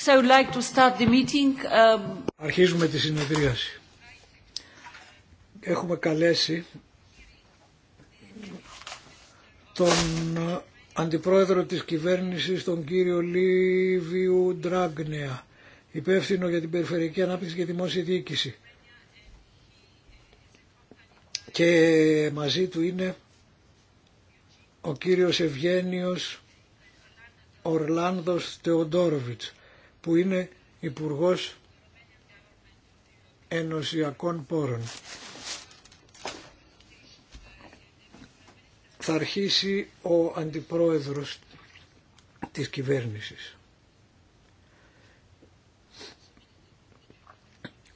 So to start the meeting. Um, Αρχίζουμε τη συνεδρίαση. Έχουμε καλέσει τον ε, αντιπρόεδρο της κυβέρνησης, τον κύριο Λίβιου Ντράγνεα, υπεύθυνο για την περιφερειακή ανάπτυξη και δημόσια διοίκηση. Και μαζί του είναι ο κύριος Ευγένιος Ορλάνδος Τεοντόροβιτς που είναι Υπουργός Ενωσιακών Πόρων. Θα αρχίσει ο Αντιπρόεδρος της κυβέρνησης.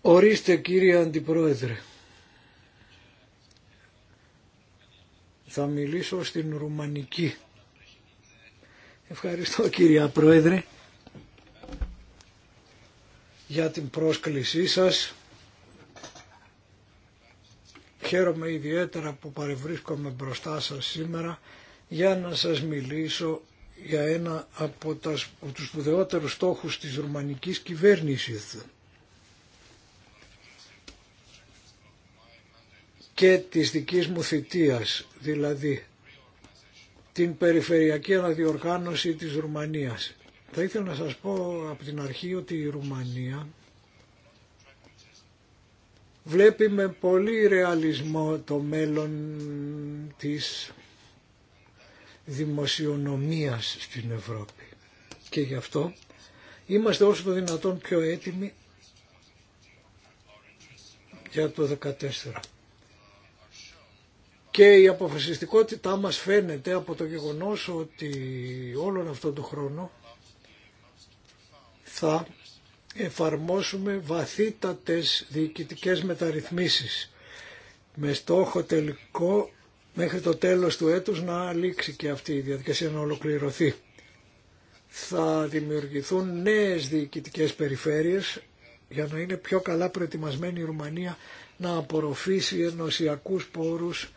Ορίστε κύριε Αντιπρόεδρε. Θα μιλήσω στην Ρουμανική. Ευχαριστώ κύριε Πρόεδρε για την πρόσκλησή σας. Χαίρομαι ιδιαίτερα που παρευρίσκομαι μπροστά σας σήμερα για να σας μιλήσω για ένα από, τους σπουδαιότερους στόχους της ρουμανικής κυβέρνησης και της δικής μου θητείας, δηλαδή την περιφερειακή αναδιοργάνωση της Ρουμανίας θα ήθελα να σας πω από την αρχή ότι η Ρουμανία βλέπει με πολύ ρεαλισμό το μέλλον της δημοσιονομίας στην Ευρώπη. Και γι' αυτό είμαστε όσο το δυνατόν πιο έτοιμοι για το 2014. Και η αποφασιστικότητά μας φαίνεται από το γεγονός ότι όλον αυτόν τον χρόνο θα εφαρμόσουμε βαθύτατες διοικητικές μεταρρυθμίσεις με στόχο τελικό μέχρι το τέλος του έτους να λήξει και αυτή η διαδικασία να ολοκληρωθεί. Θα δημιουργηθούν νέες διοικητικές περιφέρειες για να είναι πιο καλά προετοιμασμένη η Ρουμανία να απορροφήσει ενωσιακούς πόρους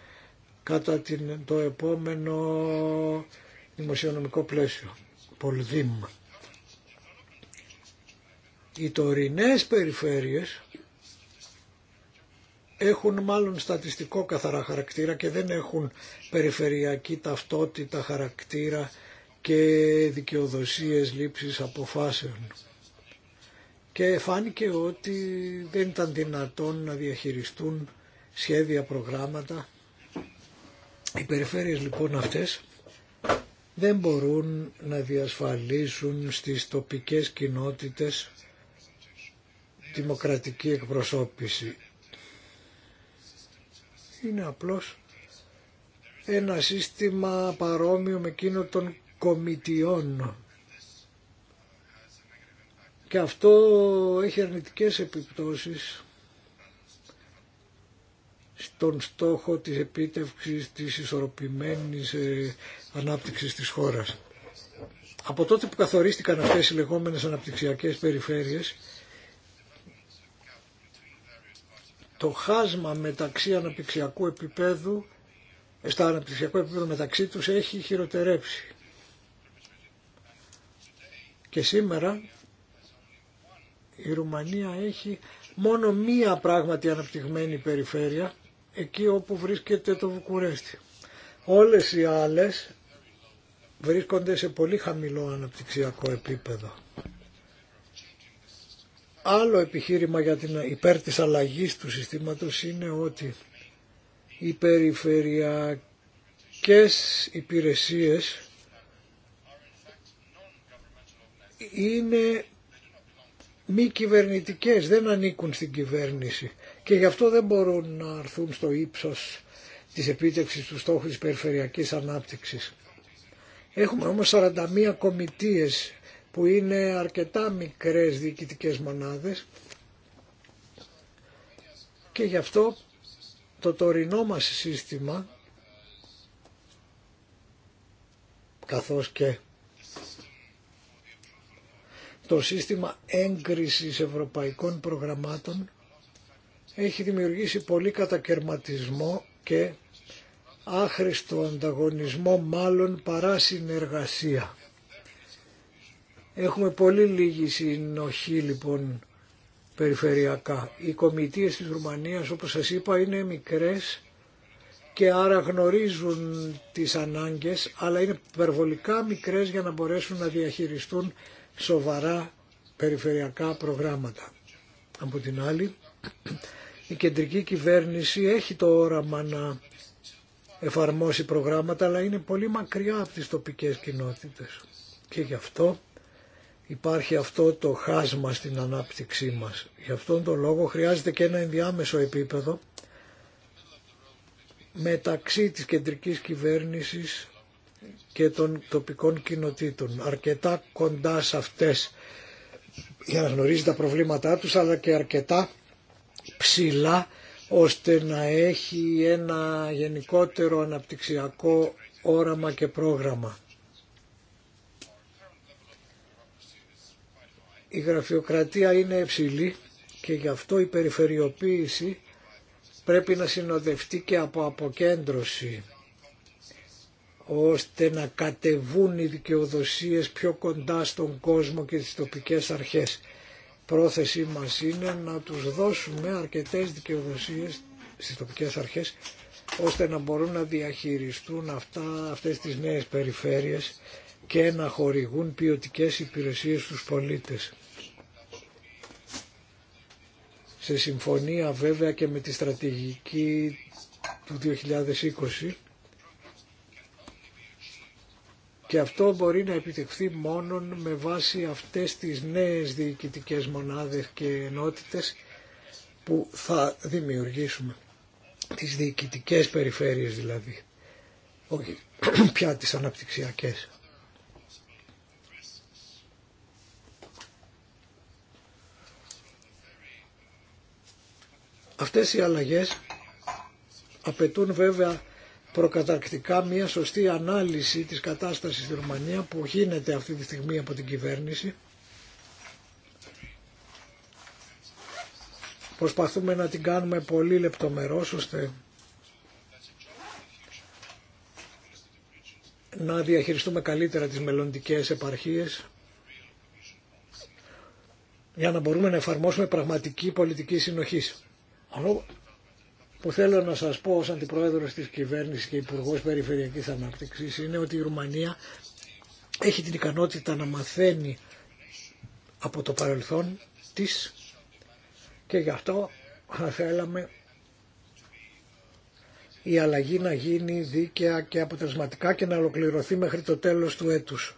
κατά την, το επόμενο δημοσιονομικό πλαίσιο. πολδήμα. Οι τωρινές περιφέρειες έχουν μάλλον στατιστικό καθαρά χαρακτήρα και δεν έχουν περιφερειακή ταυτότητα χαρακτήρα και δικαιοδοσίες λήψης αποφάσεων. Και φάνηκε ότι δεν ήταν δυνατόν να διαχειριστούν σχέδια, προγράμματα. Οι περιφέρειες λοιπόν αυτές δεν μπορούν να διασφαλίσουν στις τοπικές κοινότητες δημοκρατική εκπροσώπηση. Είναι απλώς ένα σύστημα παρόμοιο με εκείνο των κομιτιών. Και αυτό έχει αρνητικές επιπτώσεις στον στόχο της επίτευξης της ισορροπημένης ε, ανάπτυξης της χώρας. Από τότε που καθορίστηκαν αυτές οι λεγόμενες αναπτυξιακές περιφέρειες, το χάσμα μεταξύ αναπτυξιακού επίπεδου, ε, στα αναπτυξιακό επίπεδου μεταξύ τους έχει χειροτερέψει. Και σήμερα η Ρουμανία έχει μόνο μία πράγματι αναπτυγμένη περιφέρεια, εκεί όπου βρίσκεται το Βουκουρέστι. Όλες οι άλλες βρίσκονται σε πολύ χαμηλό αναπτυξιακό επίπεδο. Άλλο επιχείρημα για την υπέρ της αλλαγής του συστήματος είναι ότι οι περιφερειακές υπηρεσίες είναι μη κυβερνητικές, δεν ανήκουν στην κυβέρνηση και γι' αυτό δεν μπορούν να αρθούν στο ύψος της επίτευξης του στόχου της περιφερειακής ανάπτυξης. Έχουμε όμως 41 κομιτείες που είναι αρκετά μικρές διοικητικές μονάδες και γι' αυτό το τωρινό μας σύστημα καθώς και το σύστημα έγκρισης ευρωπαϊκών προγραμμάτων έχει δημιουργήσει πολύ κατακαιρματισμό και άχρηστο ανταγωνισμό μάλλον παρά συνεργασία. Έχουμε πολύ λίγη συνοχή λοιπόν περιφερειακά. Οι κομιτείες της Ρουμανίας όπως σας είπα είναι μικρές και άρα γνωρίζουν τις ανάγκες αλλά είναι υπερβολικά μικρές για να μπορέσουν να διαχειριστούν σοβαρά περιφερειακά προγράμματα. Από την άλλη η κεντρική κυβέρνηση έχει το όραμα να εφαρμόσει προγράμματα αλλά είναι πολύ μακριά από τις τοπικές κοινότητες και γι' αυτό υπάρχει αυτό το χάσμα στην ανάπτυξή μας. Γι' αυτόν τον λόγο χρειάζεται και ένα ενδιάμεσο επίπεδο μεταξύ της κεντρικής κυβέρνησης και των τοπικών κοινοτήτων. Αρκετά κοντά σε αυτές για να γνωρίζει τα προβλήματά τους αλλά και αρκετά ψηλά ώστε να έχει ένα γενικότερο αναπτυξιακό όραμα και πρόγραμμα. Η γραφειοκρατία είναι υψηλή και γι' αυτό η περιφερειοποίηση πρέπει να συνοδευτεί και από αποκέντρωση ώστε να κατεβούν οι δικαιοδοσίες πιο κοντά στον κόσμο και τις τοπικές αρχές. Πρόθεσή μας είναι να τους δώσουμε αρκετές δικαιοδοσίες στις τοπικές αρχές ώστε να μπορούν να διαχειριστούν αυτά, αυτές τις νέες περιφέρειες και να χορηγούν ποιοτικές υπηρεσίες στους πολίτες. Σε συμφωνία βέβαια και με τη στρατηγική του 2020 και αυτό μπορεί να επιτευχθεί μόνον με βάση αυτές τις νέες διοικητικές μονάδες και ενότητες που θα δημιουργήσουμε. Τις διοικητικές περιφέρειες δηλαδή, όχι πια τις αναπτυξιακές. Αυτές οι αλλαγές απαιτούν βέβαια προκαταρκτικά μια σωστή ανάλυση της κατάστασης στη Ρουμανία που γίνεται αυτή τη στιγμή από την κυβέρνηση. Προσπαθούμε να την κάνουμε πολύ λεπτομερός ώστε να διαχειριστούμε καλύτερα τις μελλοντικές επαρχίες για να μπορούμε να εφαρμόσουμε πραγματική πολιτική συνοχή. Αυτό που θέλω να σας πω ως Αντιπρόεδρος της Κυβέρνησης και Υπουργός Περιφερειακής Ανάπτυξης είναι ότι η Ρουμανία έχει την ικανότητα να μαθαίνει από το παρελθόν της και γι' αυτό θα θέλαμε η αλλαγή να γίνει δίκαια και αποτελεσματικά και να ολοκληρωθεί μέχρι το τέλος του έτους.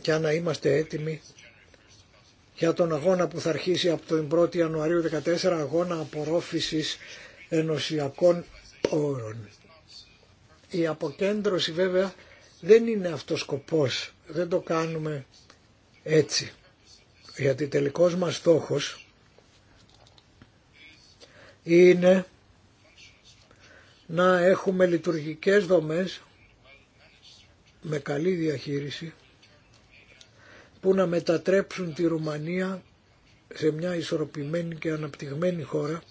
Και να είμαστε έτοιμοι για τον αγώνα που θα αρχίσει από τον 1η Ιανουαρίου 2014, αγώνα απορρόφησης ενωσιακών όρων. Η αποκέντρωση βέβαια δεν είναι αυτός σκοπός, δεν το κάνουμε έτσι. Γιατί τελικός μας στόχος είναι να έχουμε λειτουργικές δομές με καλή διαχείριση που να μετατρέψουν τη Ρουμανία σε μια ισορροπημένη και αναπτυγμένη χώρα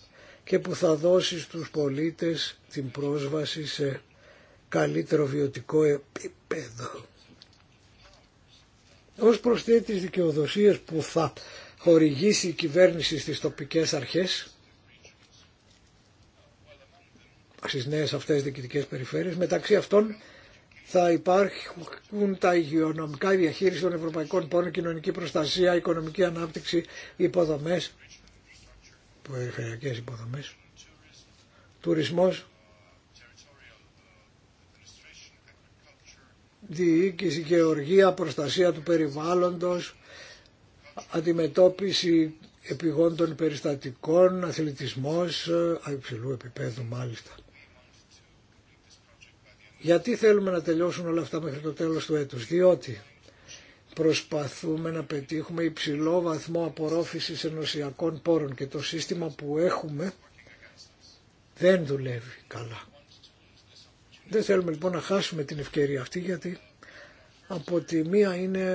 και που θα δώσει στους πολίτες την πρόσβαση σε καλύτερο βιωτικό επίπεδο. Ως προσθέτης δικαιοδοσίες που θα χορηγήσει η κυβέρνηση στις τοπικές αρχές, στις νέες αυτές διοικητικές περιφέρειες, μεταξύ αυτών θα υπάρχουν τα υγειονομικά, η διαχείριση των ευρωπαϊκών πόρων, κοινωνική προστασία, οικονομική ανάπτυξη, υποδομές, περιφερειακές υποδομές, τουρισμός, διοίκηση, γεωργία, προστασία του περιβάλλοντος, αντιμετώπιση επιγόντων περιστατικών, αθλητισμός, υψηλού επίπεδου μάλιστα. Γιατί θέλουμε να τελειώσουν όλα αυτά μέχρι το τέλος του έτους. Διότι προσπαθούμε να πετύχουμε υψηλό βαθμό απορρόφησης ενωσιακών πόρων και το σύστημα που έχουμε δεν δουλεύει καλά. Δεν θέλουμε λοιπόν να χάσουμε την ευκαιρία αυτή γιατί από τη μία είναι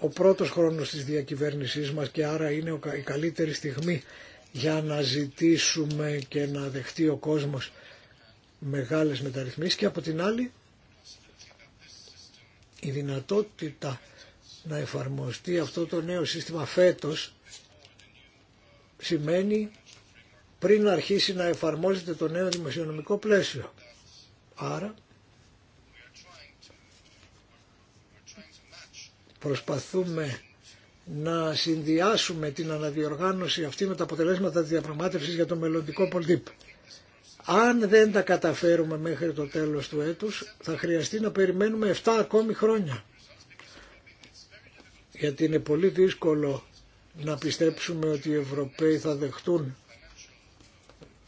ο πρώτος χρόνος της διακυβέρνησής μας και άρα είναι η καλύτερη στιγμή για να ζητήσουμε και να δεχτεί ο κόσμος μεγάλες μεταρρυθμίσεις και από την άλλη η δυνατότητα να εφαρμοστεί αυτό το νέο σύστημα φέτος σημαίνει πριν αρχίσει να εφαρμόζεται το νέο δημοσιονομικό πλαίσιο. Άρα προσπαθούμε να συνδυάσουμε την αναδιοργάνωση αυτή με τα αποτελέσματα της διαπραγμάτευσης για το μελλοντικό πολιτικό. Αν δεν τα καταφέρουμε μέχρι το τέλος του έτους θα χρειαστεί να περιμένουμε 7 ακόμη χρόνια. Γιατί είναι πολύ δύσκολο να πιστέψουμε ότι οι Ευρωπαίοι θα δεχτούν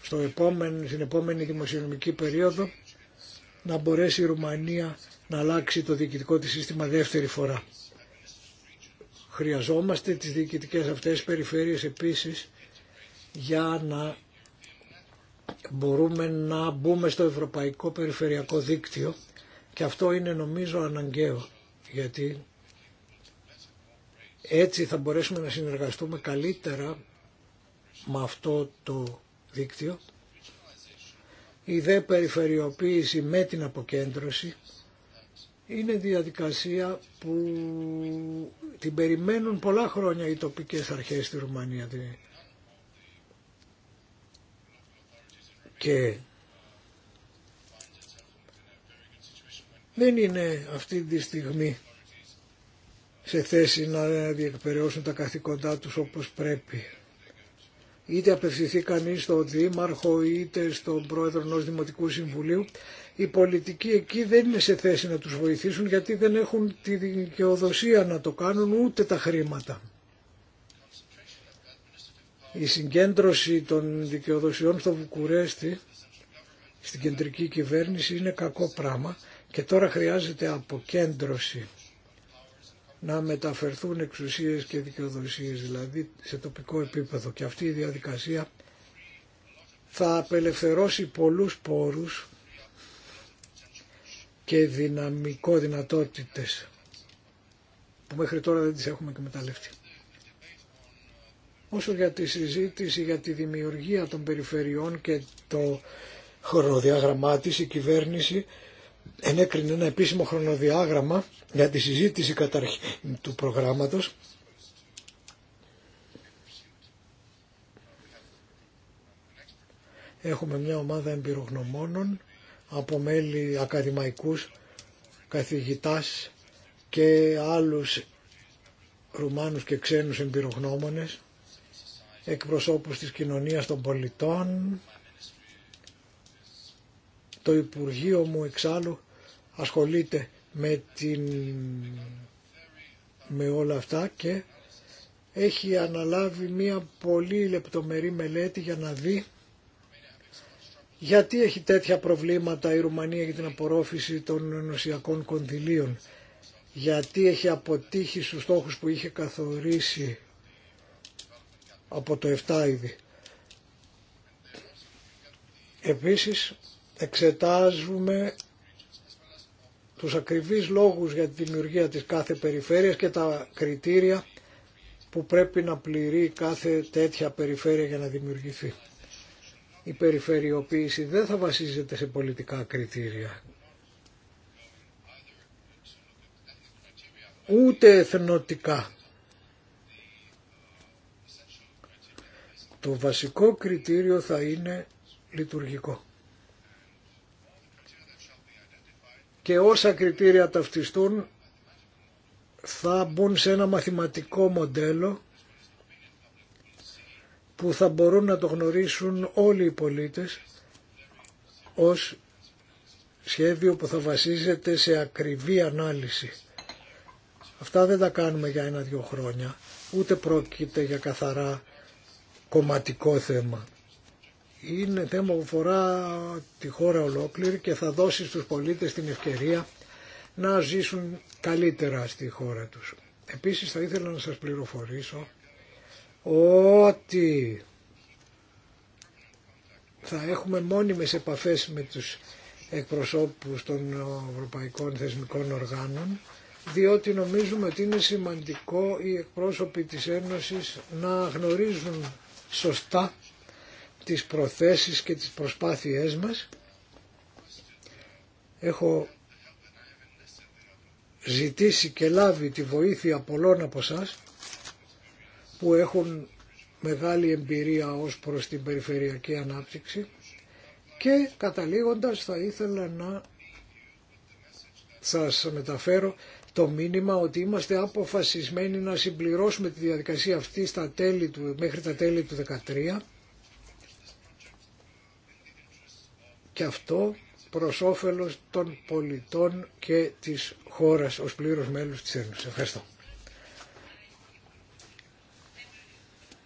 στο επόμενο, στην επόμενη δημοσιονομική περίοδο να μπορέσει η Ρουμανία να αλλάξει το διοικητικό της σύστημα δεύτερη φορά. Χρειαζόμαστε τις διοικητικές αυτές περιφέρειες επίσης για να μπορούμε να μπούμε στο Ευρωπαϊκό Περιφερειακό Δίκτυο και αυτό είναι νομίζω αναγκαίο γιατί έτσι θα μπορέσουμε να συνεργαστούμε καλύτερα με αυτό το δίκτυο. Η δε περιφερειοποίηση με την αποκέντρωση είναι διαδικασία που την περιμένουν πολλά χρόνια οι τοπικές αρχές στη Ρουμανία. Και δεν είναι αυτή τη στιγμή σε θέση να διεκπαιρεώσουν τα καθήκοντά τους όπως πρέπει. Είτε απευθυνθεί κανείς στον Δήμαρχο είτε στον Πρόεδρο ενό Δημοτικού Συμβουλίου, οι πολιτικοί εκεί δεν είναι σε θέση να τους βοηθήσουν γιατί δεν έχουν τη δικαιοδοσία να το κάνουν ούτε τα χρήματα η συγκέντρωση των δικαιοδοσιών στο Βουκουρέστι στην κεντρική κυβέρνηση είναι κακό πράγμα και τώρα χρειάζεται αποκέντρωση να μεταφερθούν εξουσίες και δικαιοδοσίες δηλαδή σε τοπικό επίπεδο και αυτή η διαδικασία θα απελευθερώσει πολλούς πόρους και δυναμικό δυνατότητες που μέχρι τώρα δεν τις έχουμε εκμεταλλευτεί. Όσο για τη συζήτηση για τη δημιουργία των περιφερειών και το χρονοδιάγραμμά της, η κυβέρνηση ενέκρινε ένα επίσημο χρονοδιάγραμμα για τη συζήτηση καταρχήν του προγράμματος Έχουμε μια ομάδα εμπειρογνωμόνων από μέλη ακαδημαϊκούς, καθηγητάς και άλλους Ρουμάνους και ξένους εμπειρογνώμονες εκπροσώπους της κοινωνίας των πολιτών. Το Υπουργείο μου εξάλλου ασχολείται με, την, με όλα αυτά και έχει αναλάβει μία πολύ λεπτομερή μελέτη για να δει γιατί έχει τέτοια προβλήματα η Ρουμανία για την απορρόφηση των ενωσιακών κονδυλίων. Γιατί έχει αποτύχει στους στόχους που είχε καθορίσει από το 7 ήδη. Επίσης εξετάζουμε τους ακριβείς λόγους για τη δημιουργία της κάθε περιφέρειας και τα κριτήρια που πρέπει να πληρεί κάθε τέτοια περιφέρεια για να δημιουργηθεί. Η περιφερειοποίηση δεν θα βασίζεται σε πολιτικά κριτήρια. Ούτε εθνοτικά. Το βασικό κριτήριο θα είναι λειτουργικό. Και όσα κριτήρια ταυτιστούν θα μπουν σε ένα μαθηματικό μοντέλο που θα μπορούν να το γνωρίσουν όλοι οι πολίτες ως σχέδιο που θα βασίζεται σε ακριβή ανάλυση. Αυτά δεν τα κάνουμε για ένα-δυο χρόνια, ούτε πρόκειται για καθαρά κομματικό θέμα. Είναι θέμα που αφορά τη χώρα ολόκληρη και θα δώσει στους πολίτες την ευκαιρία να ζήσουν καλύτερα στη χώρα τους. Επίσης θα ήθελα να σας πληροφορήσω ότι θα έχουμε μόνιμες επαφές με τους εκπροσώπους των ευρωπαϊκών θεσμικών οργάνων διότι νομίζουμε ότι είναι σημαντικό οι εκπρόσωποι της Ένωσης να γνωρίζουν σωστά τις προθέσεις και τις προσπάθειές μας. Έχω ζητήσει και λάβει τη βοήθεια πολλών από σας που έχουν μεγάλη εμπειρία ως προς την περιφερειακή ανάπτυξη και καταλήγοντας θα ήθελα να σας μεταφέρω το μήνυμα ότι είμαστε αποφασισμένοι να συμπληρώσουμε τη διαδικασία αυτή στα τέλη του, μέχρι τα τέλη του 2013 και αυτό προς όφελος των πολιτών και της χώρας ως πλήρως μέλους της Ένωσης. Ευχαριστώ.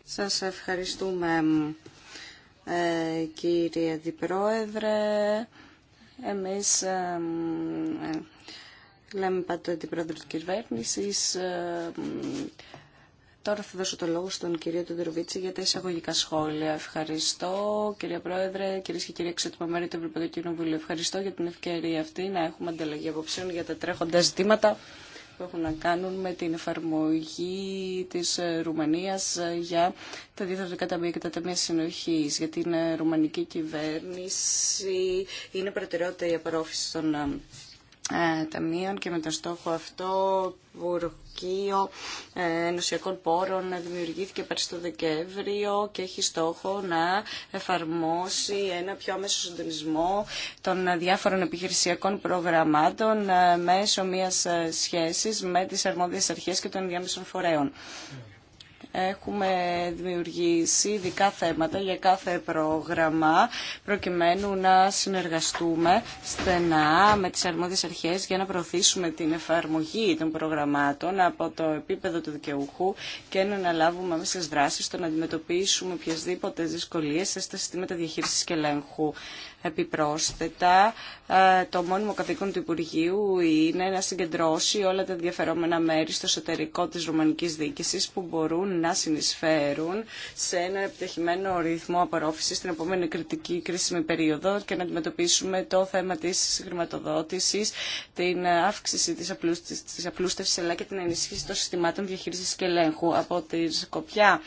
Σας ευχαριστούμε ε, κύριε Διπρόεδρε. Εμείς ε, ε, Λέμε πάντα την πρόεδρο τη κυβέρνηση. Ε, τώρα θα δώσω το λόγο στον κύριο Τοντεροβίτση για τα εισαγωγικά σχόλια. Ευχαριστώ, κύριε Πρόεδρε, κυρίε και κύριοι εξωτικά μέρη του Ευρωπαϊκού Κοινοβουλίου. Ευχαριστώ για την ευκαιρία αυτή να έχουμε ανταλλαγή απόψεων για τα τρέχοντα ζητήματα που έχουν να κάνουν με την εφαρμογή τη ε, Ρουμανία ε, για τα διεθνωτικά ταμεία και τα ταμεία συνοχή. Για την ρουμανική κυβέρνηση είναι προτεραιότητα η απορρόφηση των ε, ταμείων και με τον στόχο αυτό Βουρκείο ε, Ενωσιακών Πόρων δημιουργήθηκε πέρσι το Δεκέμβριο και έχει στόχο να εφαρμόσει ένα πιο άμεσο συντονισμό των διάφορων επιχειρησιακών προγραμμάτων ε, μέσω μιας σχέσης με τις αρμόδιες αρχές και των διάμεσων φορέων. Ναι. Έχουμε δημιουργήσει ειδικά θέματα για κάθε πρόγραμμα προκειμένου να συνεργαστούμε στενά με τις αρμόδιες αρχές για να προωθήσουμε την εφαρμογή των προγραμμάτων από το επίπεδο του δικαιούχου και να αναλάβουμε στις δράσεις στο να αντιμετωπίσουμε οποιασδήποτε δυσκολίες στα συστήματα διαχείρισης και ελέγχου. Επιπρόσθετα, ε, το μόνιμο καθήκον του Υπουργείου είναι να συγκεντρώσει όλα τα ενδιαφερόμενα μέρη στο εσωτερικό της Ρουμανικής Διοίκησης που μπορούν να συνεισφέρουν σε ένα επιτυχημένο ρυθμό απορρόφησης στην επόμενη κριτική κρίσιμη περίοδο και να αντιμετωπίσουμε το θέμα της χρηματοδότησης, την αύξηση της, απλούστευσης, της απλούστευσης αλλά και την ενίσχυση των συστημάτων διαχείρισης και ελέγχου από τη Σκοπιά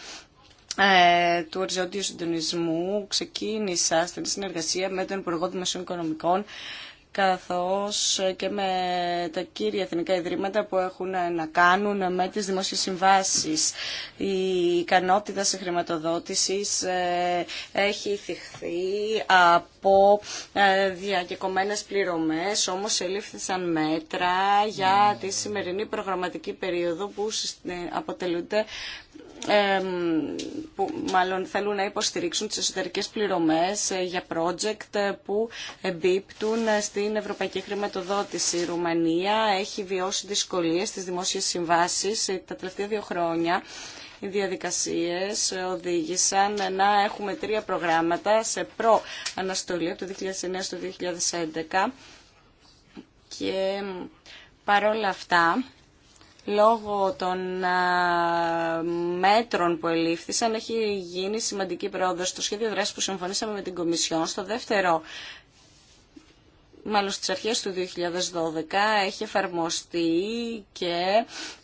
ε, του οριζόντιου συντονισμού ξεκίνησα στην συνεργασία με τον Υπουργό Δημοσίων Οικονομικών καθώς και με τα κύρια εθνικά ιδρύματα που έχουν να κάνουν με τις δημόσιες συμβάσεις. Η ικανότητα σε χρηματοδότησης ε, έχει θυχθεί από ε, διακεκομένες πληρωμές, όμως ελήφθησαν μέτρα για τη σημερινή προγραμματική περίοδο που αποτελούνται που μάλλον θέλουν να υποστηρίξουν τις εσωτερικές πληρωμές ε, για project ε, που εμπίπτουν ε, στην ευρωπαϊκή χρηματοδότηση. Η Ρουμανία έχει βιώσει δυσκολίες στις δημόσιες συμβάσεις τα τελευταία δύο χρόνια. Οι διαδικασίες οδήγησαν να έχουμε τρία προγράμματα σε προ-αναστολή από το 2009 στο 2011 και παρόλα αυτά λόγω των μέτρων που ελήφθησαν έχει γίνει σημαντική πρόοδος στο σχέδιο δράσης που συμφωνήσαμε με την Κομισιόν. Στο δεύτερο μάλλον στις αρχές του 2012 έχει εφαρμοστεί και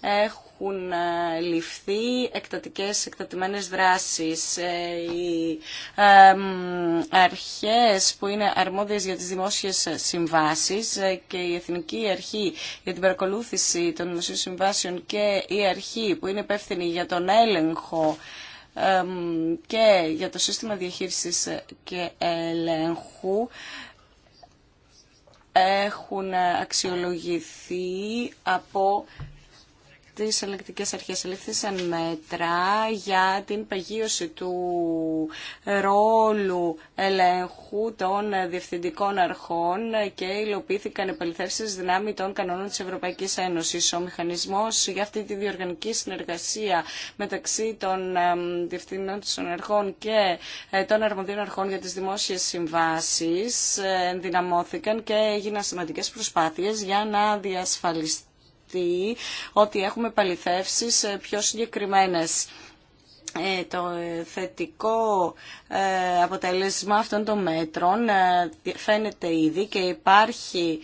έχουν ε, ληφθεί εκτατικές, εκτατημένες δράσεις. Ε, οι αρχές που είναι αρμόδιες για τις δημόσιες συμβάσεις ε, και η Εθνική Αρχή για την παρακολούθηση των δημοσίων συμβάσεων και η αρχή που είναι υπεύθυνη για τον έλεγχο και για το σύστημα διαχείρισης και ελέγχου έχουν αξιολογηθεί από τις ελεκτικές αρχές ελήφθησαν μέτρα για την παγίωση του ρόλου ελέγχου των διευθυντικών αρχών και υλοποιήθηκαν επαληθεύσεις δυνάμει των κανόνων της Ευρωπαϊκής Ένωσης. Ο μηχανισμός για αυτή τη διοργανική συνεργασία μεταξύ των διευθυντών των αρχών και ε, των αρμοδίων αρχών για τις δημόσιες συμβάσεις ε, ενδυναμώθηκαν και έγιναν σημαντικές προσπάθειες για να διασφαλιστεί ότι έχουμε παληθεύσεις πιο συγκεκριμένες. Ε, το ε, θετικό ε, αποτέλεσμα αυτών των μέτρων φαίνεται ήδη και υπάρχει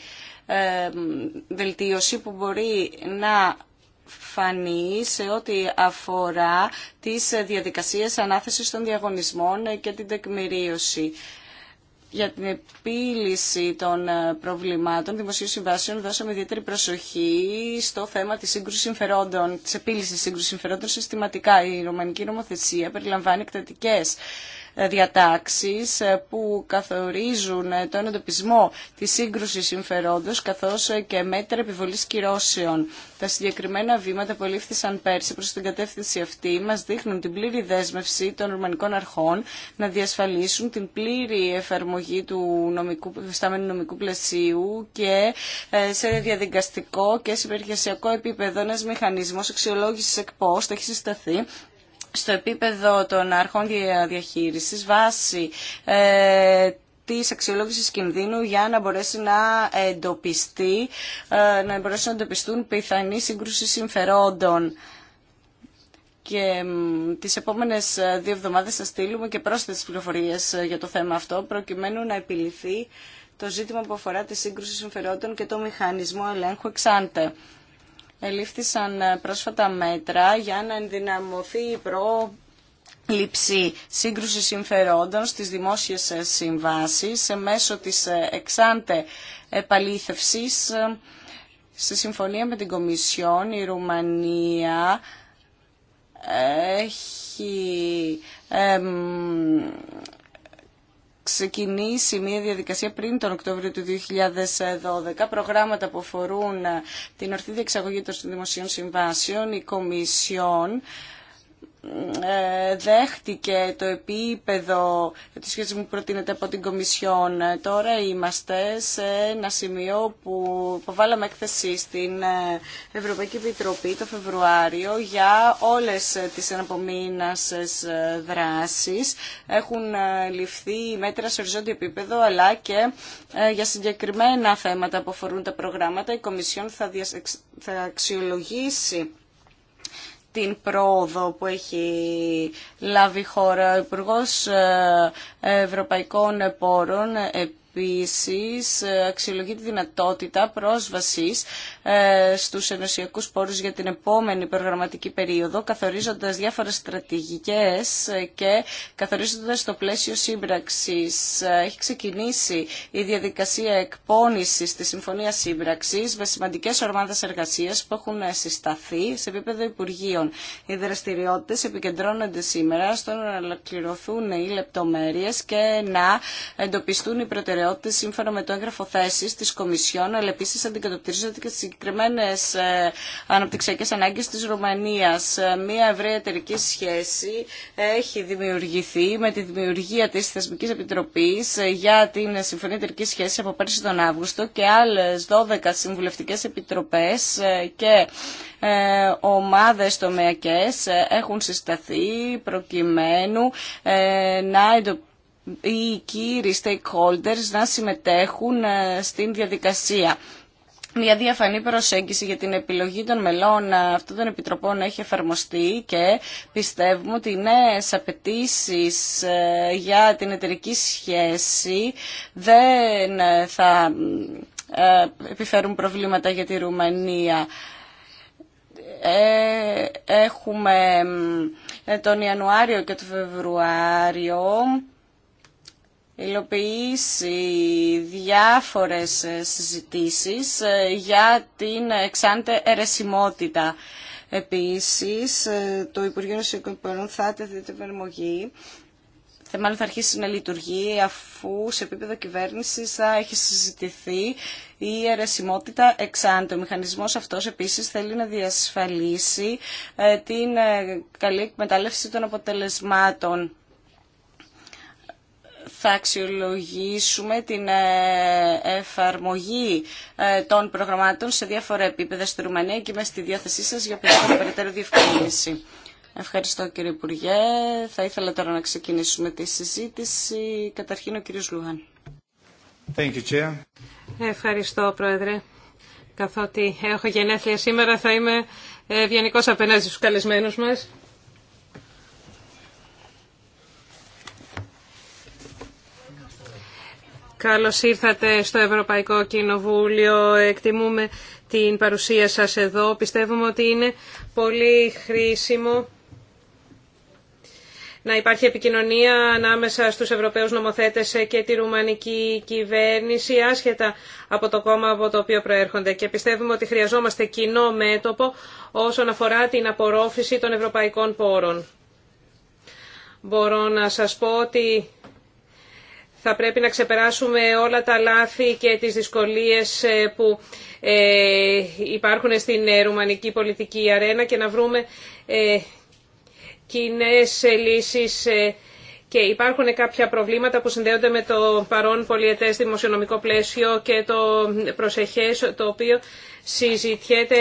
βελτίωση που μπορεί να φανεί σε ό,τι αφορά τις διαδικασίες ανάθεσης των διαγωνισμών και την τεκμηρίωση για την επίλυση των ε, προβλημάτων δημοσίου συμβάσεων δώσαμε ιδιαίτερη προσοχή στο θέμα της σύγκρουσης συμφερόντων, της επίλυσης σύγκρουσης συμφερόντων συστηματικά. Η ρωμανική νομοθεσία περιλαμβάνει εκτατικές διατάξεις ε, που καθορίζουν ε, τον εντοπισμό της σύγκρουσης συμφερόντος καθώς ε, και μέτρα επιβολής κυρώσεων. Τα συγκεκριμένα βήματα που ελήφθησαν πέρσι προς την κατεύθυνση αυτή μας δείχνουν την πλήρη δέσμευση των ρουμανικών αρχών να διασφαλίσουν την πλήρη εφαρμογή του νομικού, στάμενου νομικού πλαισίου και σε διαδικαστικό και σε επίπεδο ένας μηχανισμός αξιολόγησης εκπόστ έχει συσταθεί στο επίπεδο των αρχών διαχείρισης βάσει ε, της αξιολόγησης κινδύνου για να μπορέσει να εντοπιστεί, ε, να μπορέσει να εντοπιστούν πιθανή σύγκρουση συμφερόντων. Και τις επόμενες ε, δύο εβδομάδες θα στείλουμε και πρόσθετες πληροφορίες ε, για το θέμα αυτό, προκειμένου να επιληθεί το ζήτημα που αφορά τη σύγκρουση συμφερόντων και το μηχανισμό ελέγχου εξάντε ελήφθησαν πρόσφατα μέτρα για να ενδυναμωθεί η προ σύγκρουση συμφερόντων στις δημόσιες συμβάσεις μέσω της εξάντε επαλήθευσης στη συμφωνία με την Κομισιόν η Ρουμανία έχει ξεκινήσει μια διαδικασία πριν τον Οκτώβριο του 2012. Προγράμματα που αφορούν την ορθή διεξαγωγή των δημοσίων συμβάσεων, η Κομισιόν δέχτηκε το επίπεδο τη σχέση που προτείνεται από την Κομισιόν. Τώρα είμαστε σε ένα σημείο που υποβάλαμε έκθεση στην ε, Ευρωπαϊκή Επιτροπή το Φεβρουάριο για όλες τις αναπομείνασες ε, δράσεις. Έχουν ε, ληφθεί μέτρα σε οριζόντιο επίπεδο αλλά και για συγκεκριμένα θέματα που αφορούν τα προγράμματα η Κομισιόν θα αξιολογήσει την πρόοδο που έχει λάβει η χώρα. Ο Υπουργό ε, Ευρωπαϊκών Πόρων επίσης ε, αξιολογεί τη δυνατότητα πρόσβασης ε, στους ενωσιακούς πόρους για την επόμενη προγραμματική περίοδο, καθορίζοντας διάφορες στρατηγικές και καθορίζοντας το πλαίσιο σύμπραξης. Ε, έχει ξεκινήσει η διαδικασία εκπόνησης της Συμφωνίας Σύμπραξης με σημαντικές ορμάδες εργασίας που έχουν συσταθεί σε επίπεδο Υπουργείων. Οι δραστηριότητες επικεντρώνονται σήμερα στο να ολοκληρωθούν οι λεπτομέρειες και να εντοπιστούν οι προτεραιότητες σύμφωνα με το έγγραφο θέση της Κομισιόν, αλλά αντικατοπτρίζονται και συγκεκριμένες ε, αναπτυξιακές ανάγκες της Ρουμανίας. Ε, μία ευρεία εταιρική σχέση έχει δημιουργηθεί με τη δημιουργία της Θεσμικής Επιτροπής ε, για την Συμφωνία εταιρική σχέση από πέρσι τον Αύγουστο και άλλες 12 συμβουλευτικές επιτροπές και ομάδες τομεακές έχουν συσταθεί προκειμένου να εντοπίσουν οι κύριοι stakeholders να συμμετέχουν στην διαδικασία μια διαφανή προσέγγιση για την επιλογή των μελών αυτών των επιτροπών έχει εφαρμοστεί και πιστεύουμε ότι οι νέε απαιτήσει ε, για την εταιρική σχέση δεν ε, θα ε, επιφέρουν προβλήματα για τη Ρουμανία. Έχουμε τον Ιανουάριο και τον Φεβρουάριο υλοποιήσει διάφορες ε, συζητήσεις ε, για την εξάντε ερεσιμότητα. Επίσης, ε, το Υπουργείο Νοσιακών θα τεθεί μάλλον θα αρχίσει να λειτουργεί αφού σε επίπεδο κυβέρνησης θα έχει συζητηθεί η αιρεσιμότητα εξάντων. Ο μηχανισμός αυτός επίσης θέλει να διασφαλίσει την καλή εκμετάλλευση των αποτελεσμάτων θα αξιολογήσουμε την ε, εφαρμογή ε, των προγραμμάτων σε διάφορα επίπεδα στη Ρουμανία και είμαι στη διάθεσή σας για περαιτέρω διευκρίνηση. Ευχαριστώ κύριε Υπουργέ. Θα ήθελα τώρα να ξεκινήσουμε τη συζήτηση. Καταρχήν ο κύριος Λουγάν. Thank you, Chair. Ευχαριστώ Πρόεδρε. Καθότι έχω γενέθλια σήμερα θα είμαι ε, ευγενικός απέναντι στους καλεσμένους μας. Καλώς ήρθατε στο Ευρωπαϊκό Κοινοβούλιο. Εκτιμούμε την παρουσία σας εδώ. Πιστεύουμε ότι είναι πολύ χρήσιμο να υπάρχει επικοινωνία ανάμεσα στους Ευρωπαίους νομοθέτες και τη Ρουμανική κυβέρνηση, άσχετα από το κόμμα από το οποίο προέρχονται. Και πιστεύουμε ότι χρειαζόμαστε κοινό μέτωπο όσον αφορά την απορρόφηση των ευρωπαϊκών πόρων. Μπορώ να σας πω ότι θα πρέπει να ξεπεράσουμε όλα τα λάθη και τις δυσκολίες ε, που ε, υπάρχουν στην ε, ρουμανική πολιτική αρένα και να βρούμε κοινέ λύσεις και υπάρχουν κάποια προβλήματα που συνδέονται με το παρόν πολιετές δημοσιονομικό πλαίσιο και το προσεχές το οποίο συζητιέται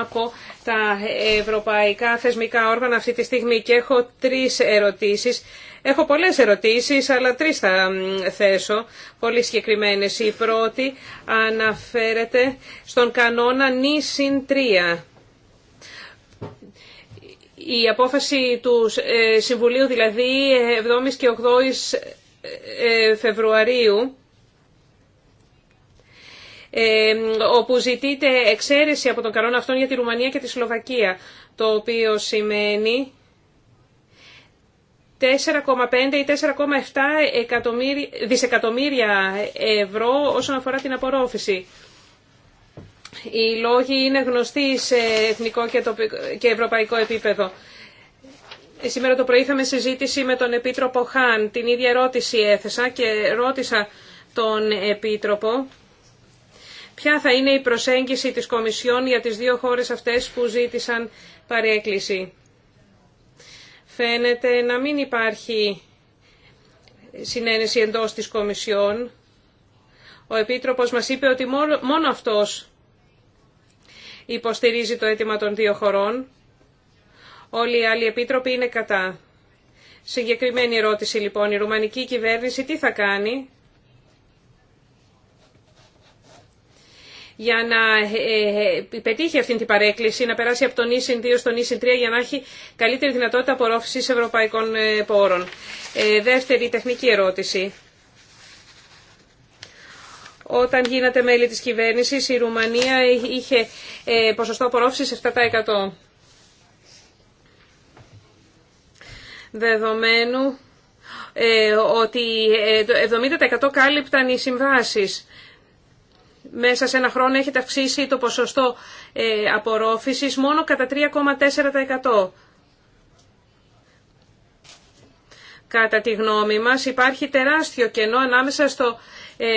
από τα ευρωπαϊκά θεσμικά όργανα αυτή τη στιγμή και έχω τρεις ερωτήσεις. Έχω πολλές ερωτήσεις, αλλά τρεις θα θέσω, πολύ συγκεκριμένες. Η πρώτη αναφέρεται στον κανόνα νη Η απόφαση του ε, Συμβουλίου, δηλαδή 7 και 8 ε, Φεβρουαρίου, ε, όπου ζητείται εξαίρεση από τον κανόνα αυτόν για τη Ρουμανία και τη Σλοβακία, το οποίο σημαίνει 4,5 ή 4,7 δισεκατομμύρια ευρώ όσον αφορά την απορρόφηση. Οι λόγοι είναι γνωστοί σε εθνικό και ευρωπαϊκό επίπεδο. Σήμερα το πρωί είχαμε συζήτηση με τον Επίτροπο Χάν. Την ίδια ερώτηση έθεσα και ρώτησα τον Επίτροπο ποια θα είναι η προσέγγιση της Κομισιόν για τις δύο χώρες αυτές που ζήτησαν παρέκκληση φαίνεται να μην υπάρχει συνένεση εντός της Κομισιόν. Ο Επίτροπος μας είπε ότι μόνο αυτός υποστηρίζει το αίτημα των δύο χωρών. Όλοι οι άλλοι επίτροποι είναι κατά. Συγκεκριμένη ερώτηση λοιπόν, η ρουμανική κυβέρνηση τι θα κάνει για να ε, ε, πετύχει αυτή την παρέκκληση, να περάσει από τον ΙΣΙΝ 2 στον ΙΣΙΝ 3 για να έχει καλύτερη δυνατότητα απορρόφησης ευρωπαϊκών ε, πόρων. Δεύτερη τεχνική ερώτηση. Όταν γίνατε μέλη της κυβέρνησης, η Ρουμανία είχε ποσοστό απορρόφησης 7%. Δεδομένου ότι 70% κάλυπταν οι συμβάσεις μέσα σε ένα χρόνο έχετε αυξήσει το ποσοστό ε, απορρόφησης μόνο κατά 3,4%. Κατά τη γνώμη μας υπάρχει τεράστιο κενό ανάμεσα στο 78% ε,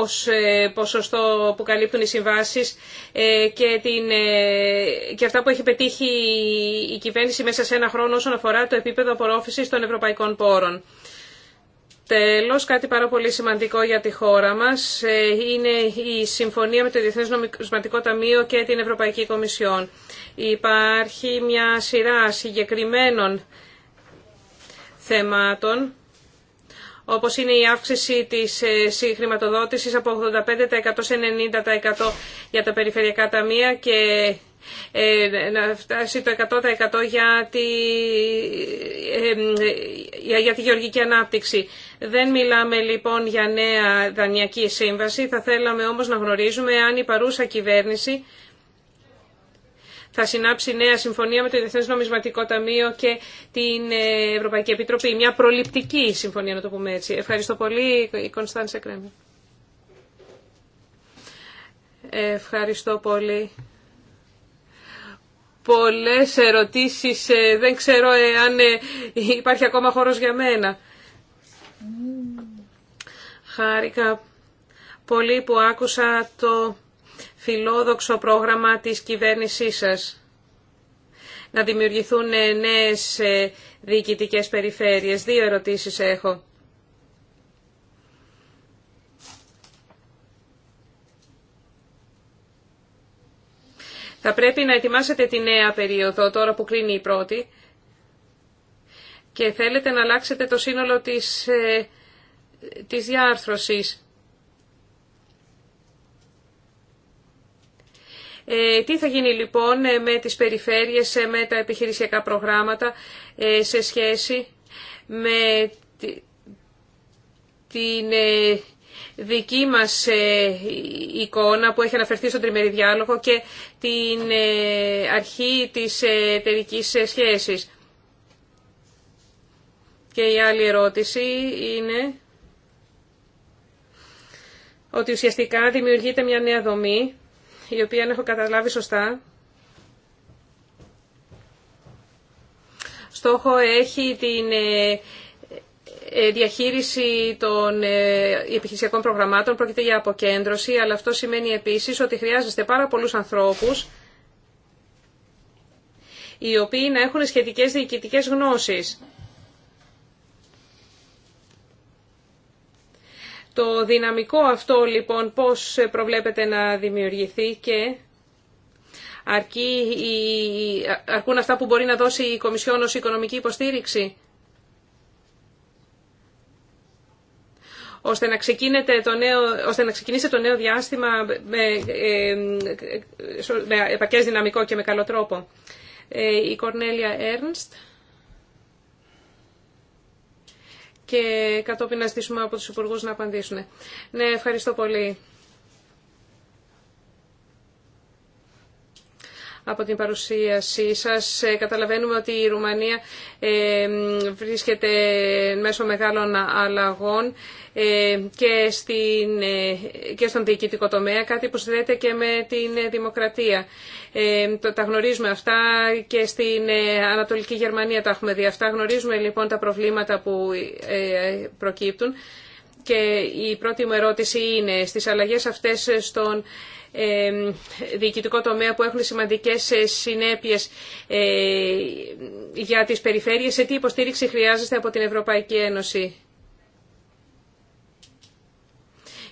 ως ε, ποσοστό που καλύπτουν οι συμβάσεις και, την, και αυτά που έχει πετύχει η κυβέρνηση μέσα σε ένα χρόνο όσον αφορά το επίπεδο απορρόφησης των ευρωπαϊκών πόρων. Τέλος, κάτι πάρα πολύ σημαντικό για τη χώρα μας ε, είναι η συμφωνία με το Διεθνές Ταμείο και την Ευρωπαϊκή Κομισιόν. Υπάρχει μια σειρά συγκεκριμένων θεμάτων, όπως είναι η αύξηση της ε, συγχρηματοδότησης από 85% σε 90% για τα περιφερειακά ταμεία και ε, να φτάσει το 100% για τη, για γεωργική ανάπτυξη. Δεν μιλάμε λοιπόν για νέα δανειακή σύμβαση, θα θέλαμε όμως να γνωρίζουμε αν η παρούσα κυβέρνηση θα συνάψει νέα συμφωνία με το Διεθνές Νομισματικό Ταμείο και την ε, Ευρωπαϊκή Επιτροπή. Μια προληπτική συμφωνία, να το πούμε έτσι. Ευχαριστώ πολύ, η Κωνσταντσε Κρέμερ. Ευχαριστώ πολύ πολλές ερωτήσεις. Ε, δεν ξέρω αν ε, υπάρχει ακόμα χώρος για μένα. Χάρηκα πολύ που άκουσα το φιλόδοξο πρόγραμμα της κυβέρνησής σας. Να δημιουργηθούν ε, νέες διοικητικές περιφέρειες. Δύο ερωτήσεις έχω. Θα πρέπει να ετοιμάσετε τη νέα περίοδο τώρα που κλείνει η πρώτη και θέλετε να αλλάξετε το σύνολο της, ε, της διάρθρωσης. Ε, τι θα γίνει λοιπόν ε, με τις περιφέρειες, με τα επιχειρησιακά προγράμματα σε σχέση με την δική μας ε, εικόνα που έχει αναφερθεί στον τριμερή διάλογο και την ε, αρχή της εταιρική σχέσης. Και η άλλη ερώτηση είναι ότι ουσιαστικά δημιουργείται μια νέα δομή, η οποία αν έχω καταλάβει σωστά, στόχο έχει την ε, ε, διαχείριση των ε, επιχειρησιακών προγραμμάτων πρόκειται για αποκέντρωση, αλλά αυτό σημαίνει επίσης ότι χρειάζεστε πάρα πολλούς ανθρώπους οι οποίοι να έχουν σχετικές διοικητικές γνώσεις. Το δυναμικό αυτό λοιπόν πώς προβλέπετε να δημιουργηθεί και αρκεί, αρκούν αυτά που μπορεί να δώσει η Κομισιόν ως οικονομική υποστήριξη. ώστε να, το νέο, ώστε να ξεκινήσει το νέο διάστημα με, ε, με επακές δυναμικό και με καλό τρόπο. Ε, η Κορνέλια Έρνστ και κατόπιν να ζητήσουμε από τους υπουργούς να απαντήσουν. Ναι, ευχαριστώ πολύ. από την παρουσίασή σας. Ε, καταλαβαίνουμε ότι η Ρουμανία ε, βρίσκεται μέσω μεγάλων αλλαγών ε, και, στην, και στον διοικητικό τομέα, κάτι που συνδέεται και με την δημοκρατία. Τα γνωρίζουμε αυτά και στην Ανατολική Γερμανία τα έχουμε δει αυτά. Γνωρίζουμε λοιπόν τα προβλήματα που προκύπτουν. Και η πρώτη μου ερώτηση είναι στις αλλαγές αυτές στον διοικητικό τομέα που έχουν σημαντικές ε, συνέπειες ε, για τις περιφέρειες, σε τι υποστήριξη χρειάζεστε από την Ευρωπαϊκή Ένωση.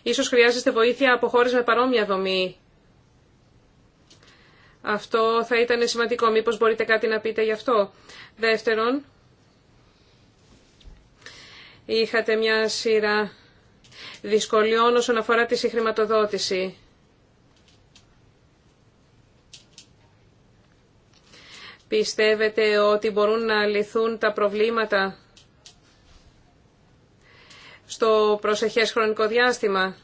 Ίσως χρειάζεστε βοήθεια από χώρες με παρόμοια δομή. Αυτό θα ήταν σημαντικό. Μήπως μπορείτε κάτι να πείτε γι' αυτό. Δεύτερον, είχατε μια σειρά δυσκολιών όσον αφορά τη συγχρηματοδότηση. Πιστεύετε ότι μπορούν να λυθούν τα προβλήματα στο προσεχές χρονικό διάστημα.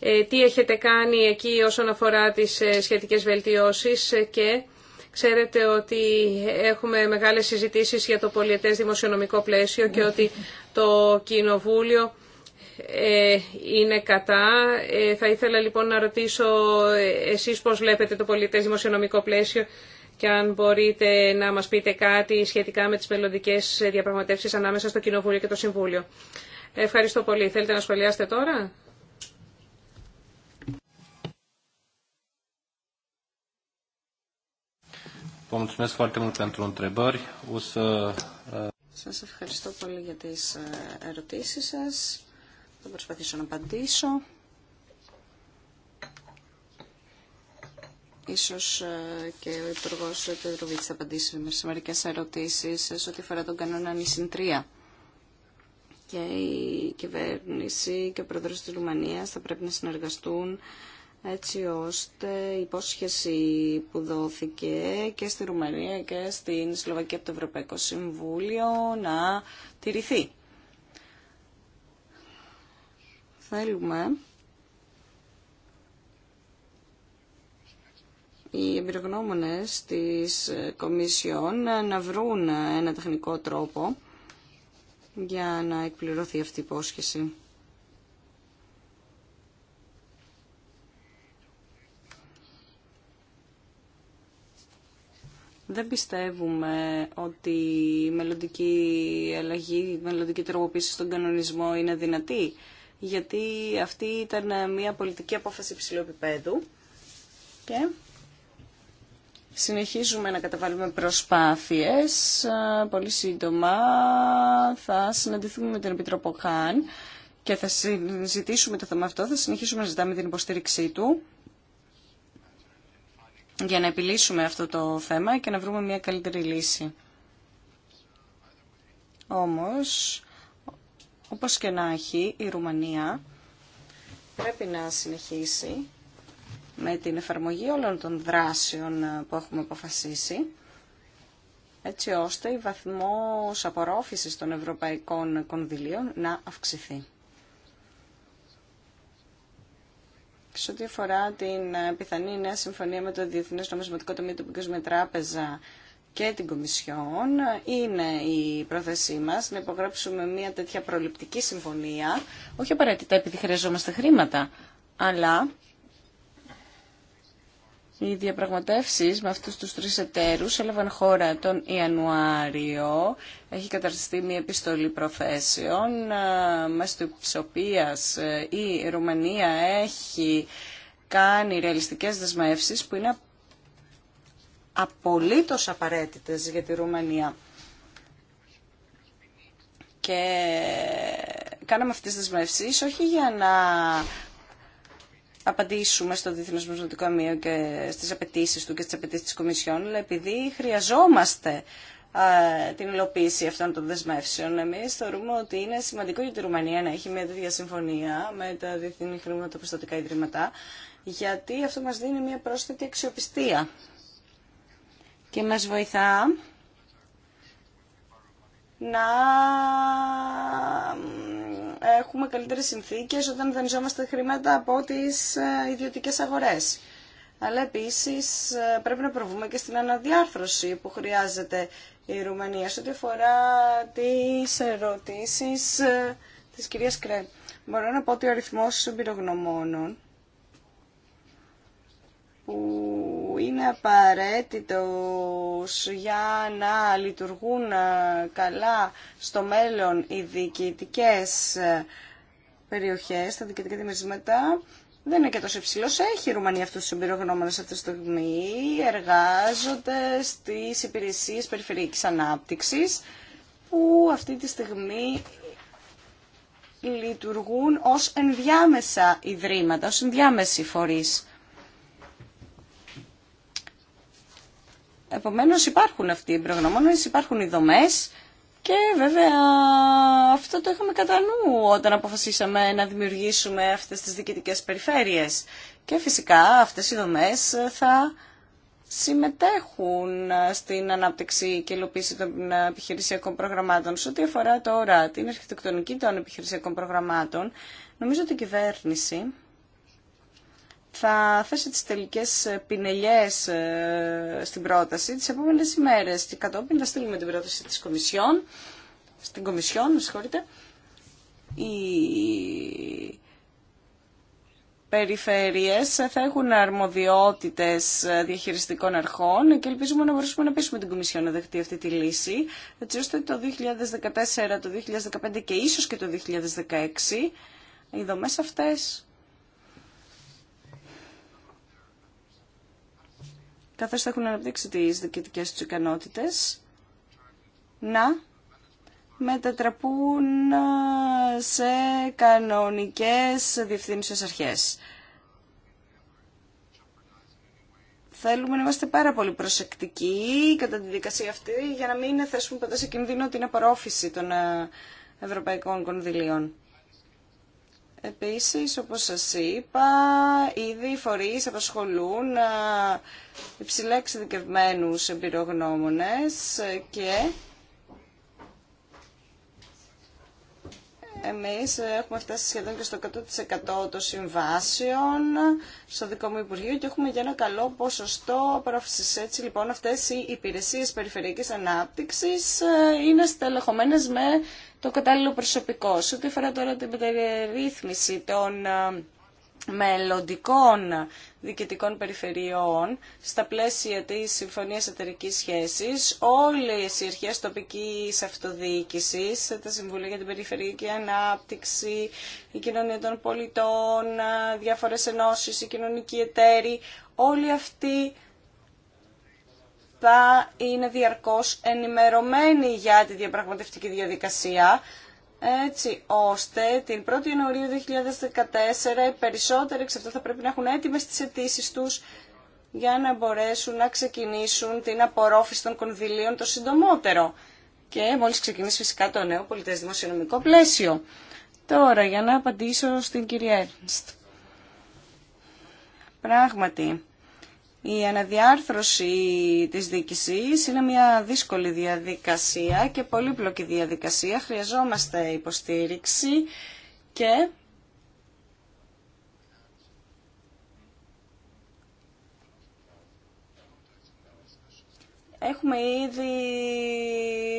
Ε, τι έχετε κάνει εκεί όσον αφορά τις ε, σχετικές βελτιώσεις και ξέρετε ότι έχουμε μεγάλες συζητήσεις για το πολιετές δημοσιονομικό πλαίσιο και ότι το Κοινοβούλιο ε, είναι κατά. Ε, θα ήθελα λοιπόν να ρωτήσω ε, εσείς πώς βλέπετε το πολιτές δημοσιονομικό πλαίσιο και αν μπορείτε να μας πείτε κάτι σχετικά με τις μελλοντικές διαπραγματεύσεις ανάμεσα στο Κοινοβούλιο και το Συμβούλιο. Ευχαριστώ πολύ. Θέλετε να σχολιάσετε τώρα? Σας ευχαριστώ πολύ για τις ερωτήσεις σας. Θα προσπαθήσω να απαντήσω. Ίσως ε, και ο υπουργό Πετροβίτης θα απαντήσει σε μερικές ερωτήσεις σε ό,τι αφορά τον κανόνα νησυντρία. Και η κυβέρνηση και ο πρόεδρος της Ρουμανίας θα πρέπει να συνεργαστούν έτσι ώστε η υπόσχεση που δόθηκε και στη Ρουμανία και στην Σλοβακία από το Ευρωπαϊκό Συμβούλιο να τηρηθεί. Θέλουμε οι εμπειρογνώμονες της Κομισιόν να βρουν ένα τεχνικό τρόπο για να εκπληρωθεί αυτή η υπόσχεση. Δεν πιστεύουμε ότι η μελλοντική αλλαγή, η μελλοντική τροποποίηση στον κανονισμό είναι δυνατή γιατί αυτή ήταν μια πολιτική απόφαση υψηλού και συνεχίζουμε να καταβάλουμε προσπάθειες. Πολύ σύντομα θα συναντηθούμε με την Επιτροπό Χάν και θα συζητήσουμε το θέμα αυτό, θα συνεχίσουμε να ζητάμε την υποστήριξή του για να επιλύσουμε αυτό το θέμα και να βρούμε μια καλύτερη λύση. Όμως, όπως και να έχει, η Ρουμανία πρέπει να συνεχίσει με την εφαρμογή όλων των δράσεων που έχουμε αποφασίσει, έτσι ώστε η βαθμός απορρόφησης των ευρωπαϊκών κονδυλίων να αυξηθεί. Σε ό,τι αφορά την ε, πιθανή νέα συμφωνία με το Διεθνές Νομισματικό Τομείο του Παγκόσμια Τράπεζα και την Κομισιόν είναι η πρόθεσή μας να υπογράψουμε μια τέτοια προληπτική συμφωνία, όχι απαραίτητα επειδή χρειαζόμαστε χρήματα, αλλά οι διαπραγματεύσεις με αυτούς τους τρεις εταίρους έλαβαν χώρα τον Ιανουάριο. Έχει καταρτιστεί μια επιστολή προθέσεων, ε, μέσα της οποίας ε, η Ρουμανία έχει κάνει ρεαλιστικές δεσμεύσεις που είναι απολύτως απαραίτητες για τη Ρουμανία. Και κάναμε αυτές τις δεσμεύσεις όχι για να απαντήσουμε στο Διεθνές Μεσοδοτικό Αμείο και στις απαιτήσει του και στις απαιτήσει της Κομισιόν, αλλά επειδή χρειαζόμαστε την υλοποίηση αυτών των δεσμεύσεων. Εμεί θεωρούμε ότι είναι σημαντικό για τη Ρουμανία να έχει μια τέτοια συμφωνία με τα διεθνή χρηματοπιστωτικά ιδρύματα, γιατί αυτό μας δίνει μια πρόσθετη αξιοπιστία και μας βοηθά να έχουμε καλύτερες συνθήκες όταν δανειζόμαστε χρήματα από τις ε, ιδιωτικές αγορές. Αλλά επίσης ε, πρέπει να προβούμε και στην αναδιάρθρωση που χρειάζεται η Ρουμανία σε ό,τι αφορά τις ερωτήσεις ε, της κυρίας κρεμ. Μπορώ να πω ότι ο αριθμός πυρογνωμόνων που είναι απαραίτητος για να λειτουργούν ε, καλά στο μέλλον οι διοικητικές ε, περιοχές, τα διοικητικά μετά, δεν είναι και τόσο υψηλό. Έχει η Ρουμανία αυτούς τους εμπειρογνώμονε αυτή τη στιγμή. Εργάζονται στις υπηρεσίες περιφερειακής ανάπτυξης, που αυτή τη στιγμή λειτουργούν ως ενδιάμεσα ιδρύματα, ως ενδιάμεση φορείς. Επομένω, υπάρχουν αυτοί οι προγνωμόνε, υπάρχουν οι δομές και βέβαια αυτό το είχαμε κατά νου όταν αποφασίσαμε να δημιουργήσουμε αυτές τις διοικητικές περιφέρειες. Και φυσικά αυτές οι δομές θα συμμετέχουν στην ανάπτυξη και υλοποίηση των επιχειρησιακών προγραμμάτων. Σε ό,τι αφορά τώρα την αρχιτεκτονική των επιχειρησιακών προγραμμάτων, νομίζω ότι η κυβέρνηση θα θέσει τις τελικές ε, πινελιές ε, στην πρόταση τις επόμενες ημέρες και κατόπιν θα στείλουμε την πρόταση της Κομισιόν, στην Κομισιόν, με συγχωρείτε, η περιφέρειες θα έχουν αρμοδιότητες ε, διαχειριστικών αρχών και ελπίζουμε να μπορέσουμε να πείσουμε την Κομισιόν να δεχτεί αυτή τη λύση, έτσι ώστε το 2014, το 2015 και ίσως και το 2016 οι δομές αυτές καθώς θα έχουν αναπτύξει τις διοικητικές τους ικανότητες, να μετατραπούν σε κανονικές διευθύνουσες αρχές. Θέλουμε να είμαστε πάρα πολύ προσεκτικοί κατά τη δικασία αυτή για να μην θέσουμε ποτέ σε κινδύνο την απορρόφηση των ευρωπαϊκών κονδυλίων. Επίσης, όπως σας είπα, ήδη οι φορείς απασχολούν υψηλά εξειδικευμένους εμπειρογνώμονες και εμείς έχουμε φτάσει σχεδόν και στο 100% των συμβάσεων στο δικό μου Υπουργείο και έχουμε για ένα καλό ποσοστό πρόφησης. Έτσι λοιπόν αυτές οι υπηρεσίες περιφερειακής ανάπτυξης ε, είναι στελεχωμένες με το κατάλληλο προσωπικό. Σε ό,τι αφορά τώρα την μεταρρύθμιση των ε, μελλοντικών διοικητικών περιφερειών στα πλαίσια της Συμφωνίας Εταιρικής Σχέσης όλες οι αρχές τοπικής αυτοδιοίκησης, τα Συμβούλια για την Περιφερειακή Ανάπτυξη, η Κοινωνία των Πολιτών, ε, διάφορες ενώσεις, οι κοινωνικοί εταίροι, όλοι αυτοί θα είναι διαρκώς ενημερωμένοι για τη διαπραγματευτική διαδικασία έτσι ώστε την 1η Ιανουαρίου 2014 οι περισσότεροι εξ αυτό θα πρέπει να έχουν έτοιμες τις αιτήσει τους για να μπορέσουν να ξεκινήσουν την απορρόφηση των κονδυλίων το συντομότερο και μόλις ξεκινήσει φυσικά το νέο πολιτές δημοσιονομικό πλαίσιο. Τώρα για να απαντήσω στην κυρία Έρνστ. Πράγματι, η αναδιάρθρωση της διοίκησης είναι μια δύσκολη διαδικασία και πολύπλοκη διαδικασία. Χρειαζόμαστε υποστήριξη και Έχουμε ήδη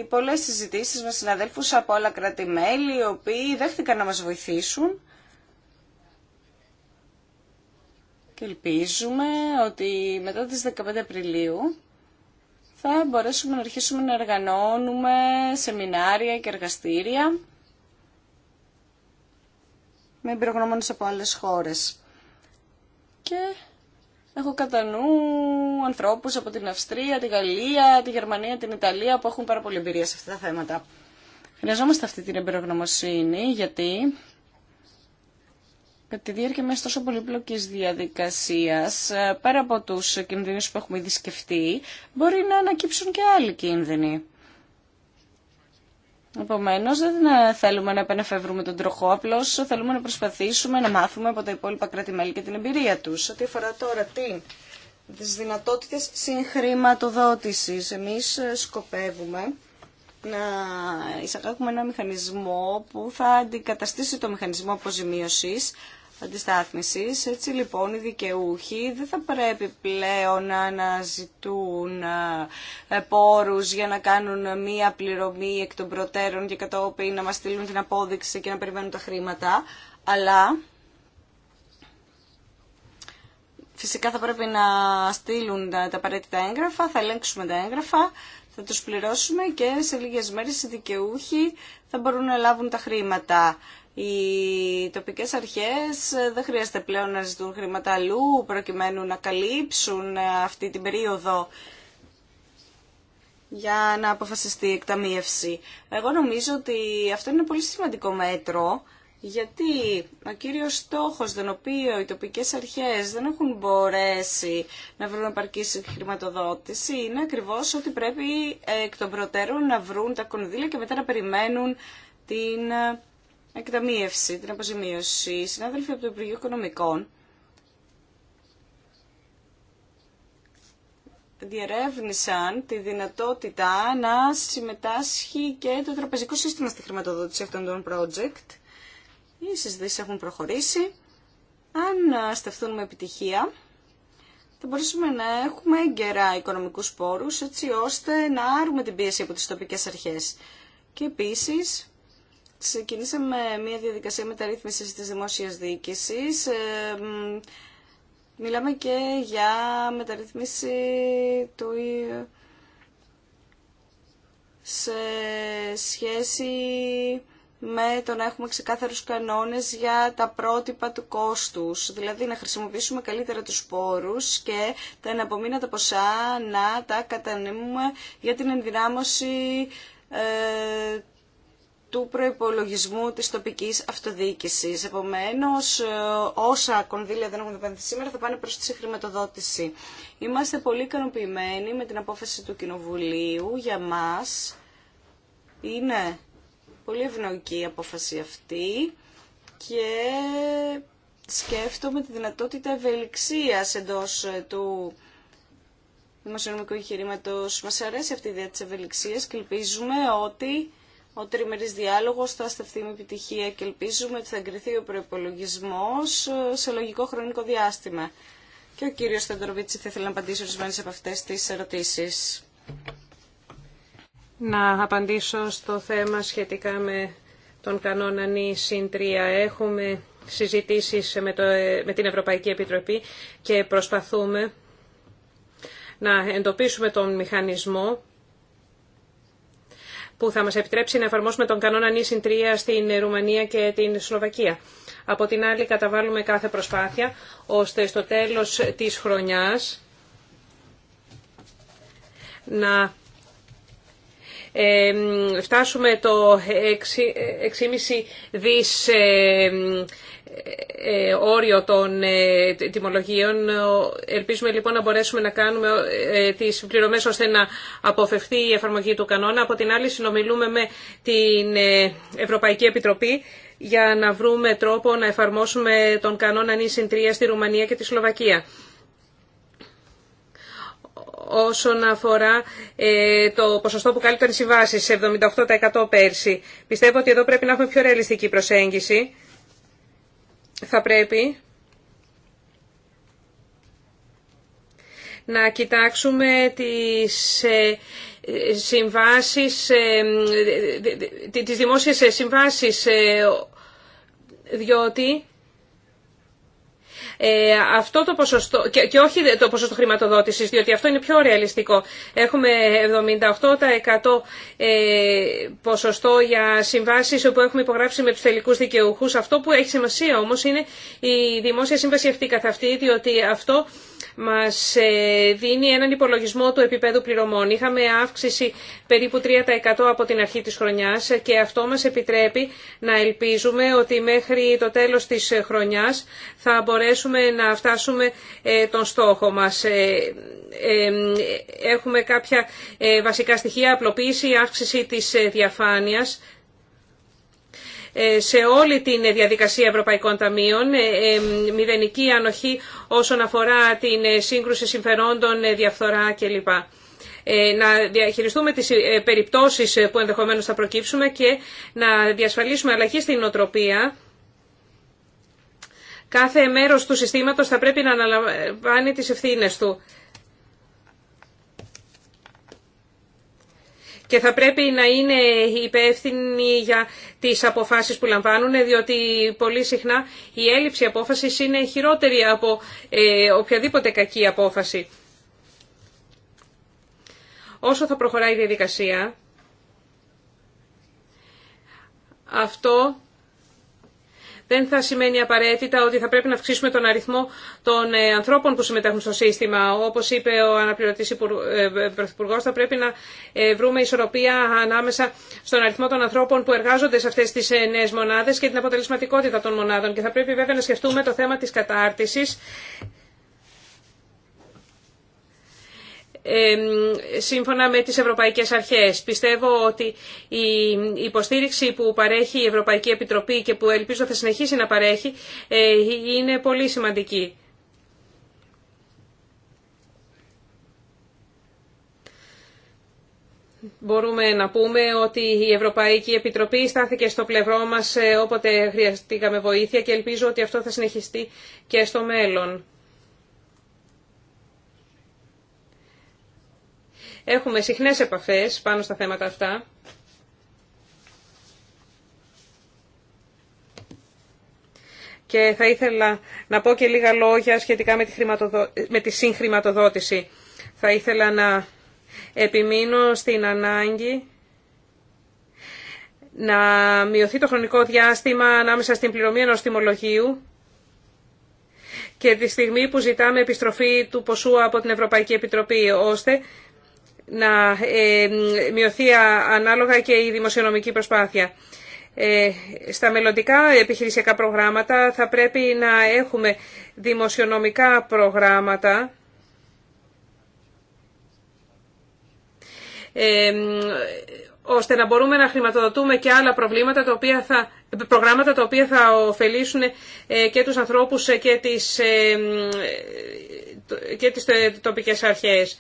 πολλές συζητήσεις με συναδέλφους από άλλα κράτη-μέλη, οι οποίοι δέχτηκαν να μας βοηθήσουν και ελπίζουμε ότι μετά τις 15 Απριλίου θα μπορέσουμε να αρχίσουμε να οργανώνουμε σεμινάρια και εργαστήρια με εμπειρογνώμονες από άλλες χώρες. Και έχω κατά νου ανθρώπους από την Αυστρία, τη Γαλλία, τη Γερμανία, την Ιταλία που έχουν πάρα πολλή εμπειρία σε αυτά τα θέματα. Χρειαζόμαστε αυτή την εμπειρογνωμοσύνη γιατί Κατά τη διάρκεια μια τόσο πολύπλοκη διαδικασία ε, πέρα από του κινδύνου που έχουμε ήδη σκεφτεί, μπορεί να ανακύψουν και άλλοι κίνδυνοι. Επομένω, δεν ε, θέλουμε να επενεφεύρουμε τον τροχό, απλώ θέλουμε να προσπαθήσουμε να μάθουμε από τα υπόλοιπα κράτη-μέλη και την εμπειρία του. Ό,τι αφορά τώρα τι τις δυνατότητες συγχρηματοδότησης. Εμείς ε, σκοπεύουμε να εισαγάγουμε ένα μηχανισμό που θα αντικαταστήσει το μηχανισμό αποζημίωσης, αντιστάθμισης. Έτσι λοιπόν οι δικαιούχοι δεν θα πρέπει πλέον να αναζητούν πόρους για να κάνουν μία πληρωμή εκ των προτέρων και κατόπιν να μας στείλουν την απόδειξη και να περιμένουν τα χρήματα, αλλά φυσικά θα πρέπει να στείλουν τα, τα απαραίτητα έγγραφα, θα ελέγξουμε τα έγγραφα, θα τους πληρώσουμε και σε λίγες μέρες οι δικαιούχοι θα μπορούν να λάβουν τα χρήματα οι τοπικές αρχές ε, δεν χρειάζεται πλέον να ζητούν χρήματα αλλού προκειμένου να καλύψουν ε, αυτή την περίοδο για να αποφασιστεί η εκταμίευση. Εγώ νομίζω ότι αυτό είναι ένα πολύ σημαντικό μέτρο γιατί ο κύριος στόχος τον οποίο οι τοπικές αρχές δεν έχουν μπορέσει να βρουν επαρκή χρηματοδότηση είναι ακριβώς ότι πρέπει ε, εκ των προτέρων να βρουν τα κονδύλια και μετά να περιμένουν την εκταμίευση, την αποζημίωση. Οι συνάδελφοι από το Υπουργείο Οικονομικών διερεύνησαν τη δυνατότητα να συμμετάσχει και το τραπεζικό σύστημα στη χρηματοδότηση αυτών των project. Οι συζητήσεις έχουν προχωρήσει. Αν σταθούν με επιτυχία, θα μπορούσαμε να έχουμε έγκαιρα οικονομικούς πόρους, έτσι ώστε να άρουμε την πίεση από τις τοπικές αρχές. Και επίσης, ξεκινήσαμε μια διαδικασία μεταρρύθμισης της δημόσιας διοίκησης. Ε, μιλάμε και για μεταρρύθμιση του σε σχέση με το να έχουμε ξεκάθαρους κανόνες για τα πρότυπα του κόστους. Δηλαδή να χρησιμοποιήσουμε καλύτερα τους πόρους και τα εναπομείνατα ποσά να τα κατανείμουμε για την ενδυνάμωση ε, του προϋπολογισμού της τοπικής αυτοδιοίκησης. Επομένως, ε, όσα κονδύλια δεν έχουν επενδύσει σήμερα θα πάνε προς τη χρηματοδότηση. Είμαστε πολύ ικανοποιημένοι με την απόφαση του Κοινοβουλίου. Για μας είναι πολύ ευνοϊκή η απόφαση αυτή και σκέφτομαι τη δυνατότητα ευελιξίας εντός ε, του δημοσιονομικού εγχειρήματο. Μας αρέσει αυτή η ιδέα της ευελιξίας και ελπίζουμε ότι ο τριμερής διάλογος θα στεφθεί με επιτυχία και ελπίζουμε ότι θα εγκριθεί ο προπολογισμό ε, σε λογικό χρονικό διάστημα. Και ο κύριος Στεντροβίτση θα ήθελε να απαντήσει ορισμένε από αυτές τις ερωτήσεις. Να απαντήσω στο θέμα σχετικά με τον κανόνα νη συν 3. Έχουμε συζητήσεις με, ε, με την Ευρωπαϊκή Επιτροπή και προσπαθούμε να εντοπίσουμε τον μηχανισμό που θα μας επιτρέψει να εφαρμόσουμε τον κανόνα νήσιν 3 στην Ρουμανία και την Σλοβακία. Από την άλλη καταβάλουμε κάθε προσπάθεια ώστε στο τέλος της χρονιάς να φτάσουμε το 6,5 δις ε, ε, όριο των ε, τιμολογίων. Ελπίζουμε λοιπόν να μπορέσουμε να κάνουμε τις πληρωμές ώστε να αποφευθεί η εφαρμογή του κανόνα. Από την άλλη συνομιλούμε με την Ευρωπαϊκή Επιτροπή για να βρούμε τρόπο να εφαρμόσουμε τον κανόνα νήσιν 3 στη Ρουμανία και τη Σλοβακία. Όσον αφορά το ποσοστό που κάλυπταν οι συμβάσεις, 78% πέρσι, πιστεύω ότι εδώ πρέπει να έχουμε πιο ρεαλιστική προσέγγιση θα πρέπει να κοιτάξουμε τις συμβάσεις, τις δημόσιες συμβάσεις, διότι ε, αυτό το ποσοστό, και, όχι το ποσοστό χρηματοδότησης, διότι αυτό είναι πιο ρεαλιστικό. Έχουμε 78% ε, ποσοστό για συμβάσεις όπου έχουμε υπογράψει με τους τελικούς δικαιούχους. Αυτό που έχει σημασία όμως είναι η δημόσια σύμβαση αυτή καθ' αυτή, διότι αυτό μα ε, δίνει έναν υπολογισμό του επίπεδου πληρωμών. Είχαμε αύξηση περίπου 3% από την αρχή της χρονιάς και αυτό μας επιτρέπει να ελπίζουμε ότι μέχρι το τέλος της χρονιάς θα μπορέσουμε να φτάσουμε ε, τον στόχο μας. Ε, έχουμε κάποια βασικά στοιχεία, απλοποίηση, αύξηση της διαφάνειας ε, σε όλη την διαδικασία Ευρωπαϊκών Ταμείων, ε, ε, μηδενική ανοχή όσον αφορά την σύγκρουση συμφερόντων, διαφθορά κλπ. Να διαχειριστούμε τις περιπτώσεις που ενδεχομένως θα προκύψουμε και να διασφαλίσουμε αλλαγή στην οτροπία. Κάθε μέρος του συστήματος θα πρέπει να αναλαμβάνει τις ευθύνες του. και θα πρέπει να είναι υπεύθυνοι για τις αποφάσεις που λαμβάνουν, διότι πολύ συχνά η έλλειψη απόφασης είναι χειρότερη από ε, οποιαδήποτε κακή απόφαση. Όσο θα προχωράει η διαδικασία, αυτό δεν θα σημαίνει απαραίτητα ότι θα πρέπει να αυξήσουμε τον αριθμό των ε, ανθρώπων που συμμετέχουν στο σύστημα. Όπως είπε ο αναπληρωτής ε, πρωθυπουργός, θα πρέπει να ε, βρούμε ισορροπία ανάμεσα στον αριθμό των ανθρώπων που εργάζονται σε αυτές τις νέες μονάδες και την αποτελεσματικότητα των μονάδων. Και θα πρέπει βέβαια να σκεφτούμε το θέμα της κατάρτισης σύμφωνα με τις ευρωπαϊκές αρχές. Πιστεύω ότι η υποστήριξη που παρέχει η Ευρωπαϊκή Επιτροπή και που ελπίζω θα συνεχίσει να παρέχει ε, είναι πολύ σημαντική. Μπορούμε να πούμε ότι η Ευρωπαϊκή Επιτροπή στάθηκε στο πλευρό μας ε, όποτε χρειαστήκαμε βοήθεια και ελπίζω ότι αυτό θα συνεχιστεί και στο μέλλον. Έχουμε συχνές επαφές πάνω στα θέματα αυτά. Και θα ήθελα να πω και λίγα λόγια σχετικά με τη, χρηματοδο... με συγχρηματοδότηση. Θα ήθελα να επιμείνω στην ανάγκη να μειωθεί το χρονικό διάστημα ανάμεσα στην πληρωμή ενός τιμολογίου και τη στιγμή που ζητάμε επιστροφή του ποσού από την Ευρωπαϊκή Επιτροπή, ώστε να ε, μειωθεί ανάλογα και η δημοσιονομική προσπάθεια. Ε, στα μελλοντικά επιχειρησιακά προγράμματα θα πρέπει να έχουμε δημοσιονομικά προγράμματα ε, ώστε να μπορούμε να χρηματοδοτούμε και άλλα προβλήματα τα οποία θα, προγράμματα τα οποία θα ωφελήσουν και τους ανθρώπους και τις, και τις τοπικές αρχές.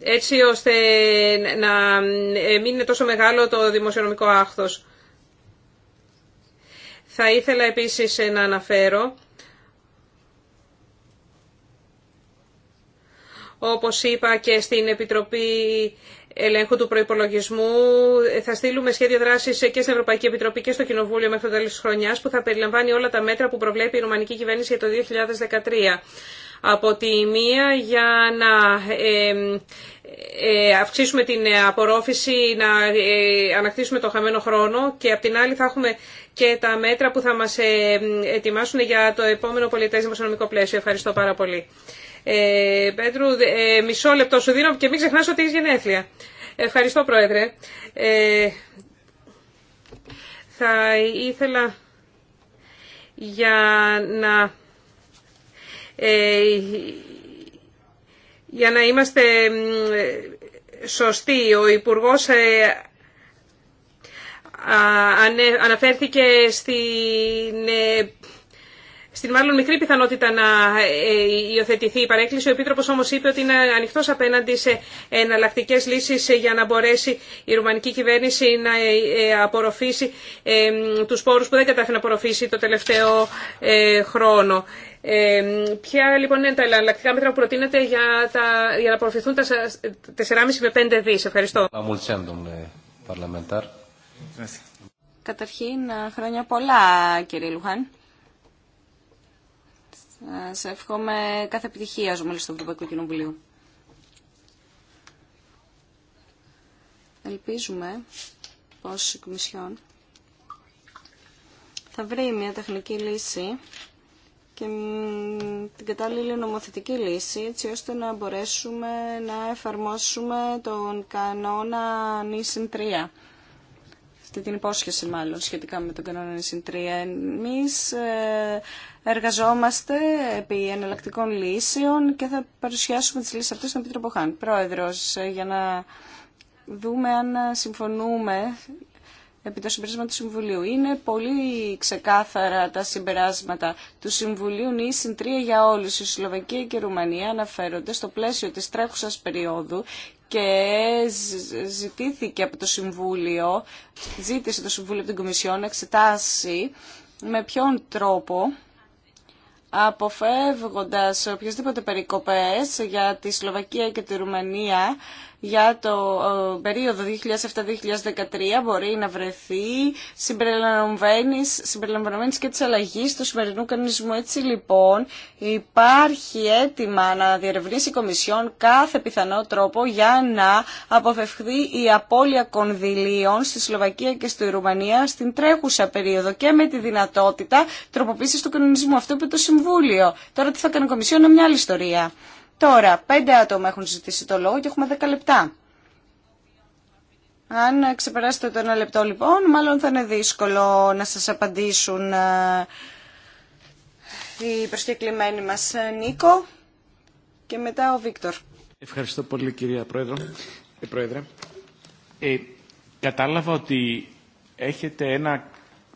έτσι ώστε να ε, μην είναι τόσο μεγάλο το δημοσιονομικό άχθος. Θα ήθελα επίσης να αναφέρω, όπως είπα και στην Επιτροπή Ελέγχου του Προϋπολογισμού, θα στείλουμε σχέδιο δράσης και στην Ευρωπαϊκή Επιτροπή και στο Κοινοβούλιο μέχρι το τέλος της χρονιάς, που θα περιλαμβάνει όλα τα μέτρα που προβλέπει η Ρουμανική Κυβέρνηση για το 2013 από τη μία για να ε, αυξήσουμε την απορρόφηση, να ε, ανακτήσουμε το χαμένο χρόνο και από την άλλη θα έχουμε και τα μέτρα που θα μας ε, ετοιμάσουν για το επόμενο πολιτές δημοσιονομικό πλαίσιο. Ευχαριστώ πάρα πολύ. Ε, Πέτρου, μισό λεπτό σου δίνω και μην ξεχνάς ότι έχεις γενέθλια. Ευχαριστώ, Πρόεδρε. Ε, θα ήθελα για να ε, για να είμαστε σωστοί. Ο Υπουργός ε, αναφέρθηκε στην ε, στην μάλλον μικρή πιθανότητα να υιοθετηθεί η παρέκκληση. Ο Επίτροπος όμως είπε ότι είναι ανοιχτό απέναντι σε εναλλακτικέ λύσει για να μπορέσει η ρουμανική κυβέρνηση να απορροφήσει τους πόρους που δεν κατάφερε να απορροφήσει το τελευταίο χρόνο. Ε, ποια λοιπόν είναι τα εναλλακτικά μέτρα που προτείνετε για, τα, για να απορροφηθούν τα 4,5 με 5 δι. Ευχαριστώ. Ε, Καταρχήν, ε, χρόνια πολλά κύριε Λουχάν. Σε εύχομαι κάθε επιτυχία ως μέλος του Ευρωπαϊκού Κοινοβουλίου. Ελπίζουμε πως η Κομισιόν θα βρει μια τεχνική λύση και την κατάλληλη νομοθετική λύση έτσι ώστε να μπορέσουμε να εφαρμόσουμε τον κανόνα νήσιν 3 αυτή την υπόσχεση μάλλον σχετικά με τον κανόνα νήσιν 3 εμείς ε, εργαζόμαστε επί εναλλακτικών λύσεων και θα παρουσιάσουμε τις λύσεις αυτές στον Επίτροπο Χάν Πρόεδρος ε, για να δούμε αν συμφωνούμε επί το του Συμβουλίου. Είναι πολύ ξεκάθαρα τα συμπεράσματα του Συμβουλίου νήσιν 3 για όλους. Η Σλοβακία και η Ρουμανία αναφέρονται στο πλαίσιο της τρέχουσας περίοδου και ζητήθηκε από το Συμβούλιο, ζήτησε το Συμβούλιο από την Κομισιό να εξετάσει με ποιον τρόπο αποφεύγοντας οποιασδήποτε περικοπές για τη Σλοβακία και τη Ρουμανία για το ε, περίοδο 2007-2013 μπορεί να βρεθεί συμπεριλαμβανομένης και της αλλαγή, του σημερινού κανονισμού. Έτσι λοιπόν υπάρχει έτοιμα να διερευνήσει η Κομισιόν κάθε πιθανό τρόπο για να αποφευχθεί η απώλεια κονδυλίων στη Σλοβακία και στη Ρουμανία στην τρέχουσα περίοδο και με τη δυνατότητα τροποποίησης του κανονισμού. Αυτό είπε το Συμβούλιο. Τώρα τι θα κάνει η Κομισιόν είναι μια άλλη ιστορία. Τώρα, πέντε άτομα έχουν ζητήσει το λόγο και έχουμε δέκα λεπτά. Αν ξεπεράσετε το ένα λεπτό λοιπόν, μάλλον θα είναι δύσκολο να σας απαντήσουν ε, οι προσκεκλημένοι μας ε, Νίκο και μετά ο Βίκτορ. Ευχαριστώ πολύ κυρία Πρόεδρο. Ε, Πρόεδρε. Ε, κατάλαβα ότι έχετε ένα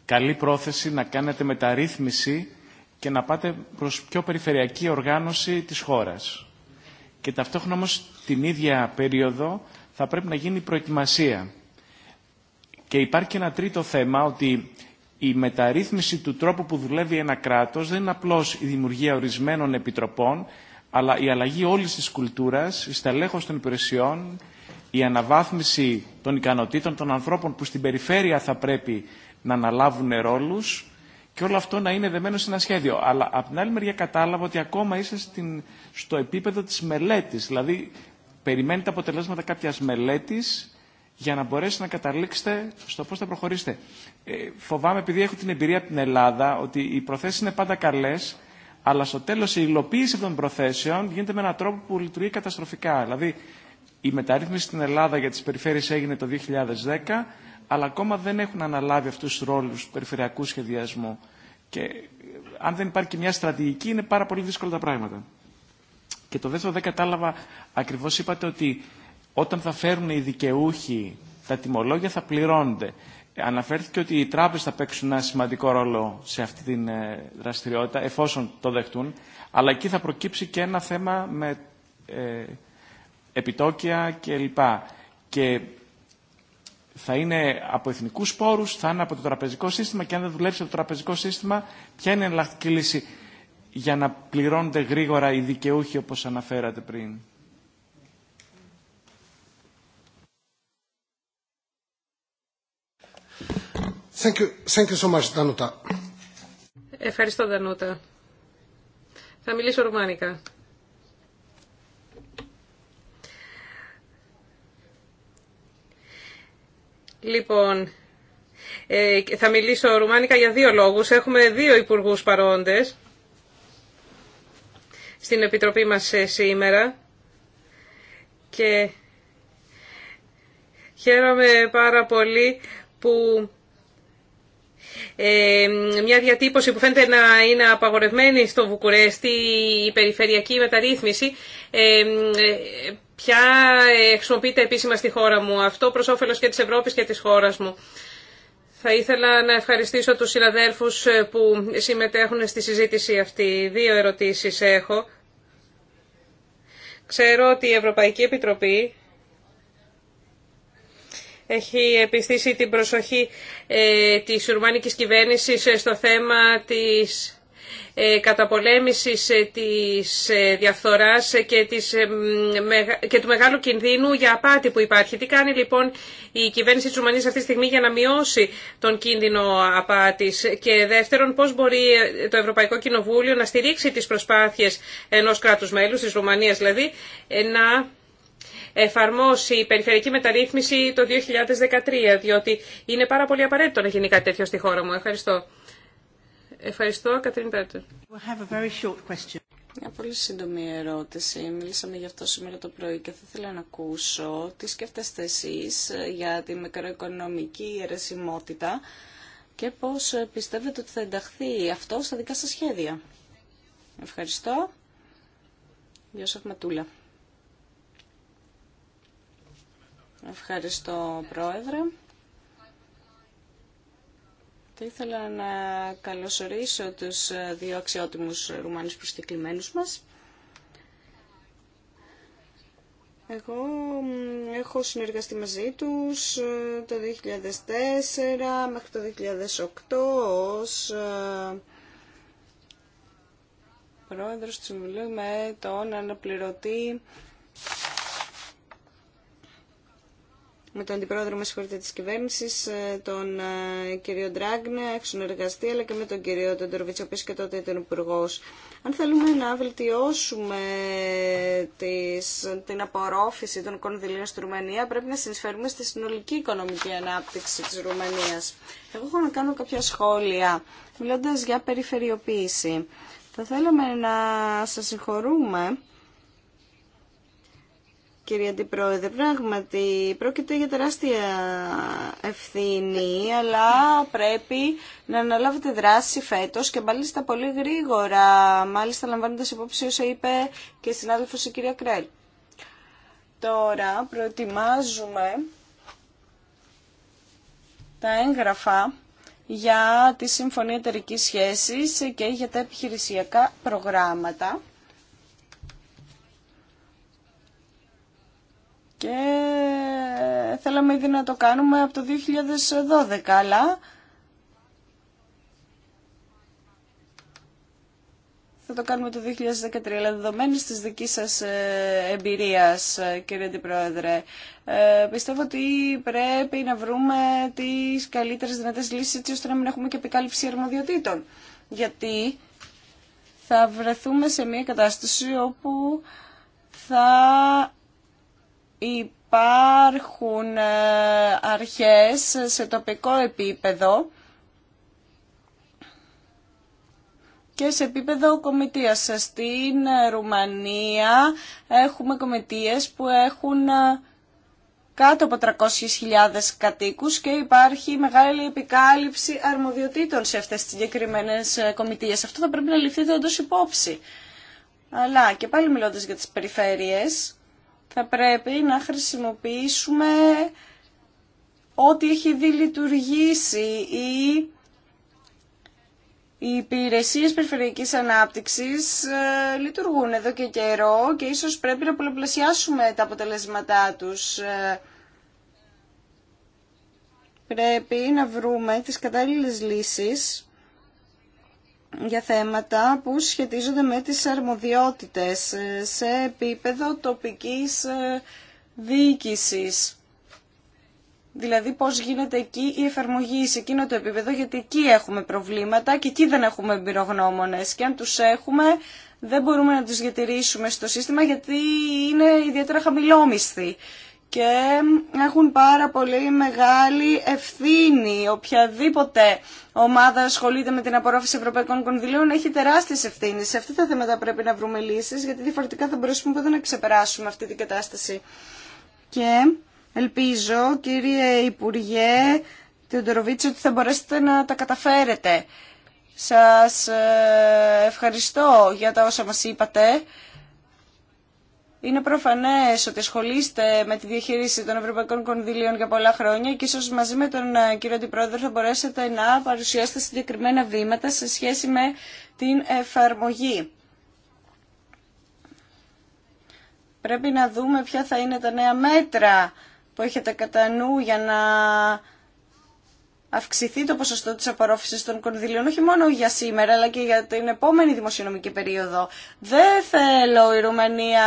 καλή πρόθεση να κάνετε μεταρρύθμιση και να πάτε προς πιο περιφερειακή οργάνωση της χώρας και ταυτόχρονα όμως την ίδια περίοδο θα πρέπει να γίνει προετοιμασία. Και υπάρχει και ένα τρίτο θέμα ότι η μεταρρύθμιση του τρόπου που δουλεύει ένα κράτος δεν είναι απλώς η δημιουργία ορισμένων επιτροπών, αλλά η αλλαγή όλης της κουλτούρας, η στελέχωση των υπηρεσιών, η αναβάθμιση των ικανοτήτων των ανθρώπων που στην περιφέρεια θα πρέπει να αναλάβουν ρόλους και όλο αυτό να είναι δεμένο σε ένα σχέδιο. Αλλά από την άλλη μεριά κατάλαβα ότι ακόμα είσαι στην, στο επίπεδο της μελέτης. Δηλαδή, περιμένετε αποτελέσματα κάποιας μελέτης για να μπορέσετε να καταλήξετε στο πώς θα προχωρήσετε. Ε, φοβάμαι, επειδή έχω την εμπειρία από την Ελλάδα, ότι οι προθέσεις είναι πάντα καλές, αλλά στο τέλος η υλοποίηση των προθέσεων γίνεται με έναν τρόπο που λειτουργεί καταστροφικά. Δηλαδή, η μεταρρύθμιση στην Ελλάδα για τις περιφέρειες έγινε το 2010, αλλά ακόμα δεν έχουν αναλάβει αυτού του ρόλου του περιφερειακού σχεδιασμού. Και ε, αν δεν υπάρχει και μια στρατηγική, είναι πάρα πολύ δύσκολα τα πράγματα. Και το δεύτερο δεν κατάλαβα, ακριβώ είπατε ότι όταν θα φέρουν οι δικαιούχοι τα τιμολόγια θα πληρώνονται. Αναφέρθηκε ότι οι τράπεζε θα παίξουν ένα σημαντικό ρόλο σε αυτή τη ε, δραστηριότητα, εφόσον το δεχτούν, αλλά εκεί θα προκύψει και ένα θέμα με ε, επιτόκια κλπ. και θα είναι από εθνικού πόρου, θα είναι από το τραπεζικό σύστημα και αν δεν δουλέψει το τραπεζικό σύστημα, ποια είναι η εναλλακτική λύση για να πληρώνονται γρήγορα οι δικαιούχοι όπως αναφέρατε πριν. Thank you. Thank you so much, Danuta. Ευχαριστώ, Δανούτα. Θα μιλήσω ρουμάνικα. Λοιπόν, ε, θα μιλήσω ρουμάνικα για δύο λόγους. Έχουμε δύο υπουργούς παρόντες στην Επιτροπή μας ε, σήμερα και χαίρομαι πάρα πολύ που ε, μια διατύπωση που φαίνεται να είναι απαγορευμένη στο Βουκουρέστι, η περιφερειακή μεταρρύθμιση, ε, ε, πια χρησιμοποιείται επίσημα στη χώρα μου. Αυτό προς όφελος και της Ευρώπης και της χώρας μου. Θα ήθελα να ευχαριστήσω τους συναδέλφους που συμμετέχουν στη συζήτηση αυτή. Δύο ερωτήσεις έχω. Ξέρω ότι η Ευρωπαϊκή Επιτροπή έχει επιστήσει την προσοχή ε, της Ουρμανικής κυβέρνησης ε, στο θέμα της ε, καταπολέμησης της διαφθοράς και, της, και του μεγάλου κινδύνου για απάτη που υπάρχει. Τι κάνει λοιπόν η κυβέρνηση της Ρουμανίας αυτή τη στιγμή για να μειώσει τον κίνδυνο απάτης και δεύτερον πώς μπορεί το Ευρωπαϊκό Κοινοβούλιο να στηρίξει τις προσπάθειες ενός κράτους μέλους της Ρουμανίας δηλαδή να εφαρμόσει η περιφερειακή μεταρρύθμιση το 2013, διότι είναι πάρα πολύ απαραίτητο να γίνει κάτι τέτοιο στη χώρα μου. Ευχαριστώ. Ευχαριστώ, Κατρίν Πέτρου. Μια πολύ σύντομη ερώτηση. Μιλήσαμε γι' αυτό σήμερα το πρωί και θα ήθελα να ακούσω τι σκέφτεστε εσείς για τη μικροοικονομική αιρεσιμότητα και πώς πιστεύετε ότι θα ενταχθεί αυτό στα δικά σας σχέδια. Ευχαριστώ. σα, Ματούλα. Ευχαριστώ, Πρόεδρε. Θα ήθελα να καλωσορίσω τους δύο αξιότιμους Ρουμάνους προσκεκλημένους μας. Εγώ έχω συνεργαστεί μαζί τους ε, το 2004 μέχρι το 2008 ως ε, πρόεδρος του Συμβουλίου με τον αναπληρωτή με τον αντιπρόεδρο μας συγχωρείτε της κυβέρνησης, ε, τον ε, κύριο Ντράγκνε, συνεργαστή, αλλά και με τον κύριο Τεντροβίτσο, ο οποίος και τότε ήταν υπουργό. Αν θέλουμε να βελτιώσουμε τις, την απορρόφηση των κονδυλίων στη Ρουμανία, πρέπει να συνεισφέρουμε στη συνολική οικονομική ανάπτυξη της Ρουμανίας. Εγώ έχω να κάνω κάποια σχόλια, μιλώντας για περιφερειοποίηση. Θα θέλαμε να σας συγχωρούμε Κύριε Αντιπρόεδρε, πράγματι πρόκειται για τεράστια ευθύνη, αλλά πρέπει να αναλάβετε δράση φέτος και μάλιστα πολύ γρήγορα, μάλιστα λαμβάνοντας υπόψη όσα είπε και η συνάδελφος η κυρία Κρέλ. Τώρα προετοιμάζουμε τα έγγραφα για τη Συμφωνία Εταιρικής Σχέσης και για τα επιχειρησιακά προγράμματα και θέλαμε ήδη να το κάνουμε από το 2012, αλλά θα το κάνουμε το 2013, αλλά δεδομένη της δικής σας ε, εμπειρίας, ε, κύριε Αντιπρόεδρε, ε, πιστεύω ότι πρέπει να βρούμε τις καλύτερες δυνατές λύσεις, έτσι ώστε να μην έχουμε και επικάλυψη αρμοδιοτήτων. Γιατί θα βρεθούμε σε μια κατάσταση όπου θα υπάρχουν ε, αρχές σε τοπικό επίπεδο και σε επίπεδο κομιτείας. Στην ε, Ρουμανία έχουμε κομιτείες που έχουν ε, κάτω από 300.000 κατοίκους και υπάρχει μεγάλη επικάλυψη αρμοδιοτήτων σε αυτές τις συγκεκριμένε κομιτείες. Αυτό θα πρέπει να ληφθείτε όντως υπόψη. Αλλά και πάλι μιλώντας για τις περιφέρειες, θα πρέπει να χρησιμοποιήσουμε ό,τι έχει δει λειτουργήσει ή οι υπηρεσίε περιφερειακή ανάπτυξη ε, λειτουργούν εδώ και καιρό και ίσως πρέπει να πολλαπλασιάσουμε τα αποτελέσματά τους. Ε, πρέπει να βρούμε τις κατάλληλες λύσεις για θέματα που σχετίζονται με τις αρμοδιότητες ε, σε επίπεδο τοπικής ε, διοίκησης. Δηλαδή πώς γίνεται εκεί η εφαρμογή σε εκείνο το επίπεδο, γιατί εκεί έχουμε προβλήματα και εκεί δεν έχουμε εμπειρογνώμονες και αν τους έχουμε δεν μπορούμε να τους διατηρήσουμε στο σύστημα γιατί είναι ιδιαίτερα χαμηλόμισθοι και έχουν πάρα πολύ μεγάλη ευθύνη. Οποιαδήποτε ομάδα ασχολείται με την απορρόφηση ευρωπαϊκών κονδυλίων έχει τεράστιε ευθύνε. Σε αυτά τα θέματα πρέπει να βρούμε λύσει, γιατί διαφορετικά θα μπορέσουμε ποτέ να ξεπεράσουμε αυτή την κατάσταση. Και ελπίζω, κύριε Υπουργέ Τιοντοροβίτση, ότι θα μπορέσετε να τα καταφέρετε. Σας ε, ευχαριστώ για τα όσα μας είπατε. Είναι προφανέ ότι ασχολείστε με τη διαχείριση των ευρωπαϊκών κονδυλίων για πολλά χρόνια και ίσω μαζί με τον ε, κύριο Αντιπρόεδρο θα μπορέσετε να παρουσιάσετε συγκεκριμένα βήματα σε σχέση με την εφαρμογή. Πρέπει να δούμε ποια θα είναι τα νέα μέτρα που έχετε κατά νου για να αυξηθεί το ποσοστό της απορρόφησης των κονδυλίων, όχι μόνο για σήμερα, αλλά και για την επόμενη δημοσιονομική περίοδο. Δεν θέλω η Ρουμανία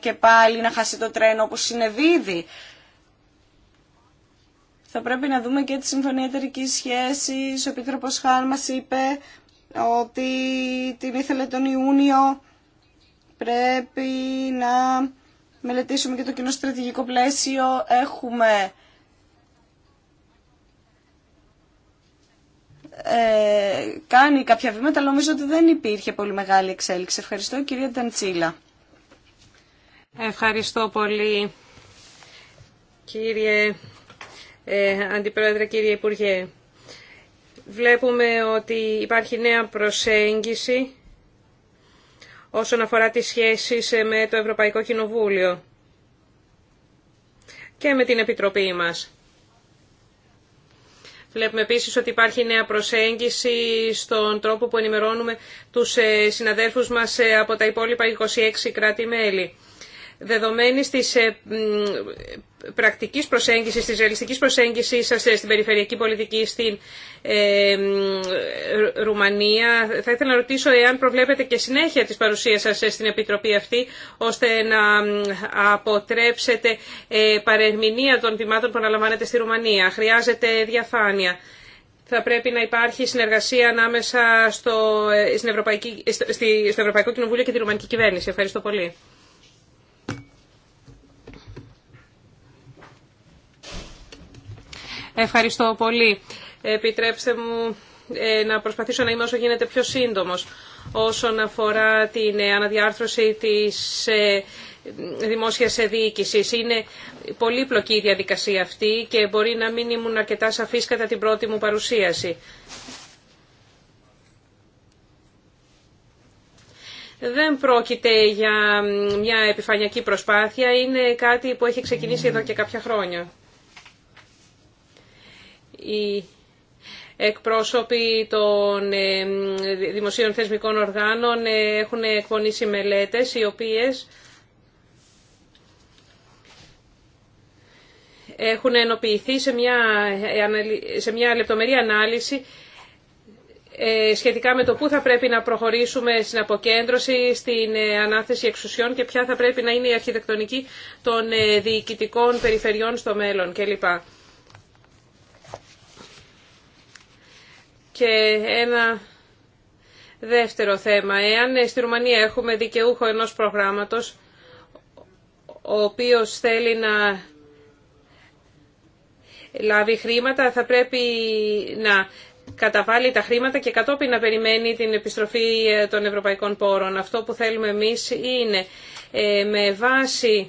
και πάλι να χάσει το τρένο όπως συνεβεί ήδη. Θα πρέπει να δούμε και τη Συμφωνία Εταιρική Σχέση. Ο Επίτροπο Χάν μα είπε ότι την ήθελε τον Ιούνιο. Πρέπει να μελετήσουμε και το κοινό στρατηγικό πλαίσιο. Έχουμε Ε, κάνει κάποια βήματα, αλλά νομίζω ότι δεν υπήρχε πολύ μεγάλη εξέλιξη. Ευχαριστώ, κυρία Ταντσίλα. Ευχαριστώ πολύ, κύριε ε, Αντιπρόεδρε, κύριε Υπουργέ. Βλέπουμε ότι υπάρχει νέα προσέγγιση όσον αφορά τις σχέσεις ε, με το Ευρωπαϊκό Κοινοβούλιο και με την Επιτροπή μας. Βλέπουμε επίσης ότι υπάρχει νέα προσέγγιση στον τρόπο που ενημερώνουμε τους ε, συναδέλφους μας ε, από τα υπόλοιπα 26 κράτη-μέλη δεδομένης της ε, πρακτική προσέγγιση, τη ρεαλιστικής προσέγγιση σα ε, στην περιφερειακή πολιτική στην ε, Ρουμανία. Θα ήθελα να ρωτήσω εάν προβλέπετε και συνέχεια της παρουσίας σας στην Επιτροπή αυτή, ώστε να αποτρέψετε παρερμηνία των τιμάτων που αναλαμβάνετε στη Ρουμανία. Χρειάζεται διαφάνεια θα πρέπει να υπάρχει συνεργασία ανάμεσα στο, στην στο, στο Ευρωπαϊκό Κοινοβούλιο και τη Ρουμανική Κυβέρνηση. Ευχαριστώ πολύ. Ευχαριστώ πολύ. Επιτρέψτε μου ε, να προσπαθήσω να είμαι όσο γίνεται πιο σύντομος όσον αφορά την ε, αναδιάρθρωση της ε, δημόσιας διοίκησης. Είναι πολύπλοκη η διαδικασία αυτή και μπορεί να μην ήμουν αρκετά σαφής κατά την πρώτη μου παρουσίαση. Δεν πρόκειται για μια επιφανειακή προσπάθεια, είναι κάτι που έχει ξεκινήσει εδώ και κάποια χρόνια οι εκπρόσωποι των ε, δημοσίων θεσμικών οργάνων ε, έχουν εκπονήσει μελέτες οι οποίες έχουν ενοποιηθεί σε μια, ε, σε μια λεπτομερή ανάλυση σχετικά με το πού θα πρέπει να προχωρήσουμε στην αποκέντρωση, στην ανάθεση εξουσιών και ποια θα πρέπει να είναι η αρχιτεκτονική των διοικητικών περιφερειών στο μέλλον κλπ. Και ένα δεύτερο θέμα. Εάν στη Ρουμανία έχουμε δικαιούχο ενός προγράμματος, ο οποίος θέλει να λάβει χρήματα, θα πρέπει να καταβάλει τα χρήματα και κατόπιν να περιμένει την επιστροφή ε, των ευρωπαϊκών πόρων. Αυτό που θέλουμε εμείς είναι ε, με βάση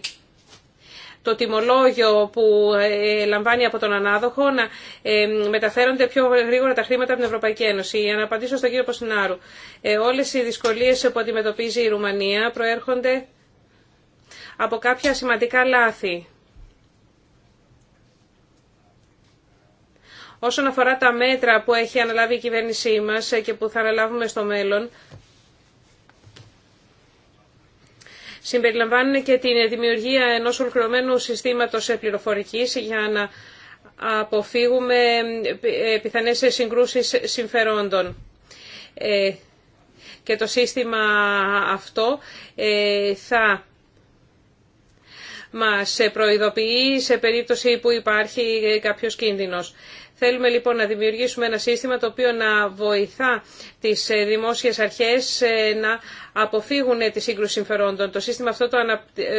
το τιμολόγιο που ε, λαμβάνει από τον ανάδοχο να ε, μεταφέρονται πιο γρήγορα τα χρήματα από την Ευρωπαϊκή Ένωση. Για να απαντήσω στον κύριο Ποσινάρου, ε, όλες οι δυσκολίες που αντιμετωπίζει η Ρουμανία προέρχονται από κάποια σημαντικά λάθη. Όσον αφορά τα μέτρα που έχει αναλάβει η κυβέρνησή μας και που θα αναλάβουμε στο μέλλον, συμπεριλαμβάνουν και την δημιουργία ενός ολοκληρωμένου συστήματος πληροφορικής για να αποφύγουμε πιθανές συγκρούσεις συμφερόντων. Ε, και το σύστημα αυτό ε, θα μας προειδοποιεί σε περίπτωση που υπάρχει κάποιος κίνδυνος. Θέλουμε λοιπόν να δημιουργήσουμε ένα σύστημα το οποίο να βοηθά τις ε, δημόσιες αρχές ε, να αποφύγουν ε, τη σύγκρουση συμφερόντων. Το σύστημα αυτό το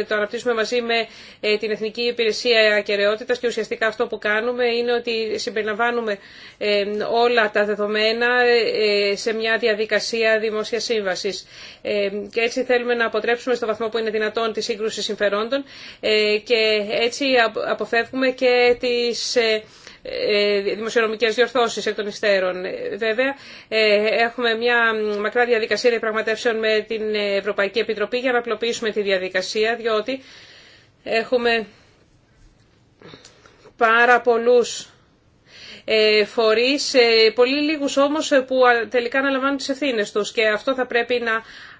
αναπτύσσουμε μαζί με την Εθνική Υπηρεσία Ακεραιότητας και ουσιαστικά αυτό που κάνουμε είναι ότι συμπεριλαμβάνουμε όλα τα δεδομένα σε μια διαδικασία δημόσιας σύμβασης. Και έτσι θέλουμε να αποτρέψουμε στο βαθμό που είναι δυνατόν τη σύγκρουση συμφερόντων και έτσι αποφεύγουμε και τις ε, δημοσιονομικές διορθώσεις εκ των υστέρων. Βέβαια, ε, έχουμε μια μακρά διαδικασία διαπραγματεύσεων με την Ευρωπαϊκή Επιτροπή για να απλοποιήσουμε τη διαδικασία, διότι έχουμε πάρα πολλούς ε, φορείς, πολύ λίγους όμως που τελικά αναλαμβάνουν τις ευθύνες τους και αυτό θα πρέπει να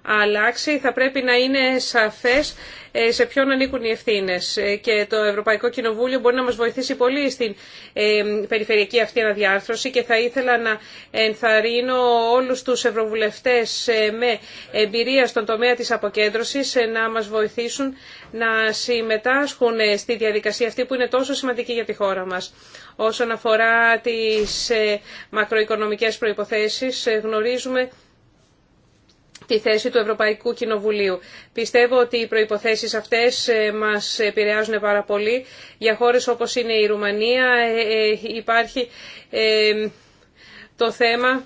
αλλάξει, θα πρέπει να είναι σαφές ε, σε ποιον ανήκουν οι ευθύνες. Ε, και το Ευρωπαϊκό Κοινοβούλιο μπορεί να μας βοηθήσει πολύ στην ε, περιφερειακή αυτή αναδιάρθρωση και θα ήθελα να ενθαρρύνω όλους τους ευρωβουλευτές με εμπειρία στον τομέα της αποκέντρωσης να μας βοηθήσουν να συμμετάσχουν στη διαδικασία αυτή που είναι τόσο σημαντική για τη χώρα μας. Όσον αφορά τις μακροοικονομικές προϋποθέσεις, γνωρίζουμε τη θέση του Ευρωπαϊκού Κοινοβουλίου. Πιστεύω ότι οι προϋποθέσεις αυτές ε, μας επηρεάζουν πάρα πολύ. Για χώρες όπως είναι η Ρουμανία ε, ε, υπάρχει το θέμα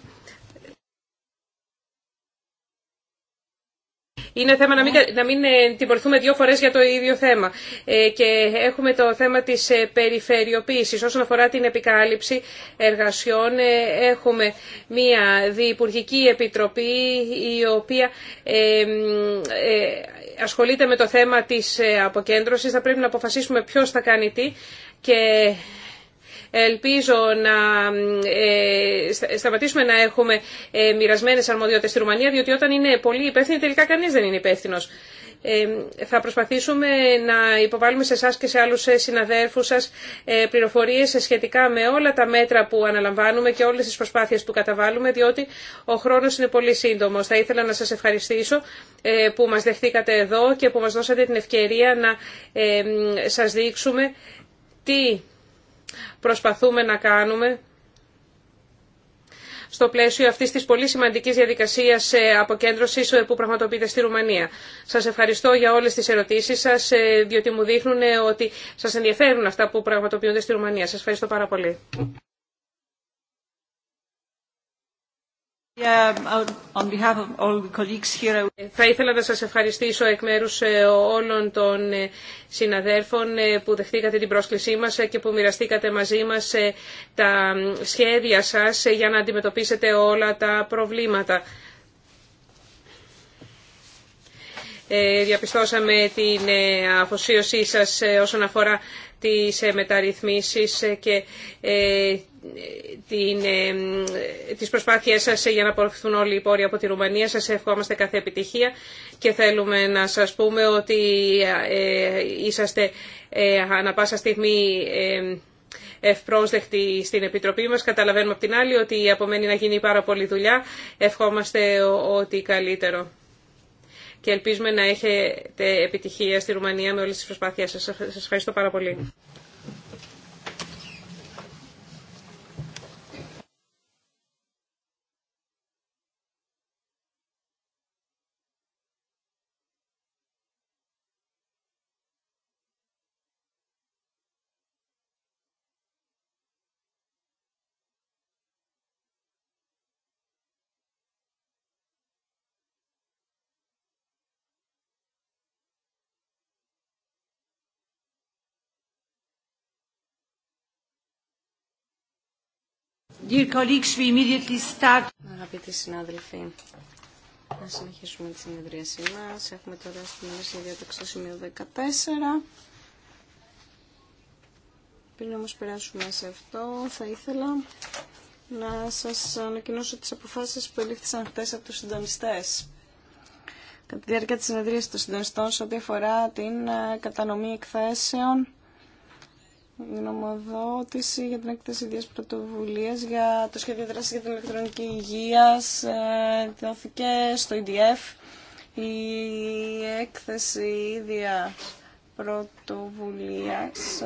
Είναι θέμα να μην, να μην ε, τιμωρηθούμε δύο φορές για το ίδιο θέμα. Ε, και έχουμε το θέμα της ε, περιφερειοποίησης. Όσον αφορά την επικάλυψη εργασιών, έχουμε μία διυπουργική επιτροπή η οποία ασχολείται με το θέμα της αποκέντρωσης. Θα πρέπει να αποφασίσουμε ποιος θα κάνει τι και Ελπίζω να ε, σταματήσουμε να έχουμε ε, μοιρασμένε αρμοδιότητε στη Ρουμανία, διότι όταν είναι πολύ υπεύθυνοι τελικά κανεί δεν είναι υπεύθυνο. Ε, θα προσπαθήσουμε να υποβάλουμε σε εσά και σε άλλου συναδέρφου σα πληροφορίε σχετικά με όλα τα μέτρα που αναλαμβάνουμε και όλε τι προσπάθειε που καταβάλουμε, διότι ο χρόνο είναι πολύ σύντομο. Θα ήθελα να σα ευχαριστήσω που μα δεχτήκατε εδώ και που μα δώσατε την ευκαιρία να σα δείξουμε τι προσπαθούμε να κάνουμε στο πλαίσιο αυτής της πολύ σημαντικής διαδικασίας ε, αποκέντρωσης ε, που πραγματοποιείται στη Ρουμανία. Σας ευχαριστώ για όλες τις ερωτήσεις σας, ε, διότι μου δείχνουν ότι σας ενδιαφέρουν αυτά που πραγματοποιούνται στη Ρουμανία. Σας ευχαριστώ πάρα πολύ. Θα ήθελα να σας ευχαριστήσω εκ μέρους ε, όλων των ε, συναδέρφων ε, που δεχτήκατε την πρόσκλησή μας και που μοιραστήκατε μαζί μας τα σχέδια σας για να αντιμετωπίσετε όλα τα προβλήματα. Ε, διαπιστώσαμε την ε, αφοσίωσή σας ε, όσον αφορά τις μεταρρυθμίσεις και την, τις προσπάθειές σας για να απορροφηθούν όλοι οι πόροι από τη Ρουμανία. Σας ευχόμαστε κάθε επιτυχία και θέλουμε να σας πούμε ότι είσαστε ανα πάσα στιγμή ευπρόσδεκτη στην Επιτροπή μας. Καταλαβαίνουμε από την άλλη ότι απομένει να γίνει πάρα πολλή δουλειά. Ευχόμαστε ότι καλύτερο και ελπίζουμε να έχετε επιτυχία στη Ρουμανία με όλες τις προσπάθειές σας. Σας ευχαριστώ πάρα πολύ. Dear colleagues, we immediately start. Αγαπητοί συνάδελφοι, να συνεχίσουμε τη συνεδρίασή μα. Έχουμε τώρα στην ημερήσια διάταξη το σημείο 14. Πριν όμω περάσουμε σε αυτό, θα ήθελα να σα ανακοινώσω τι αποφάσει που ελήφθησαν χτες από του συντονιστέ. Κατά τη διάρκεια τη συνεδρίας των συντονιστών, σε ό,τι αφορά την ε, κατανομή εκθέσεων, γνωμοδότηση για την έκθεση ιδίας πρωτοβουλίας για το σχέδιο δράση για την ηλεκτρονική υγεία ε, δόθηκε στο EDF. Η έκθεση ίδια πρωτοβουλίας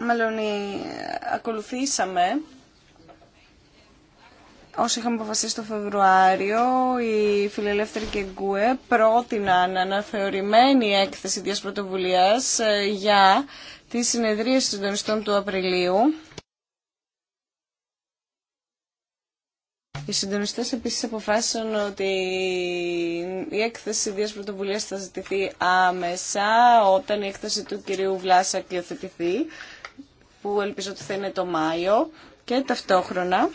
μάλλον ε, ακολουθήσαμε Όσο είχαμε αποφασίσει το Φεβρουάριο, οι φιλελεύθεροι και γκουε πρότειναν αναθεωρημένη έκθεση της ε, για τη συνεδρίαση των συντονιστών του Απριλίου. Οι συντονιστέ επίση αποφάσισαν ότι η έκθεση της πρωτοβουλία θα ζητηθεί άμεσα όταν η έκθεση του κυρίου Βλάσακ υιοθετηθεί, που ελπίζω ότι θα είναι το Μάιο, και ταυτόχρονα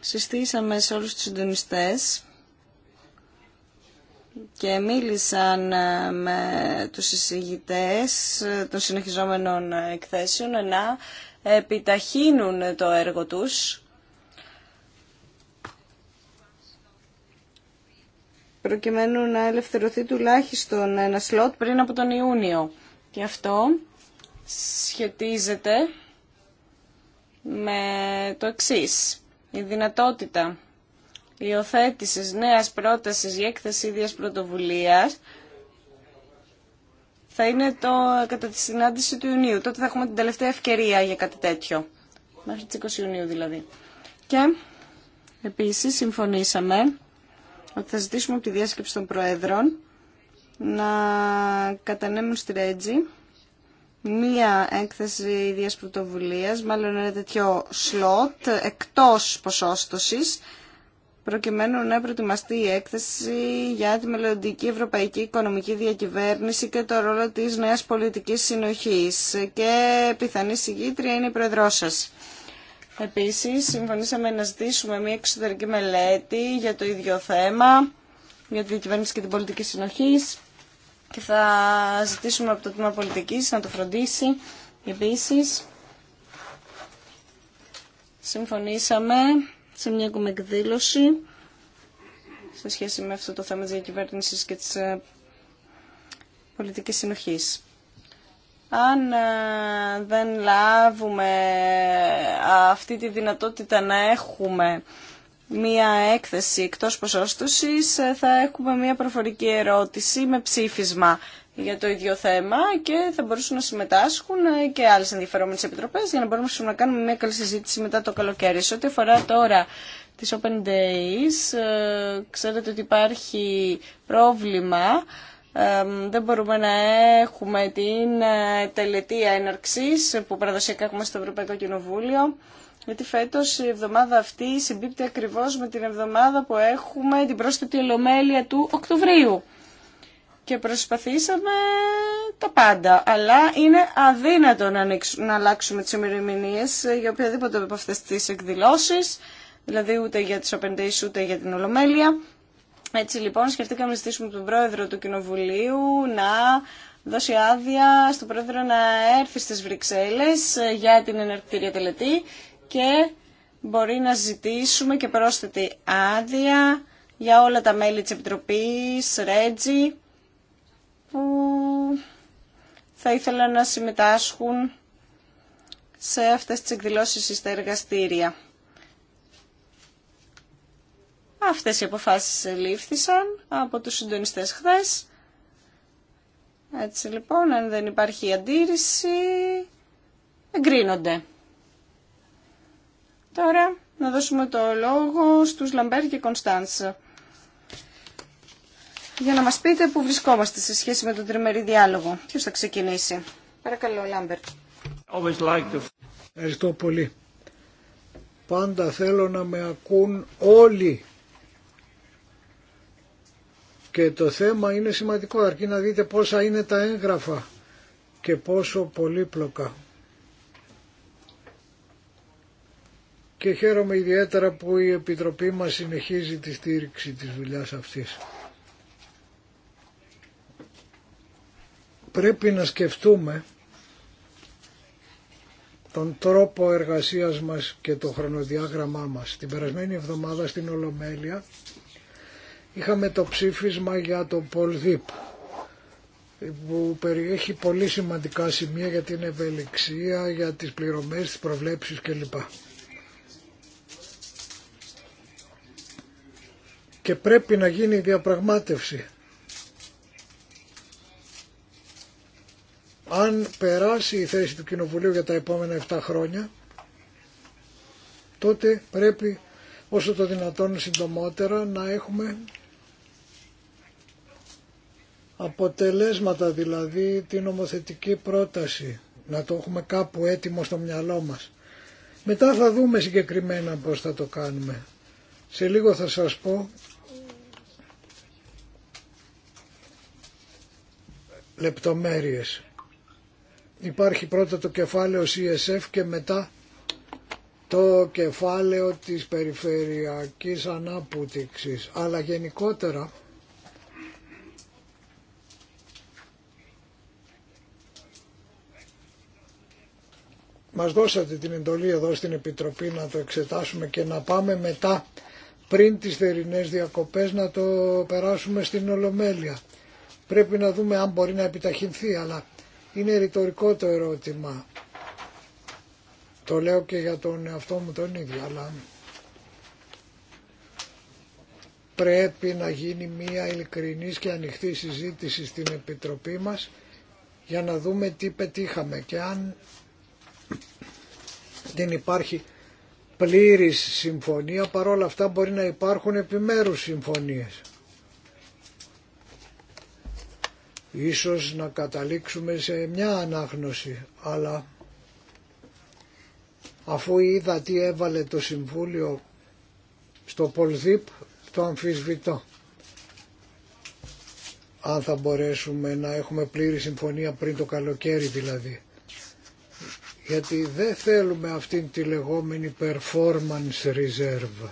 συστήσαμε σε όλους τους συντονιστές και μίλησαν ε, με τους συζητητές ε, των συνεχιζόμενων εκθέσεων να επιταχύνουν το έργο τους προκειμένου να ελευθερωθεί τουλάχιστον ένα σλότ πριν από τον Ιούνιο. Και αυτό σχετίζεται με το εξής η δυνατότητα υιοθέτηση νέας πρότασης για έκθεση ίδιας πρωτοβουλίας θα είναι το, κατά τη συνάντηση του Ιουνίου. Τότε θα έχουμε την τελευταία ευκαιρία για κάτι τέτοιο. Μέχρι τις 20 Ιουνίου δηλαδή. Και επίσης συμφωνήσαμε ότι θα ζητήσουμε από τη διάσκεψη των Προέδρων να κατανέμουν στη Ρέτζη μία έκθεση ίδιας πρωτοβουλία, μάλλον ένα τέτοιο σλότ εκτός ποσόστοσης, προκειμένου να προετοιμαστεί η έκθεση για τη μελλοντική ευρωπαϊκή οικονομική διακυβέρνηση και το ρόλο της νέας πολιτικής συνοχής. Και πιθανή συγκήτρια είναι η πρόεδρό σας. Επίσης, συμφωνήσαμε να ζητήσουμε μια εξωτερική μελέτη για το ίδιο θέμα, για τη διακυβέρνηση και την πολιτική συνοχής και θα ζητήσουμε από το Τμήμα Πολιτικής να το φροντίσει. Επίσης, συμφωνήσαμε σε μια ακόμα εκδήλωση σε σχέση με αυτό το θέμα της διακυβέρνησης και της ε, πολιτικής συνοχής. Αν ε, δεν λάβουμε αυτή τη δυνατότητα να έχουμε μία έκθεση εκτός ποσόστοσης ε, θα έχουμε μία προφορική ερώτηση με ψήφισμα για το ίδιο θέμα και θα μπορούσαν να συμμετάσχουν ε, και άλλες ενδιαφερόμενες επιτροπές για να μπορούμε να κάνουμε μια καλή συζήτηση μετά το καλοκαίρι. Σε ό,τι αφορά τώρα τις Open Days, ε, ξέρετε ότι υπάρχει πρόβλημα. δεν μπορούμε να έχουμε την τελετή έναρξης που παραδοσιακά έχουμε στο Ευρωπαϊκό Κοινοβούλιο γιατί φέτο, η εβδομάδα αυτή συμπίπτει ακριβώ με την εβδομάδα που έχουμε την πρόσθετη ολομέλεια του Οκτωβρίου. Και προσπαθήσαμε τα πάντα, αλλά είναι αδύνατο να, να αλλάξουμε τι ημερομηνίε για οποιαδήποτε από αυτέ τι εκδηλώσει, δηλαδή ούτε για τι Open Days ούτε για την Ολομέλεια. Έτσι λοιπόν σκεφτήκαμε να ζητήσουμε τον πρόεδρο του Κοινοβουλίου να δώσει άδεια στον πρόεδρο να έρθει στις Βρυξέλλες για την ενεργητήρια τελετή και μπορεί να ζητήσουμε και πρόσθετη άδεια για όλα τα μέλη της Επιτροπής, Ρέτζι, που θα ήθελα να συμμετάσχουν σε αυτές τις εκδηλώσεις στα εργαστήρια. Αυτές οι αποφάσεις ελήφθησαν από τους συντονιστές χθες. Έτσι λοιπόν, αν δεν υπάρχει αντίρρηση, εγκρίνονται. Τώρα να δώσουμε το λόγο στους Λαμπέρ και Κωνσταντσα για να μας πείτε που βρισκόμαστε σε σχέση με τον τριμερή διάλογο. Ποιος θα ξεκινήσει. Παρακαλώ, Λάμπερτ. Ευχαριστώ πολύ. Πάντα θέλω να με ακούν όλοι. Και το θέμα είναι σημαντικό, αρκεί να δείτε πόσα είναι τα έγγραφα και πόσο πολύπλοκα. και χαίρομαι ιδιαίτερα που η Επιτροπή μας συνεχίζει τη στήριξη της δουλειάς αυτής. Πρέπει να σκεφτούμε τον τρόπο εργασίας μας και το χρονοδιάγραμμά μας. Την περασμένη εβδομάδα στην Ολομέλεια είχαμε το ψήφισμα για το Πολδίπ που περιέχει πολύ σημαντικά σημεία για την ευελιξία, για τις πληρωμές, τις προβλέψεις κλπ. και πρέπει να γίνει διαπραγμάτευση. Αν περάσει η θέση του Κοινοβουλίου για τα επόμενα 7 χρόνια, τότε πρέπει όσο το δυνατόν συντομότερα να έχουμε αποτελέσματα, δηλαδή την νομοθετική πρόταση, να το έχουμε κάπου έτοιμο στο μυαλό μας. Μετά θα δούμε συγκεκριμένα πώς θα το κάνουμε. Σε λίγο θα σας πω λεπτομέρειες. Υπάρχει πρώτα το κεφάλαιο CSF και μετά το κεφάλαιο της περιφερειακής ανάπτυξης. Αλλά γενικότερα μας δώσατε την εντολή εδώ στην Επιτροπή να το εξετάσουμε και να πάμε μετά πριν τις θερινές διακοπές να το περάσουμε στην Ολομέλεια. Πρέπει να δούμε αν μπορεί να επιταχυνθεί, αλλά είναι ρητορικό το ερώτημα. Το λέω και για τον εαυτό μου τον ίδιο, αλλά πρέπει να γίνει μία ειλικρινής και ανοιχτή συζήτηση στην Επιτροπή μας για να δούμε τι πετύχαμε και αν δεν υπάρχει πλήρης συμφωνία παρόλα αυτά μπορεί να υπάρχουν επιμέρους συμφωνίες. Ίσως να καταλήξουμε σε μια ανάγνωση, αλλά αφού είδα τι έβαλε το Συμβούλιο στο Πολδίπ, το αμφισβητώ. Αν θα μπορέσουμε να έχουμε πλήρη συμφωνία πριν το καλοκαίρι δηλαδή. Γιατί δεν θέλουμε αυτήν τη λεγόμενη performance reserve.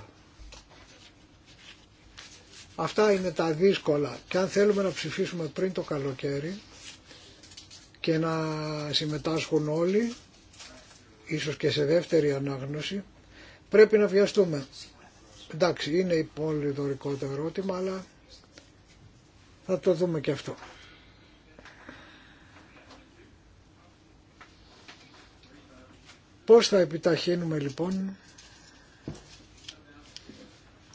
Αυτά είναι τα δύσκολα και αν θέλουμε να ψηφίσουμε πριν το καλοκαίρι και να συμμετάσχουν όλοι, ίσως και σε δεύτερη ανάγνωση, πρέπει να βιαστούμε. Εντάξει, είναι πολύ δωρικό ερώτημα, αλλά θα το δούμε και αυτό. Πώς θα επιταχύνουμε λοιπόν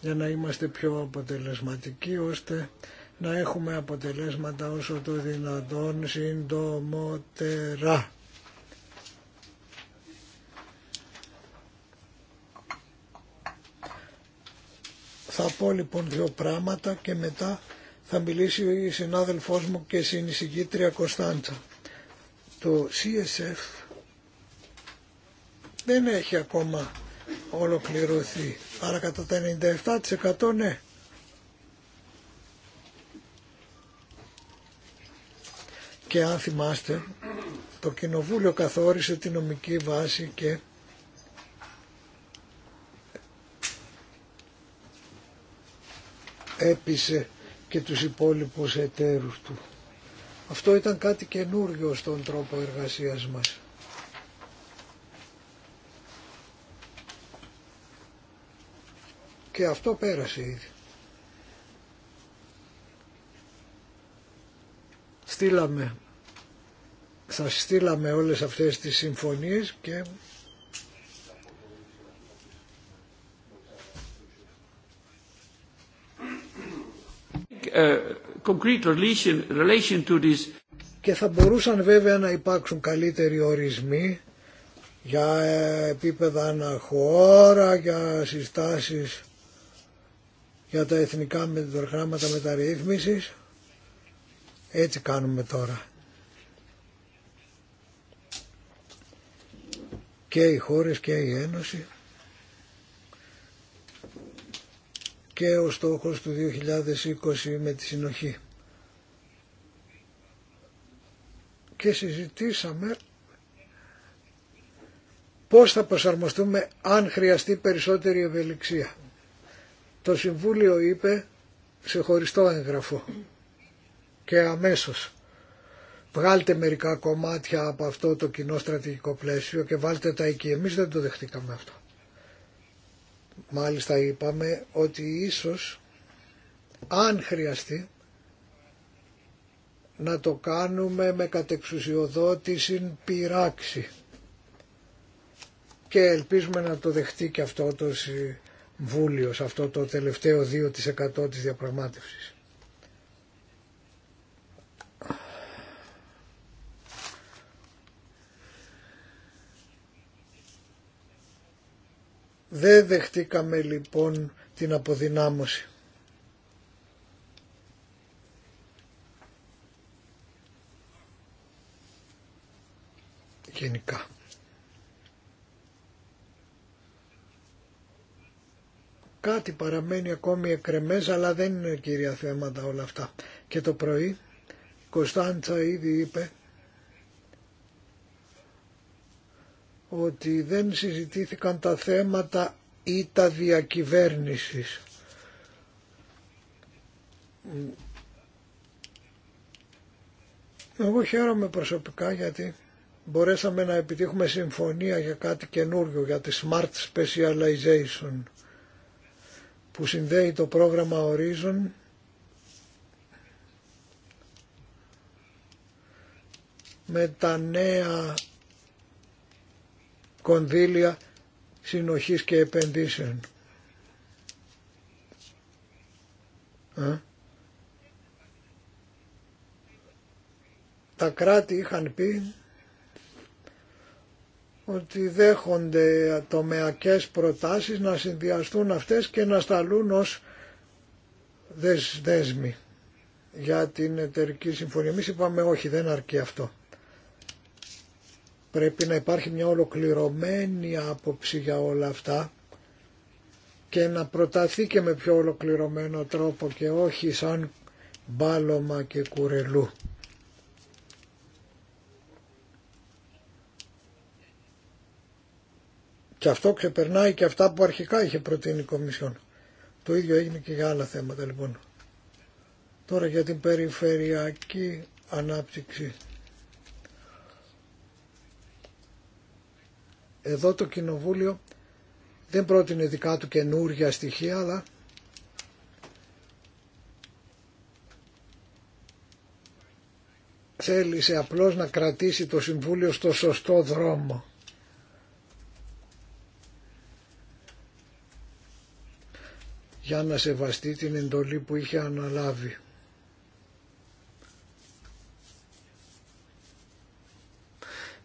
για να είμαστε πιο αποτελεσματικοί ώστε να έχουμε αποτελέσματα όσο το δυνατόν συντομότερα. Θα πω λοιπόν δύο πράγματα και μετά θα μιλήσει η συνάδελφός μου και συνεισηγήτρια Κωνσταντσα. Το CSF δεν έχει ακόμα ολοκληρωθεί. Άρα κατά τα 97% ναι. Και αν θυμάστε, το Κοινοβούλιο καθόρισε τη νομική βάση και έπεισε και τους υπόλοιπους εταίρους του. Αυτό ήταν κάτι καινούργιο στον τρόπο εργασίας μας. και αυτό πέρασε ήδη. Στείλαμε, σας στείλαμε όλες αυτές τις συμφωνίες και ε, concrete to this. Και θα μπορούσαν βέβαια να υπάρξουν καλύτεροι ορισμοί για επίπεδα αναχώρα, για συστάσεις για τα εθνικά προγράμματα μεταρρύθμισης. Έτσι κάνουμε τώρα. Και οι χώρες και η Ένωση. Και ο στόχος του 2020 με τη συνοχή. Και συζητήσαμε πώς θα προσαρμοστούμε αν χρειαστεί περισσότερη ευελιξία. Το Συμβούλιο είπε σε χωριστό έγγραφο και αμέσως βγάλτε μερικά κομμάτια από αυτό το κοινό στρατηγικό πλαίσιο και βάλτε τα εκεί. Εμείς δεν το δεχτήκαμε αυτό. Μάλιστα είπαμε ότι ίσως αν χρειαστεί να το κάνουμε με κατεξουσιοδότηση πειράξη. Και ελπίζουμε να το δεχτεί και αυτό το Βούλιο σε αυτό το τελευταίο 2% της διαπραγμάτευσης. Δεν δεχτήκαμε λοιπόν την αποδυνάμωση. Γενικά. κάτι παραμένει ακόμη εκρεμές αλλά δεν είναι κυρία θέματα όλα αυτά. Και το πρωί Κωνσταντσα ήδη είπε ότι δεν συζητήθηκαν τα θέματα ή τα διακυβέρνησης. Εγώ χαίρομαι προσωπικά γιατί μπορέσαμε να επιτύχουμε συμφωνία για κάτι καινούριο, για τη Smart Specialization που συνδέει το πρόγραμμα ορίζων με τα νέα κονδύλια συνοχής και επενδύσεων. Τα κράτη είχαν πει ότι δέχονται τομεακές προτάσεις να συνδυαστούν αυτές και να σταλούν ως δέσμοι για την εταιρική συμφωνία. Εμείς είπαμε όχι, δεν αρκεί αυτό. Πρέπει να υπάρχει μια ολοκληρωμένη άποψη για όλα αυτά και να προταθεί και με πιο ολοκληρωμένο τρόπο και όχι σαν μπάλωμα και κουρελού. Και αυτό ξεπερνάει και αυτά που αρχικά είχε προτείνει η Κομισιόν. Το ίδιο έγινε και για άλλα θέματα λοιπόν. Τώρα για την περιφερειακή ανάπτυξη. Εδώ το Κοινοβούλιο δεν πρότεινε δικά του καινούργια στοιχεία, αλλά θέλησε απλώς να κρατήσει το Συμβούλιο στο σωστό δρόμο. για να σεβαστεί την εντολή που είχε αναλάβει.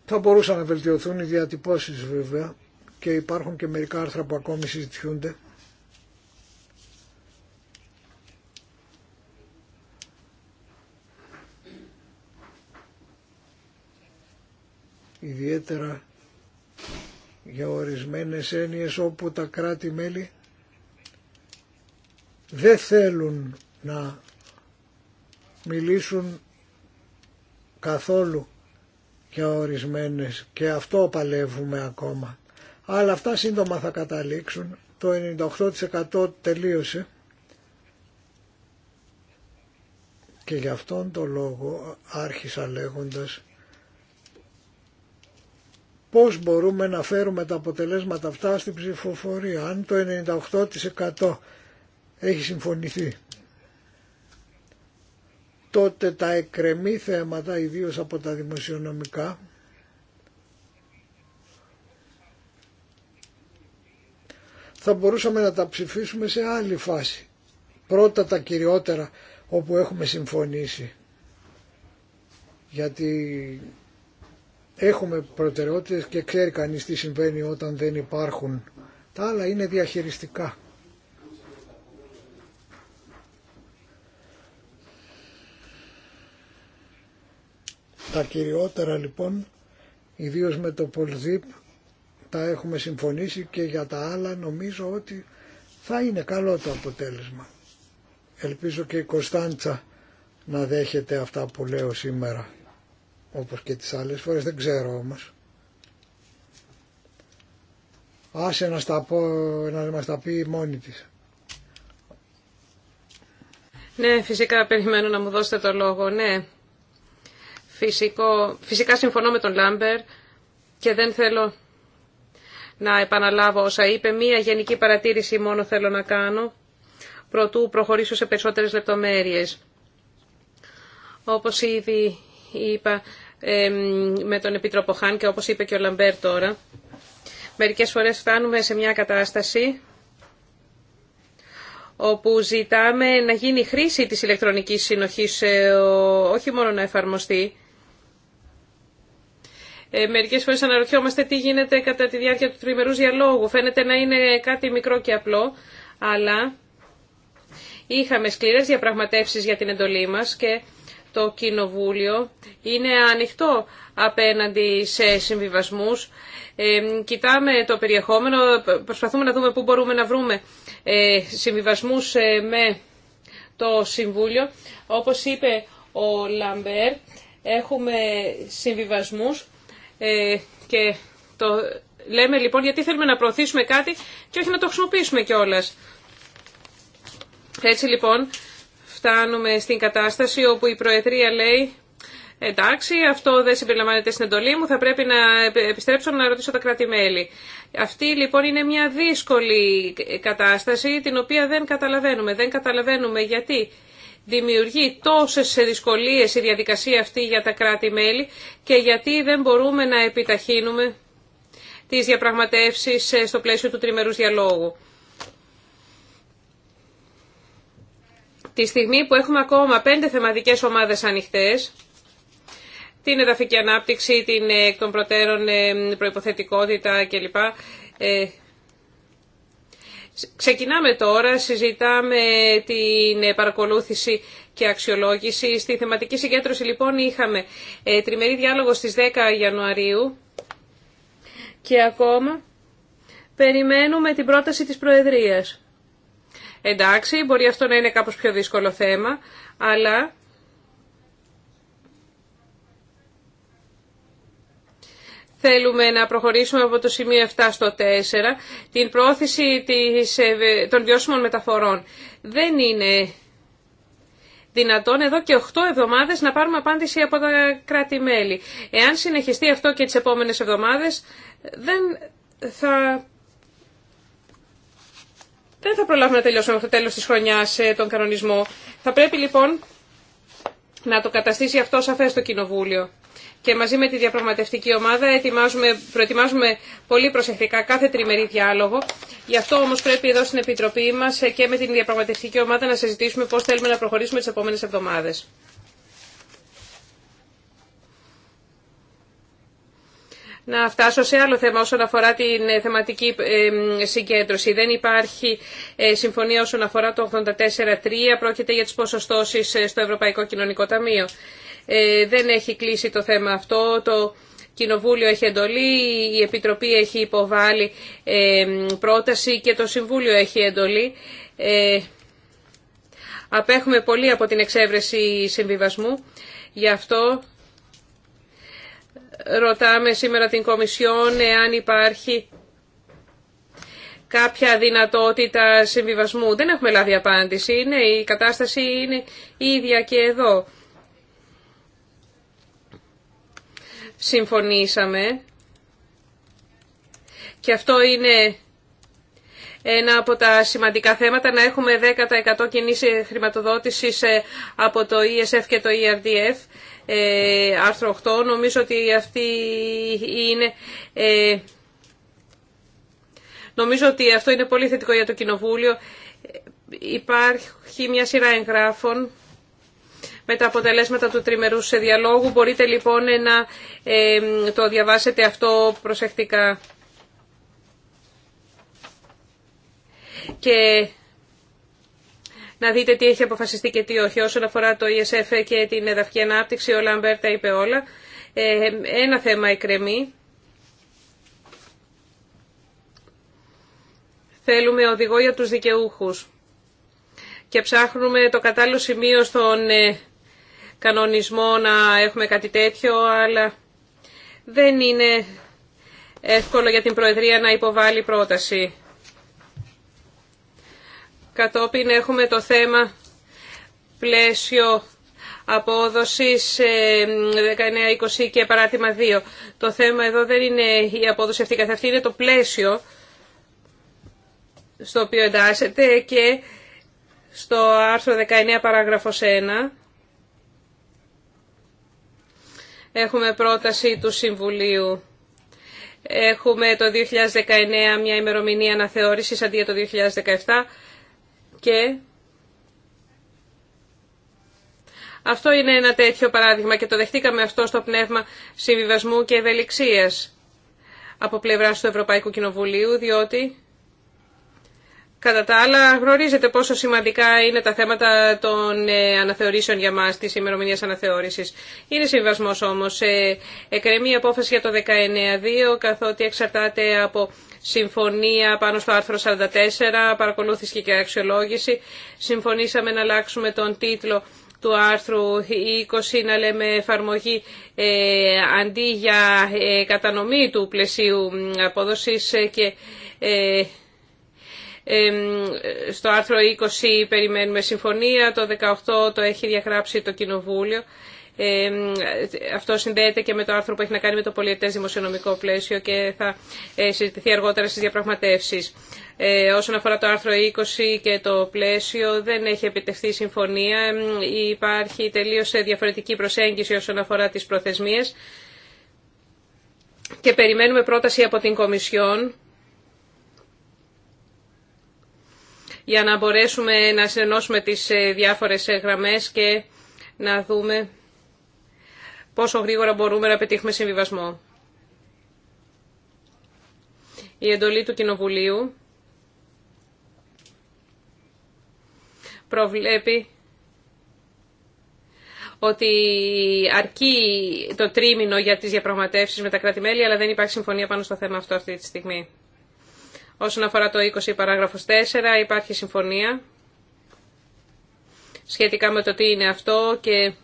Θα μπορούσαν να βελτιωθούν οι διατυπώσεις βέβαια και υπάρχουν και μερικά άρθρα που ακόμη συζητιούνται. Ιδιαίτερα για ορισμένες έννοιες όπου τα κράτη-μέλη δεν θέλουν να μιλήσουν καθόλου για ορισμένες και αυτό παλεύουμε ακόμα. Αλλά αυτά σύντομα θα καταλήξουν. Το 98% τελείωσε και γι' αυτόν τον λόγο άρχισα λέγοντας πώς μπορούμε να φέρουμε τα αποτελέσματα αυτά στην ψηφοφορία. Αν το 98% έχει συμφωνηθεί. Τότε τα εκρεμή θέματα, ιδίως από τα δημοσιονομικά, θα μπορούσαμε να τα ψηφίσουμε σε άλλη φάση. Πρώτα τα κυριότερα όπου έχουμε συμφωνήσει. Γιατί έχουμε προτεραιότητες και ξέρει κανείς τι συμβαίνει όταν δεν υπάρχουν. Τα άλλα είναι διαχειριστικά. Τα κυριότερα λοιπόν, ιδίως με το πολζίπ τα έχουμε συμφωνήσει και για τα άλλα νομίζω ότι θα είναι καλό το αποτέλεσμα. Ελπίζω και η Κωνσταντσα να δέχεται αυτά που λέω σήμερα, όπως και τις άλλες φορές, δεν ξέρω όμως. Άσε να, στα πω, να μας τα πει μόνη της. Ναι, φυσικά περιμένω να μου δώσετε το λόγο, ναι φυσικά συμφωνώ με τον Λάμπερ και δεν θέλω να επαναλάβω όσα είπε. Μία γενική παρατήρηση μόνο θέλω να κάνω, προτού προχωρήσω σε περισσότερες λεπτομέρειες. Όπως ήδη είπα με τον Επίτροπο Χάν και όπως είπε και ο Λαμπέρ τώρα, μερικές φορές φτάνουμε σε μια κατάσταση όπου ζητάμε να γίνει χρήση της ηλεκτρονικής συνοχής, ε, όχι μόνο να εφαρμοστεί, ε, μερικές φορές αναρωτιόμαστε τι γίνεται κατά τη διάρκεια του τριμερού διαλόγου. Φαίνεται να είναι κάτι μικρό και απλό, αλλά είχαμε σκληρέ διαπραγματεύσει για την εντολή μας και το Κοινοβούλιο είναι ανοιχτό απέναντι σε συμβιβασμούς. Ε, κοιτάμε το περιεχόμενο, προσπαθούμε να δούμε πού μπορούμε να βρούμε ε, συμβιβασμούς ε, με το Συμβούλιο. Όπως είπε ο Λαμπέρ, έχουμε συμβιβασμούς ε, και το λέμε λοιπόν γιατί θέλουμε να προωθήσουμε κάτι και όχι να το χρησιμοποιήσουμε κιόλα. Έτσι λοιπόν φτάνουμε στην κατάσταση όπου η Προεδρία λέει Εντάξει, αυτό δεν συμπεριλαμβάνεται στην εντολή μου, θα πρέπει να επιστρέψω να ρωτήσω τα κράτη-μέλη. Αυτή λοιπόν είναι μια δύσκολη κατάσταση την οποία δεν καταλαβαίνουμε. Δεν καταλαβαίνουμε γιατί δημιουργεί τόσες δυσκολίες η διαδικασία αυτή για τα κράτη-μέλη και γιατί δεν μπορούμε να επιταχύνουμε τις διαπραγματεύσεις ε, στο πλαίσιο του τριμερούς διαλόγου. Τη στιγμή που έχουμε ακόμα πέντε θεματικές ομάδες ανοιχτές, την εδαφική ανάπτυξη, την ε, εκ των προτέρων ε, προϋποθετικότητα κλπ, Ξεκινάμε τώρα, συζητάμε την παρακολούθηση και αξιολόγηση. Στη θεματική συγκέντρωση λοιπόν είχαμε ε, τριμερή διάλογο στις 10 Ιανουαρίου και ακόμα περιμένουμε την πρόταση της Προεδρίας. Εντάξει, μπορεί αυτό να είναι κάπως πιο δύσκολο θέμα, αλλά Θέλουμε να προχωρήσουμε από το σημείο 7 στο 4, την πρόθεση της, ε, των βιώσιμων μεταφορών. Δεν είναι δυνατόν εδώ και 8 εβδομάδες να πάρουμε απάντηση από τα κράτη-μέλη. Εάν συνεχιστεί αυτό και τις επόμενες εβδομάδες, δεν θα... Δεν προλάβουμε να τελειώσουμε αυτό το τέλος της χρονιάς ε, τον κανονισμό. Θα πρέπει λοιπόν να το καταστήσει αυτό σαφές το Κοινοβούλιο και μαζί με τη διαπραγματευτική ομάδα ετοιμάζουμε, προετοιμάζουμε πολύ προσεκτικά κάθε τριμερή διάλογο. Γι' αυτό όμως πρέπει εδώ στην Επιτροπή μας και με την διαπραγματευτική ομάδα να συζητήσουμε πώς θέλουμε να προχωρήσουμε τις επόμενες εβδομάδες. Να φτάσω σε άλλο θέμα όσον αφορά την ε, θεματική συγκέντρωση. Δεν υπάρχει ε, συμφωνία όσον αφορά το 84-3. Πρόκειται για τις ποσοστώσεις ε, στο Ευρωπαϊκό Κοινωνικό Ταμείο. Ε, δεν έχει κλείσει το θέμα αυτό. Το Κοινοβούλιο έχει εντολή, η Επιτροπή έχει υποβάλει ε, πρόταση και το Συμβούλιο έχει εντολή. Ε, απέχουμε πολύ από την εξέβρεση συμβιβασμού. Γι' αυτό ρωτάμε σήμερα την Κομισιόν εάν υπάρχει κάποια δυνατότητα συμβιβασμού. Δεν έχουμε λάβει απάντηση. η κατάσταση είναι ίδια και εδώ. συμφωνήσαμε και αυτό είναι ένα από τα σημαντικά θέματα να έχουμε 10% κοινή χρηματοδότηση από το ESF και το ERDF. Ε, άρθρο 8, νομίζω ότι αυτή είναι... Ε, νομίζω ότι αυτό είναι πολύ θετικό για το Κοινοβούλιο. Ε, υπάρχει μια σειρά εγγράφων με τα αποτελέσματα του τριμερού σε διαλόγου. Μπορείτε λοιπόν να το διαβάσετε αυτό προσεκτικά. Και να δείτε τι έχει αποφασιστεί και τι όχι. Όσον αφορά το ESF και την εδαφική ανάπτυξη, ο Λαμπέρτα είπε όλα. ένα θέμα εκκρεμεί. Θέλουμε οδηγό για τους δικαιούχους και ψάχνουμε το κατάλληλο σημείο στον ε, κανονισμό να έχουμε κάτι τέτοιο, αλλά δεν είναι εύκολο για την Προεδρία να υποβάλει πρόταση. Κατόπιν έχουμε το θέμα πλαίσιο απόδοσης 19-20 ε, και παράτημα 2. Το θέμα εδώ δεν είναι η απόδοση αυτή καθ' είναι το πλαίσιο στο οποίο εντάσσεται και στο άρθρο 19 παράγραφος 1 Έχουμε πρόταση του Συμβουλίου. Έχουμε το 2019 μια ημερομηνία αναθεώρησης αντί για το 2017 και αυτό είναι ένα τέτοιο παράδειγμα και το δεχτήκαμε αυτό στο πνεύμα συμβιβασμού και ευελιξίας από πλευράς του Ευρωπαϊκού Κοινοβουλίου διότι Κατά τα άλλα, γνωρίζετε πόσο σημαντικά είναι τα θέματα των ε, αναθεωρήσεων για μας, της ημερομηνία αναθεώρησης. Είναι συμβασμός όμως. Ε, η απόφαση για το 19.2, καθότι εξαρτάται από συμφωνία πάνω στο άρθρο 44, παρακολούθηση και αξιολόγηση. Συμφωνήσαμε να αλλάξουμε τον τίτλο του άρθρου 20 να λέμε εφαρμογή ε, αντί για ε, κατανομή του πλαισίου απόδοσης και στο άρθρο 20 περιμένουμε συμφωνία, το 18 το έχει διαγράψει το Κοινοβούλιο. Ε, αυτό συνδέεται και με το άρθρο που έχει να κάνει με το πολιετές δημοσιονομικό πλαίσιο και θα ε, συζητηθεί αργότερα στις διαπραγματεύσεις. Ε, όσον αφορά το άρθρο 20 και το πλαίσιο, δεν έχει επιτευχθεί συμφωνία. Υπάρχει τελείως διαφορετική προσέγγιση όσον αφορά τις προθεσμίες. Και περιμένουμε πρόταση από την Κομισιόν για να μπορέσουμε να συνενώσουμε τις ε, διάφορες ε, γραμμές και να δούμε πόσο γρήγορα μπορούμε να πετύχουμε συμβιβασμό. Η εντολή του Κοινοβουλίου προβλέπει ότι αρκεί το τρίμηνο για τις διαπραγματεύσεις με τα κράτη-μέλη, αλλά δεν υπάρχει συμφωνία πάνω στο θέμα αυτό αυτή τη στιγμή. Όσον αφορά το 20 παράγραφος 4 υπάρχει συμφωνία σχετικά με το τι είναι αυτό και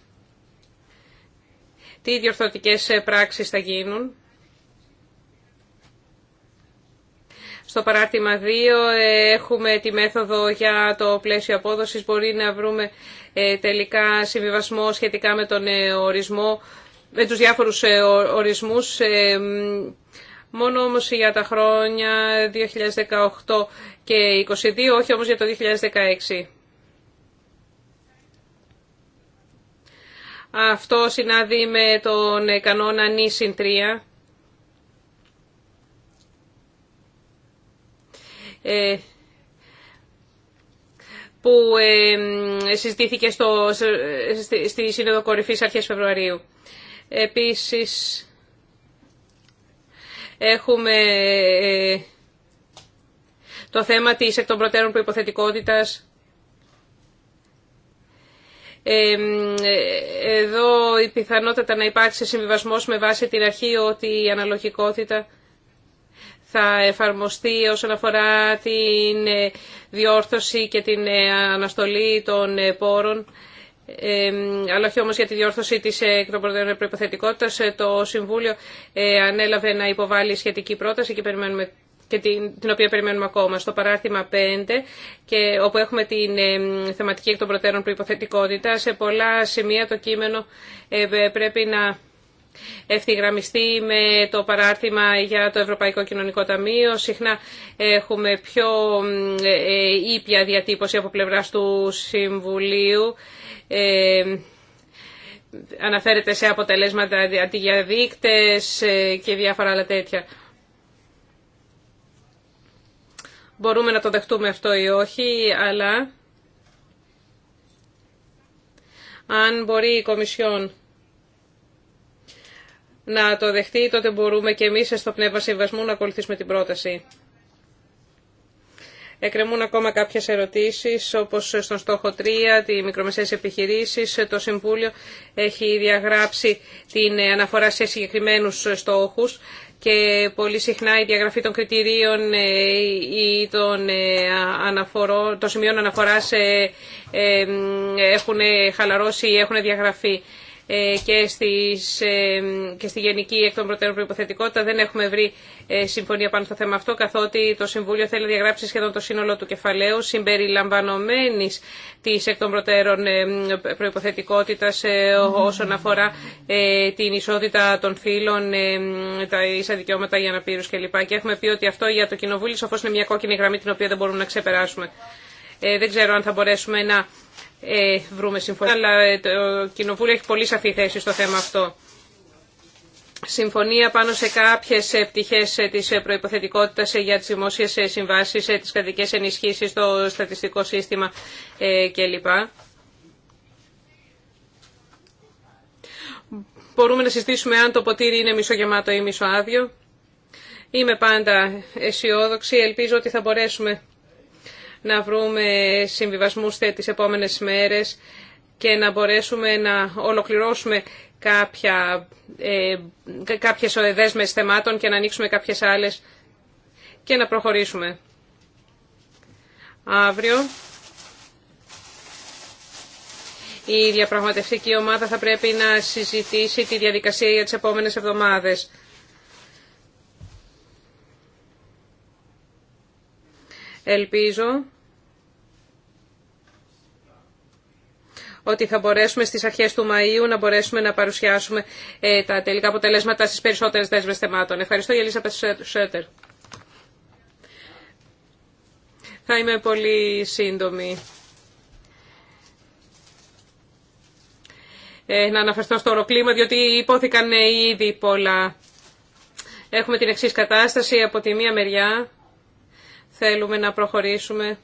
τι διορθωτικές πράξεις θα γίνουν. Στο παράρτημα 2 ε, έχουμε τη μέθοδο για το πλαίσιο απόδοσης. Μπορεί να βρούμε ε, τελικά συμβιβασμό σχετικά με τον ε, ορισμό, με τους διάφορους ορισμούς μόνο όμως για τα χρόνια 2018 και 2022, όχι όμως για το 2016. Αυτό συνάδει με τον κανόνα νη συν 3. Ε, που ε, συζητήθηκε στο, στη Σύνοδο Κορυφής αρχές Φεβρουαρίου. Επίσης, Έχουμε ε, το θέμα της εκ των προτέρων προϋποθετικότητας. Ε, εδώ η πιθανότητα να υπάρξει συμβιβασμός με βάση την αρχή ότι η αναλογικότητα θα εφαρμοστεί όσον αφορά την ε, διόρθωση και την αναστολή των πόρων αλλά όχι όμω για τη διόρθωση της ε, εκ των προϋποθετικότητας. Ε, το Συμβούλιο ε, ανέλαβε να υποβάλει σχετική πρόταση και περιμένουμε και την, την οποία περιμένουμε ακόμα στο παράρτημα 5 και όπου έχουμε την θεματική εκ των προτέρων προϋποθετικότητα σε πολλά σημεία το κείμενο πρέπει να ευθυγραμμιστεί με το παράρτημα για το Ευρωπαϊκό Κοινωνικό Ταμείο. Συχνά έχουμε πιο ήπια διατύπωση από πλευρά του Συμβουλίου ε, αναφέρεται σε αποτελέσματα αντί για ε, και διάφορα άλλα τέτοια. Μπορούμε να το δεχτούμε αυτό ή όχι, αλλά αν μπορεί η Κομισιόν να το δεχτεί, τότε μπορούμε και εμείς στο πνεύμα συμβασμού να ακολουθήσουμε την πρόταση. Εκκρεμούν ακόμα κάποιες ερωτήσεις, όπως στον στόχο 3, τι μικρομεσαίε επιχειρήσει. Το Συμβούλιο έχει διαγράψει την αναφορά σε συγκεκριμένου στόχους και πολύ συχνά η διαγραφή των κριτηρίων ε, ή των, ε, αναφορών, των σημείων αναφοράς ε, έχουν χαλαρώσει ή έχουν διαγραφεί. Ε, και, στις, ε, και στη Γενική Εκ των Προτέρων Προποθετικότητα δεν έχουμε βρει ε, συμφωνία πάνω στο θέμα αυτό, καθότι το Συμβούλιο θέλει να διαγράψει σχεδόν το σύνολο του κεφαλαίου συμπεριλαμβανομένη τη Εκ των Προτέρων Προποθετικότητα όσον αφορά την ισότητα των φύλων, τα ίσα δικαιώματα για αναπήρου κλπ. Και έχουμε πει ότι αυτό για το Κοινοβούλιο σαφώ είναι μια κόκκινη γραμμή την οποία δεν μπορούμε να ξεπεράσουμε. Δεν ξέρω αν θα μπορέσουμε να ε, βρούμε συμφωνία, αλλά ε, το Κοινοβούλιο έχει πολύ σαφή θέση στο θέμα αυτό. Συμφωνία πάνω σε κάποιες ε, πτυχέ τη προποθετικότητα για τις δημόσιε συμβάσει, τι κρατικέ ενισχύσεις, το στατιστικό σύστημα κλπ. Μπορούμε να συζητήσουμε αν το ποτήρι είναι μισογεμάτο ή μισοάδιο. Είμαι πάντα αισιόδοξη, ελπίζω ότι θα μπορέσουμε να βρούμε συμβιβασμού τις επόμενες μέρες και να μπορέσουμε να ολοκληρώσουμε κάποια, ε, κάποιες δέσμες θεμάτων και να ανοίξουμε κάποιες άλλες και να προχωρήσουμε. Αύριο η διαπραγματευτική ομάδα θα πρέπει να συζητήσει τη διαδικασία για τις επόμενες εβδομάδες. Ελπίζω ότι θα μπορέσουμε στις αρχές του Μαΐου να μπορέσουμε να παρουσιάσουμε ε, τα τελικά αποτελέσματα στις περισσότερες δέσμες θεμάτων. Ευχαριστώ η Ελίζα Σέτερ. Θα είμαι πολύ σύντομη. Ε, να αναφερθώ στο οροκλήμα, διότι υπόθηκαν ε, ήδη πολλά. Έχουμε την εξής κατάσταση. Από τη μία μεριά θέλουμε να προχωρήσουμε,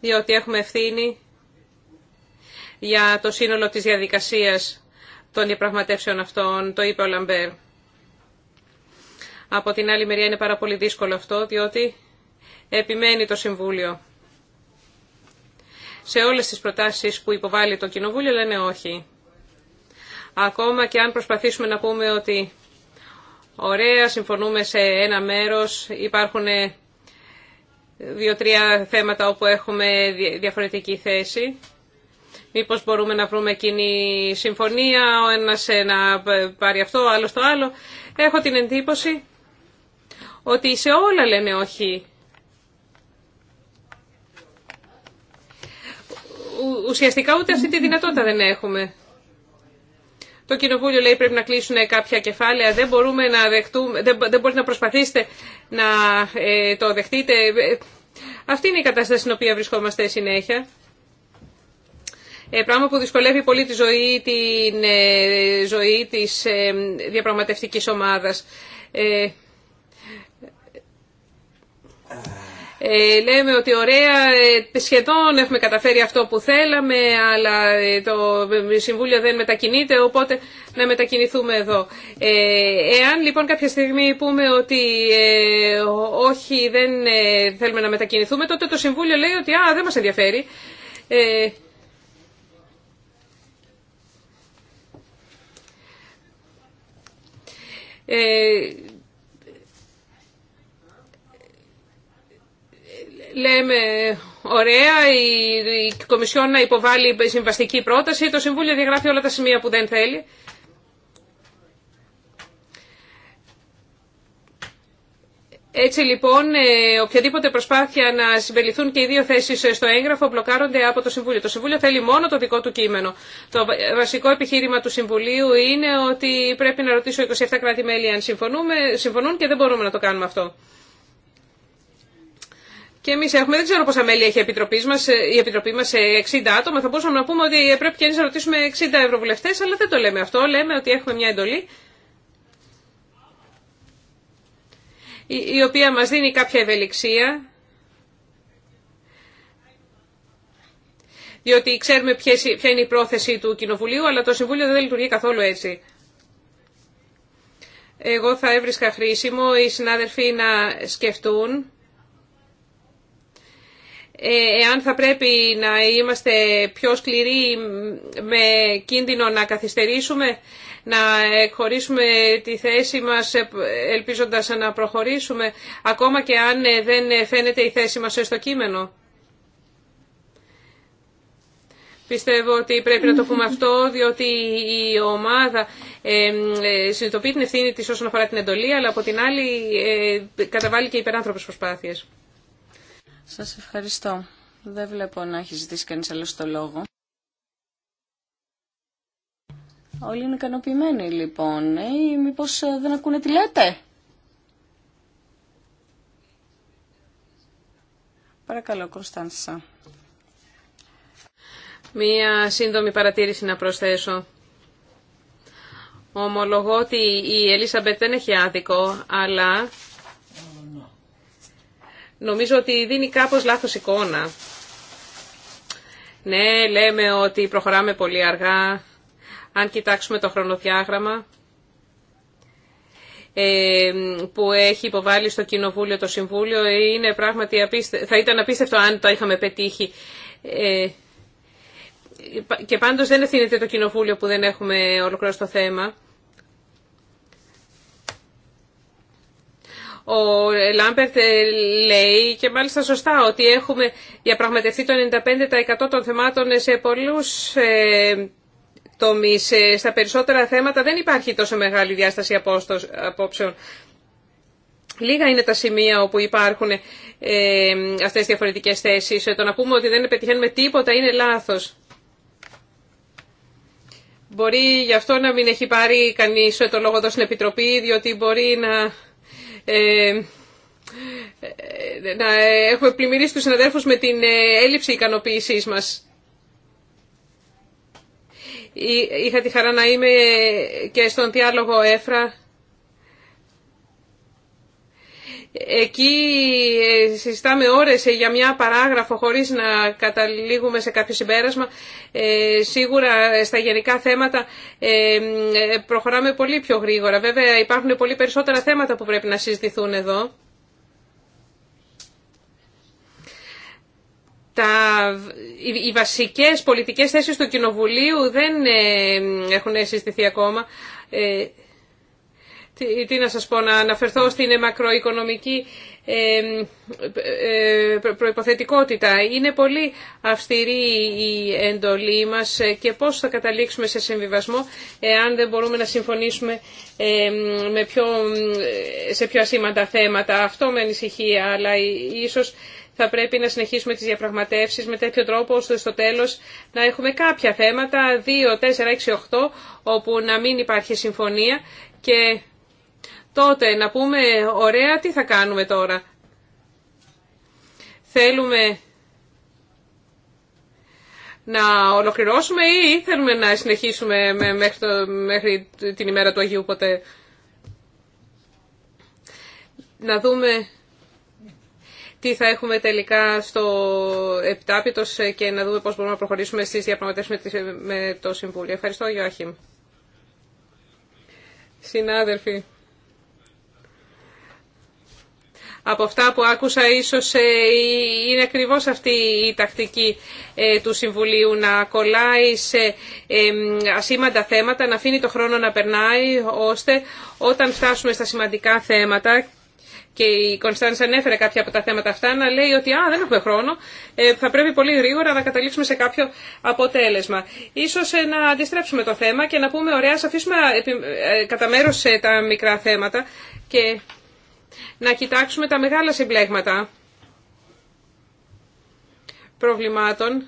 διότι έχουμε ευθύνη για το σύνολο της διαδικασίας των διαπραγματεύσεων αυτών, το είπε ο Λαμπέρ. Από την άλλη μεριά είναι πάρα πολύ δύσκολο αυτό, διότι επιμένει το Συμβούλιο. Σε όλες τις προτάσεις που υποβάλλει το Κοινοβούλιο λένε όχι. Ακόμα και αν προσπαθήσουμε να πούμε ότι ωραία, συμφωνούμε σε ένα μέρος, υπάρχουν δύο-τρία θέματα όπου έχουμε διαφορετική θέση. Μήπως μπορούμε να βρούμε κοινή συμφωνία, ο ένας να πάρει αυτό, ο άλλος το άλλο. Έχω την εντύπωση ότι σε όλα λένε όχι. Ουσιαστικά ούτε αυτή τη δυνατότητα δεν έχουμε. Το κοινοβούλιο λέει πρέπει να κλείσουν κάποια κεφάλαια, δεν, μπορούμε να δεχτούμε, δεν, μπορείτε να προσπαθήσετε να ε, το δεχτείτε. Ε, αυτή είναι η κατάσταση στην οποία βρισκόμαστε συνέχεια. Ε, πράγμα που δυσκολεύει πολύ τη ζωή, την ε, ζωή της ε, διαπραγματευτικής ομάδας. Ε, λέμε ότι ωραία, σχεδόν έχουμε καταφέρει αυτό που θέλαμε, αλλά το Συμβούλιο δεν μετακινείται, οπότε να μετακινηθούμε εδώ. εάν λοιπόν κάποια στιγμή πούμε ότι όχι, δεν θέλουμε να μετακινηθούμε, τότε το Συμβούλιο λέει ότι α, δεν μας ενδιαφέρει. Ε, λέμε ωραία η, η Κομισιόν να υποβάλει συμβαστική πρόταση, το Συμβούλιο διαγράφει όλα τα σημεία που δεν θέλει. Έτσι λοιπόν, ε, οποιαδήποτε προσπάθεια να συμπεριληφθούν και οι δύο θέσει ε, στο έγγραφο μπλοκάρονται από το Συμβούλιο. Το Συμβούλιο θέλει μόνο το δικό του κείμενο. Το βασικό επιχείρημα του Συμβουλίου είναι ότι πρέπει να ρωτήσω 27 κράτη-μέλη αν συμφωνούν και δεν μπορούμε να το κάνουμε αυτό. Και εμεί έχουμε, δεν ξέρω πόσα μέλη έχει η Επιτροπή μα, ε, η Επιτροπή μα 60 άτομα. Θα μπορούσαμε να πούμε ότι πρέπει και εμεί να ρωτήσουμε 60 ευρωβουλευτέ, αλλά δεν το λέμε αυτό. Λέμε ότι έχουμε μια εντολή η οποία μας δίνει κάποια ευελιξία, διότι ξέρουμε ποια είναι η πρόθεση του Κοινοβουλίου, αλλά το Συμβούλιο δεν λειτουργεί καθόλου έτσι. Εγώ θα έβρισκα χρήσιμο οι συνάδελφοι να σκεφτούν ε, εάν θα πρέπει να είμαστε πιο σκληροί με κίνδυνο να καθυστερήσουμε να χωρίσουμε τη θέση μας ε, ελπίζοντας να προχωρήσουμε ακόμα και αν ε, δεν φαίνεται η θέση μας στο κείμενο. Πιστεύω ότι πρέπει να το πούμε αυτό, διότι η ομάδα ε, ε, συνειδητοποιεί την ευθύνη της όσον αφορά την εντολή, αλλά από την άλλη ε, καταβάλει και υπεράνθρωπες προσπάθειες. Σας ευχαριστώ. Δεν βλέπω να έχει ζητήσει κανείς άλλο το λόγο. Όλοι είναι ικανοποιημένοι λοιπόν ή ε, μήπως ε, δεν ακούνε τι λέτε. Παρακαλώ Κωνσταντσα. Μία σύντομη παρατήρηση να προσθέσω. Ομολογώ ότι η Ελίσαμπετ δεν έχει άδικο, αλλά νομίζω ότι δίνει κάπως λάθος εικόνα. Ναι, λέμε ότι προχωράμε πολύ αργά, αν κοιτάξουμε το χρονοδιάγραμμα ε, που έχει υποβάλει στο Κοινοβούλιο το Συμβούλιο, είναι πράγματι απίστε... θα ήταν απίστευτο αν το είχαμε πετύχει. Ε, και πάντως δεν ευθύνεται το Κοινοβούλιο που δεν έχουμε ολοκληρώσει το θέμα. Ο Λάμπερτ ε, λέει και μάλιστα σωστά ότι έχουμε διαπραγματευτεί το 95% των θεμάτων σε πολλούς ε, στα περισσότερα θέματα δεν υπάρχει τόσο μεγάλη διάσταση απόψεων. Λίγα είναι τα σημεία όπου υπάρχουν ε, αυτές τι διαφορετικές θέσεις. Ε, το να πούμε ότι δεν πετυχαίνουμε τίποτα είναι λάθος. Μπορεί γι' αυτό να μην έχει πάρει κανεί το λόγο εδώ στην Επιτροπή, διότι μπορεί να, ε, να έχουμε πλημμυρίσει τους συναδέλφους με την έλλειψη ικανοποίησής μας. Είχα τη χαρά να είμαι και στον διάλογο ΕΦΡΑ. Εκεί ε, συστάμε ώρες για μια παράγραφο χωρίς να καταλήγουμε σε κάποιο συμπέρασμα. Ε, σίγουρα ε, στα γενικά θέματα προχωράμε πολύ πιο γρήγορα. Βέβαια υπάρχουν πολύ περισσότερα θέματα που πρέπει να συζητηθούν εδώ. τα, οι, οι βασικές πολιτικές θέσεις του Κοινοβουλίου δεν ε, έχουν συστηθεί ακόμα. Ε, τι, να σας πω, να αναφερθώ στην μακροοικονομική ε, ε, προϋποθετικότητα. Είναι πολύ αυστηρή η εντολή μας και πώς θα καταλήξουμε σε συμβιβασμό εάν δεν μπορούμε να συμφωνήσουμε με πιο, σε πιο ασήμαντα θέματα. Αυτό με ανησυχεί, αλλά ίσως θα πρέπει να συνεχίσουμε τις διαπραγματεύσεις με τέτοιο τρόπο ώστε στο τέλος να έχουμε κάποια θέματα, 2, 4, 6, 8, όπου να μην υπάρχει συμφωνία και τότε να πούμε ωραία τι θα κάνουμε τώρα. Θέλουμε να ολοκληρώσουμε ή θέλουμε να συνεχίσουμε μέχρι, μέχρι την ημέρα του Αγίου ποτέ. Να δούμε τι θα έχουμε τελικά στο επτάπητο και να δούμε πώς μπορούμε να προχωρήσουμε στι διαπραγματεύσει με το Συμβούλιο. Ευχαριστώ, Γιώργη. Συνάδελφοι. Από αυτά που άκουσα ίσως ε, είναι ακριβώς αυτή η τακτική ε, του Συμβουλίου να κολλάει σε ε, ασήμαντα θέματα, να αφήνει το χρόνο να περνάει ώστε όταν φτάσουμε στα σημαντικά θέματα και η Κωνσταντς ανέφερε κάποια από τα θέματα αυτά, να λέει ότι α, δεν έχουμε χρόνο, ε, θα πρέπει πολύ γρήγορα να καταλήξουμε σε κάποιο αποτέλεσμα. Ίσως ε, να αντιστρέψουμε το θέμα και να πούμε ωραία, ας αφήσουμε ε, κατά μέρο τα μικρά θέματα και να κοιτάξουμε τα μεγάλα συμπλέγματα προβλημάτων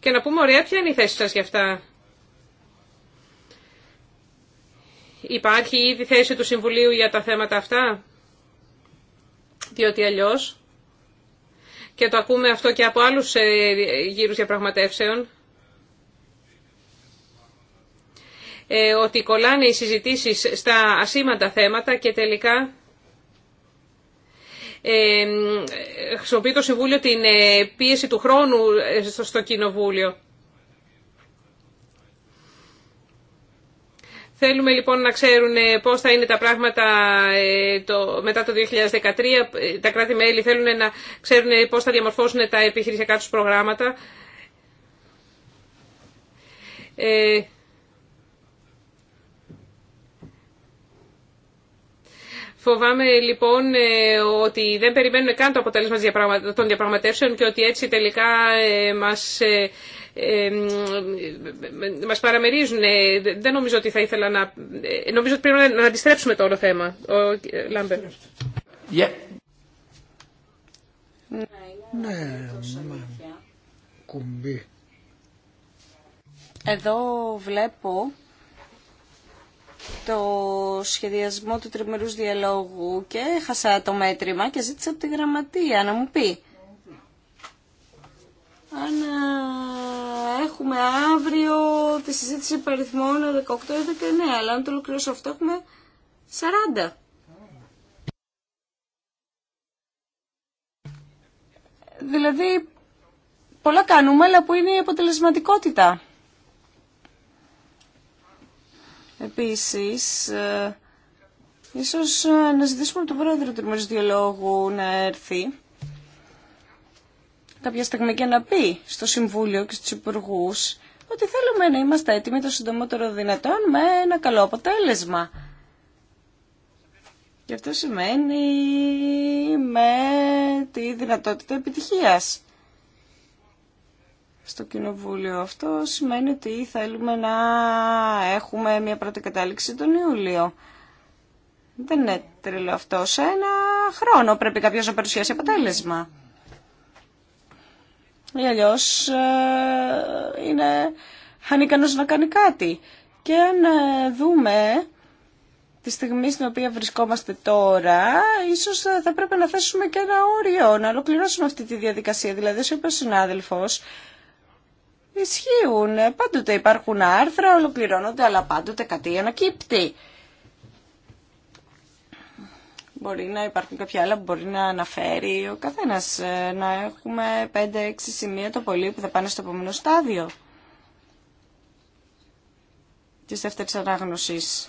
και να πούμε ωραία ποια είναι η θέση σας για αυτά. Υπάρχει ήδη θέση του Συμβουλίου για τα θέματα αυτά, διότι αλλιώς, και το ακούμε αυτό και από άλλους ε, γύρους διαπραγματεύσεων, ε, ότι κολλάνε οι συζητήσεις στα ασήμαντα θέματα και τελικά ε, χρησιμοποιεί το Συμβούλιο την πίεση του χρόνου στο Κοινοβούλιο. Θέλουμε λοιπόν να ξέρουν ε, πώς θα είναι τα πράγματα ε, μετά το 2013. Ε, τα κράτη-μέλη θέλουν να ξέρουν πώς θα διαμορφώσουν τα επιχειρησιακά τους προγράμματα. Ε, Φοβάμαι λοιπόν ότι δεν περιμένουμε καν το αποτέλεσμα των διαπραγματεύσεων και ότι έτσι τελικά μας μας παραμερίζουν. Ε, δεν νομίζω ότι θα ήθελα να... Ε, νομίζω ότι πρέπει να αντιστρέψουμε το όλο θέμα. Ο Λάμπερ. Ναι, ναι, κουμπί. Εδώ βλέπω το σχεδιασμό του τριμερούς διαλόγου και έχασα το μέτρημα και ζήτησα από τη γραμματεία να μου πει αν έχουμε αύριο τη συζήτηση παριθμών 18 ή 19, αλλά αν το ολοκληρώσω αυτό έχουμε 40. Δηλαδή, πολλά κάνουμε, αλλά που είναι η αποτελεσματικότητα. Επίσης, ίσως ε, να ζητήσουμε από τον πρόεδρο του Μεριστιολόγου να έρθει κάποια στιγμή και να πει στο Συμβούλιο και στους υπουργού ότι θέλουμε να είμαστε έτοιμοι το συντομότερο δυνατόν με ένα καλό αποτέλεσμα. Και αυτό σημαίνει με τη δυνατότητα επιτυχίας. Στο κοινοβούλιο αυτό σημαίνει ότι θέλουμε να έχουμε μια πρώτη κατάληξη τον Ιούλιο. Δεν είναι τρελό αυτό. Σε ένα χρόνο πρέπει κάποιος να παρουσιάσει αποτέλεσμα ή αλλιώς ε, είναι ανίκανο να κάνει κάτι. Και αν ε, δούμε τη στιγμή στην οποία βρισκόμαστε τώρα, ίσως ε, θα πρέπει να θέσουμε και ένα όριο, να ολοκληρώσουμε αυτή τη διαδικασία. Δηλαδή, όσο είπε ο συνάδελφο ισχύουν, πάντοτε υπάρχουν άρθρα, ολοκληρώνονται, αλλά πάντοτε κάτι ανακύπτει. Μπορεί να υπάρχουν κάποια άλλα που μπορεί να αναφέρει ο καθένας. Ε, να έχουμε 5-6 σημεία το πολύ που θα πάνε στο επόμενο στάδιο Τη δεύτερη ανάγνωσης.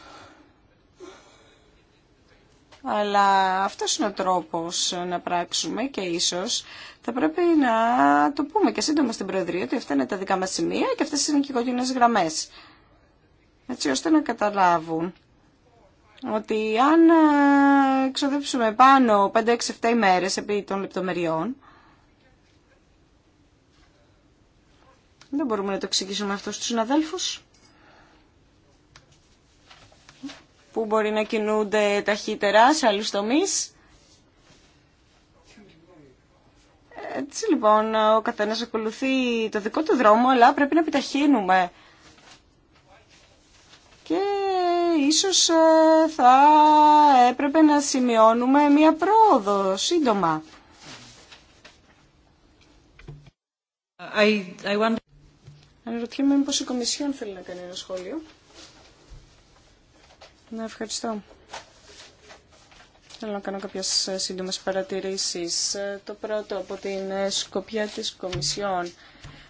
Αλλά αυτός είναι ο τρόπος να πράξουμε και ίσως θα πρέπει να το πούμε και σύντομα στην Προεδρία ότι αυτά είναι τα δικά μας σημεία και αυτές είναι και οι κοκκινέ γραμμές. Έτσι ώστε να καταλάβουν ότι αν εξοδεψουμε πανω πάνω 5-6-7 ημέρες επί των λεπτομεριών, δεν μπορούμε να το εξηγήσουμε αυτό στους συναδέλφους, που μπορεί να κινούνται ταχύτερα σε άλλους τομείς. Έτσι λοιπόν, ο καθένας ακολουθεί το δικό του δρόμο, αλλά πρέπει να επιταχύνουμε. Και ίσως ε, θα έπρεπε να σημειώνουμε μία πρόοδο σύντομα. I, I want... Αναρωτιέμαι μήπως η Κομισιόν θέλει να κάνει ένα σχόλιο. Ναι, ευχαριστώ. Θέλω να κάνω κάποιες ε, σύντομες παρατηρήσεις. Ε, το πρώτο από την σκοπιά της Κομισιόν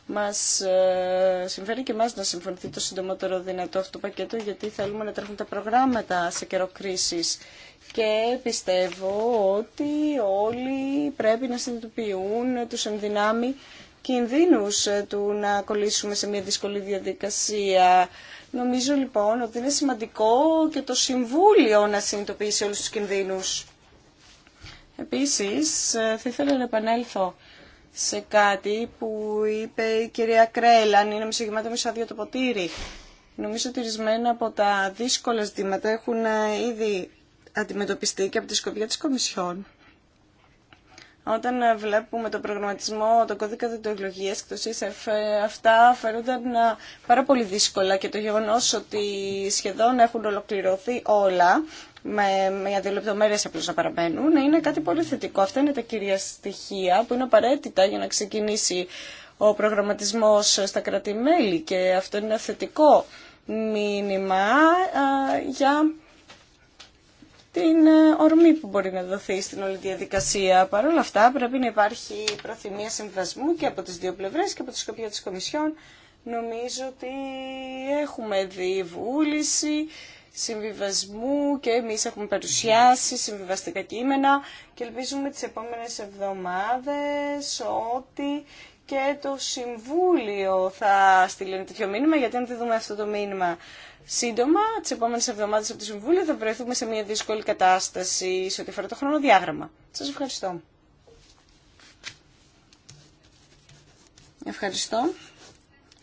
μας ε, συμφέρει και εμάς να συμφωνηθεί το συντομότερο δυνατό αυτό το πακέτο γιατί θέλουμε να τρέχουν τα προγράμματα σε καιρό κρίσης. Και πιστεύω ότι όλοι πρέπει να συνειδητοποιούν τους ενδυνάμει κινδύνους ε, του να κολλήσουμε σε μια δύσκολη διαδικασία. Νομίζω λοιπόν ότι είναι σημαντικό και το Συμβούλιο να συνειδητοποιήσει όλους τους κινδύνους. Επίσης, ε, θα ήθελα να επανέλθω σε κάτι που είπε η κυρία Κρέλαν, είναι μισογεμάτο δύο το ποτήρι. Νομίζω ότι ορισμένα από τα δύσκολα ζητήματα έχουν ε, ήδη αντιμετωπιστεί και από τη σκοπιά της Κομισιόν. Όταν βλέπουμε τον προγραμματισμό, τον κώδικα διδοεκλογίας και το ΣΥΣΕΦ, αυτά φαίνονται ε, πάρα πολύ δύσκολα και το γεγονός ότι σχεδόν έχουν ολοκληρωθεί όλα, με μια δύο λεπτομέρειε απλώ να παραμένουν, είναι κάτι πολύ θετικό. Αυτά είναι τα κυρία στοιχεία που είναι απαραίτητα για να ξεκινήσει ο προγραμματισμός στα κρατημέλη και αυτό είναι ένα θετικό μήνυμα ε, για την ε, ορμή που μπορεί να δοθεί στην όλη διαδικασία. Παρ' όλα αυτά πρέπει να υπάρχει προθυμία συμβασμού και από τις δύο πλευρές και από τη σκοπιά της Κομισιόν. Νομίζω ότι έχουμε δει βούληση συμβιβασμού και εμείς έχουμε παρουσιάσει συμβιβαστικά κείμενα και ελπίζουμε τις επόμενες εβδομάδες ότι και το Συμβούλιο θα στείλει ένα τέτοιο μήνυμα γιατί αν δεν δούμε αυτό το μήνυμα σύντομα, τι επόμενε εβδομάδε από το Συμβούλιο, θα βρεθούμε σε μια δύσκολη κατάσταση σε ό,τι αφορά το χρονοδιάγραμμα. Σα ευχαριστώ. Ευχαριστώ.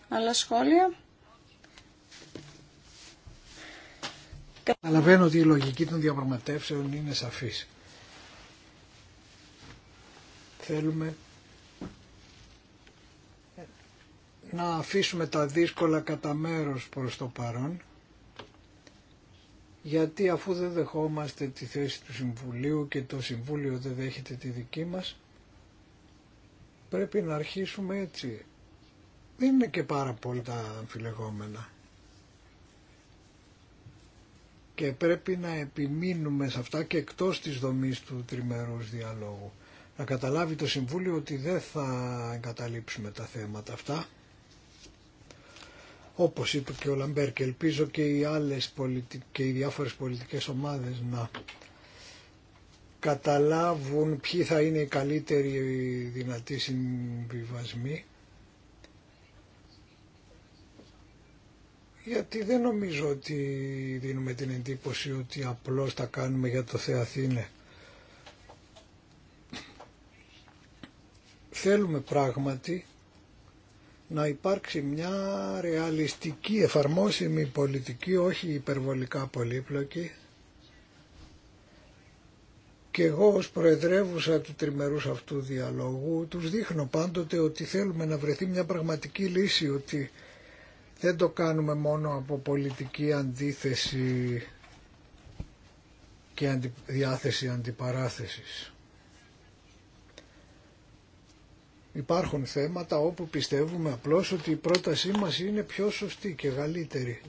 Άλλα σχόλια. Καταλαβαίνω ότι η λογική των διαπραγματεύσεων είναι σαφής. Θέλουμε να αφήσουμε τα δύσκολα κατά μέρος προς το παρόν γιατί αφού δεν δεχόμαστε τη θέση του Συμβουλίου και το Συμβούλιο δεν δέχεται τη δική μας, πρέπει να αρχίσουμε έτσι. Δεν είναι και πάρα πολλά τα αμφιλεγόμενα. Και πρέπει να επιμείνουμε σε αυτά και εκτός της δομής του τριμερούς διαλόγου. Να καταλάβει το Συμβούλιο ότι δεν θα εγκαταλείψουμε τα θέματα αυτά όπως είπε και ο Λαμπέρ και ελπίζω και οι, άλλες και οι διάφορες πολιτικές ομάδες να καταλάβουν ποιοι θα είναι οι καλύτεροι δυνατοί συμβιβασμοί γιατί δεν νομίζω ότι δίνουμε την εντύπωση ότι απλώς τα κάνουμε για το Θεαθήνε. Θέλουμε πράγματι να υπάρξει μια ρεαλιστική εφαρμόσιμη πολιτική, όχι υπερβολικά πολύπλοκη. Και εγώ ως προεδρεύουσα του τριμερούς αυτού διαλόγου τους δείχνω πάντοτε ότι θέλουμε να βρεθεί μια πραγματική λύση, ότι δεν το κάνουμε μόνο από πολιτική αντίθεση και διάθεση αντιπαράθεσης. υπάρχουν θέματα όπου πιστεύουμε απλώς ότι η πρότασή μας είναι πιο σωστή και καλύτερη.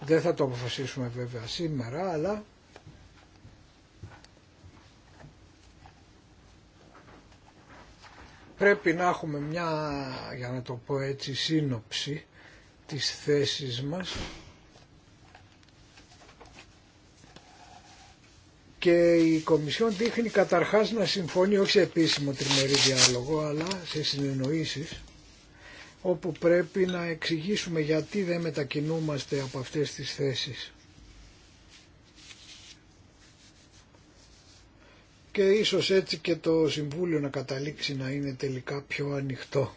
Δεν θα το αποφασίσουμε βέβαια σήμερα, αλλά πρέπει να έχουμε μια, για να το πω έτσι, σύνοψη της θέσης μας και η Κομισιόν δείχνει καταρχάς να συμφωνεί όχι σε επίσημο τριμερή διάλογο αλλά σε συνεννοήσεις όπου πρέπει να εξηγήσουμε γιατί δεν μετακινούμαστε από αυτές τις θέσεις. Και ίσως έτσι και το Συμβούλιο να καταλήξει να είναι τελικά πιο ανοιχτό.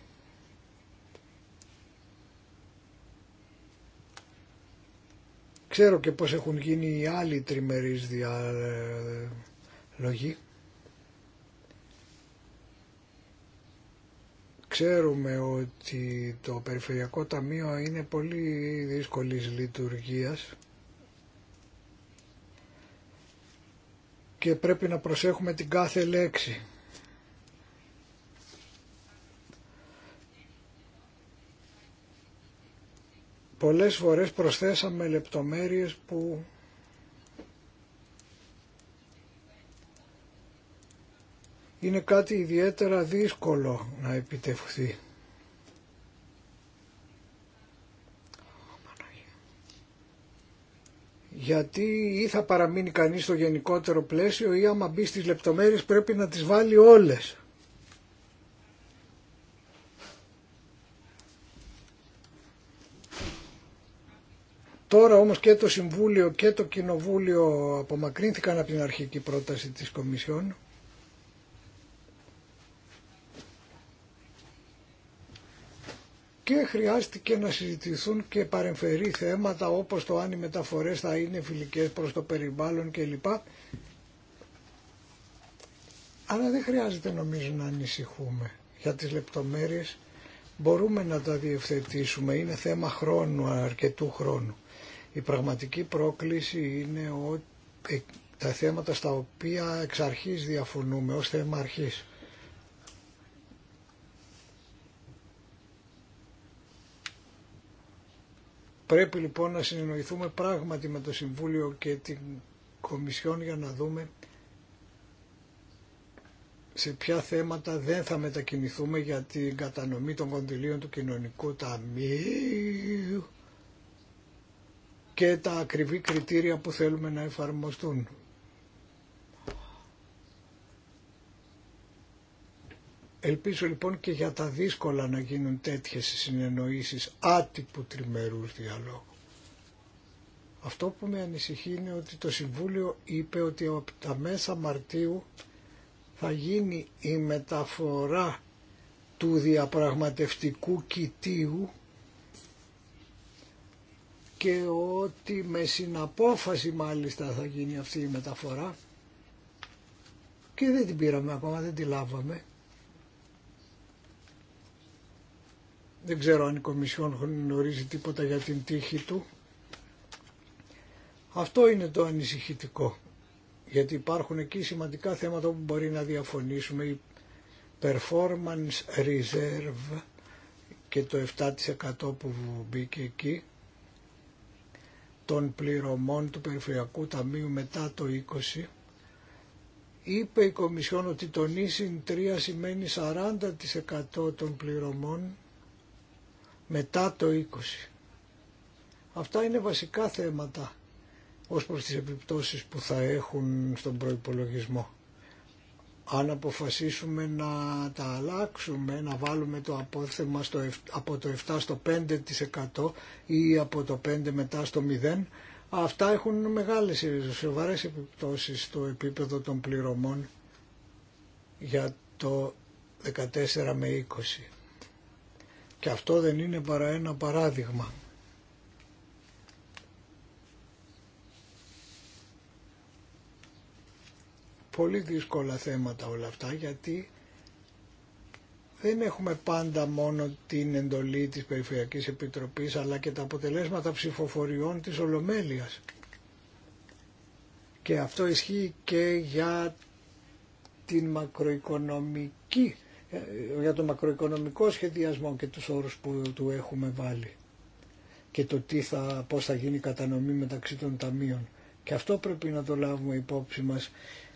Ξέρω και πώς έχουν γίνει οι άλλοι τριμερείς διάλογοι. Ε, Ξέρουμε ότι το Περιφερειακό Ταμείο είναι πολύ δύσκολης λειτουργίας και πρέπει να προσέχουμε την κάθε λέξη. πολλές φορές προσθέσαμε λεπτομέρειες που είναι κάτι ιδιαίτερα δύσκολο να επιτευχθεί. Γιατί ή θα παραμείνει κανείς στο γενικότερο πλαίσιο ή άμα μπει στις λεπτομέρειες πρέπει να τις βάλει όλες. Τώρα όμως και το Συμβούλιο και το Κοινοβούλιο απομακρύνθηκαν από την αρχική πρόταση της Κομισιόν. Και χρειάστηκε να συζητηθούν και παρεμφερεί θέματα όπως το αν οι μεταφορές θα είναι φιλικές προς το περιβάλλον κλπ. Αλλά δεν χρειάζεται νομίζω να ανησυχούμε για τις λεπτομέρειες. Μπορούμε να τα διευθετήσουμε. Είναι θέμα χρόνου, αρκετού χρόνου. Η πραγματική πρόκληση είναι ε, τα θέματα στα οποία εξ αρχής διαφωνούμε ως θέμα αρχής. Πρέπει λοιπόν να συνεννοηθούμε πράγματι με το Συμβούλιο και την Κομισιόν για να δούμε σε ποια θέματα δεν θα μετακινηθούμε για την κατανομή των κοντιλίων του Κοινωνικού Ταμείου και τα ακριβή κριτήρια που θέλουμε να εφαρμοστούν. Ελπίζω λοιπόν και για τα δύσκολα να γίνουν τέτοιες συνεννοήσεις άτυπου τριμερούς διαλόγου. Αυτό που με ανησυχεί είναι ότι το Συμβούλιο είπε ότι από τα μέσα Μαρτίου θα γίνει η μεταφορά του διαπραγματευτικού κοιτίου και ότι με συναπόφαση μάλιστα θα γίνει αυτή η μεταφορά και δεν την πήραμε ακόμα, δεν την λάβαμε. Δεν ξέρω αν η Κομισιόν γνωρίζει τίποτα για την τύχη του. Αυτό είναι το ανησυχητικό, γιατί υπάρχουν εκεί σημαντικά θέματα που μπορεί να διαφωνήσουμε. Η performance reserve και το 7% που μπήκε εκεί των πληρωμών του Περιφερειακού Ταμείου μετά το 20 είπε η Κομισιόν ότι το νήσιν 3 σημαίνει 40% των πληρωμών μετά το 20. Αυτά είναι βασικά θέματα ως προς τις επιπτώσεις που θα έχουν στον προϋπολογισμό αν αποφασίσουμε να τα αλλάξουμε, να βάλουμε το απόθεμα στο, από το 7 στο 5% ή από το 5 μετά στο 0%, αυτά έχουν μεγάλες σοβαρές επιπτώσεις στο επίπεδο των πληρωμών για το 14 με 20. Και αυτό δεν είναι παρά ένα παράδειγμα. πολύ δύσκολα θέματα όλα αυτά γιατί δεν έχουμε πάντα μόνο την εντολή της Περιφερειακής Επιτροπής αλλά και τα αποτελέσματα ψηφοφοριών της Ολομέλειας. Και αυτό ισχύει και για την μακροοικονομική, ε, για το μακροοικονομικό σχεδιασμό και τους όρους που του έχουμε βάλει και το τι θα, πώς θα γίνει η κατανομή μεταξύ των ταμείων. Και αυτό πρέπει να το λάβουμε υπόψη μας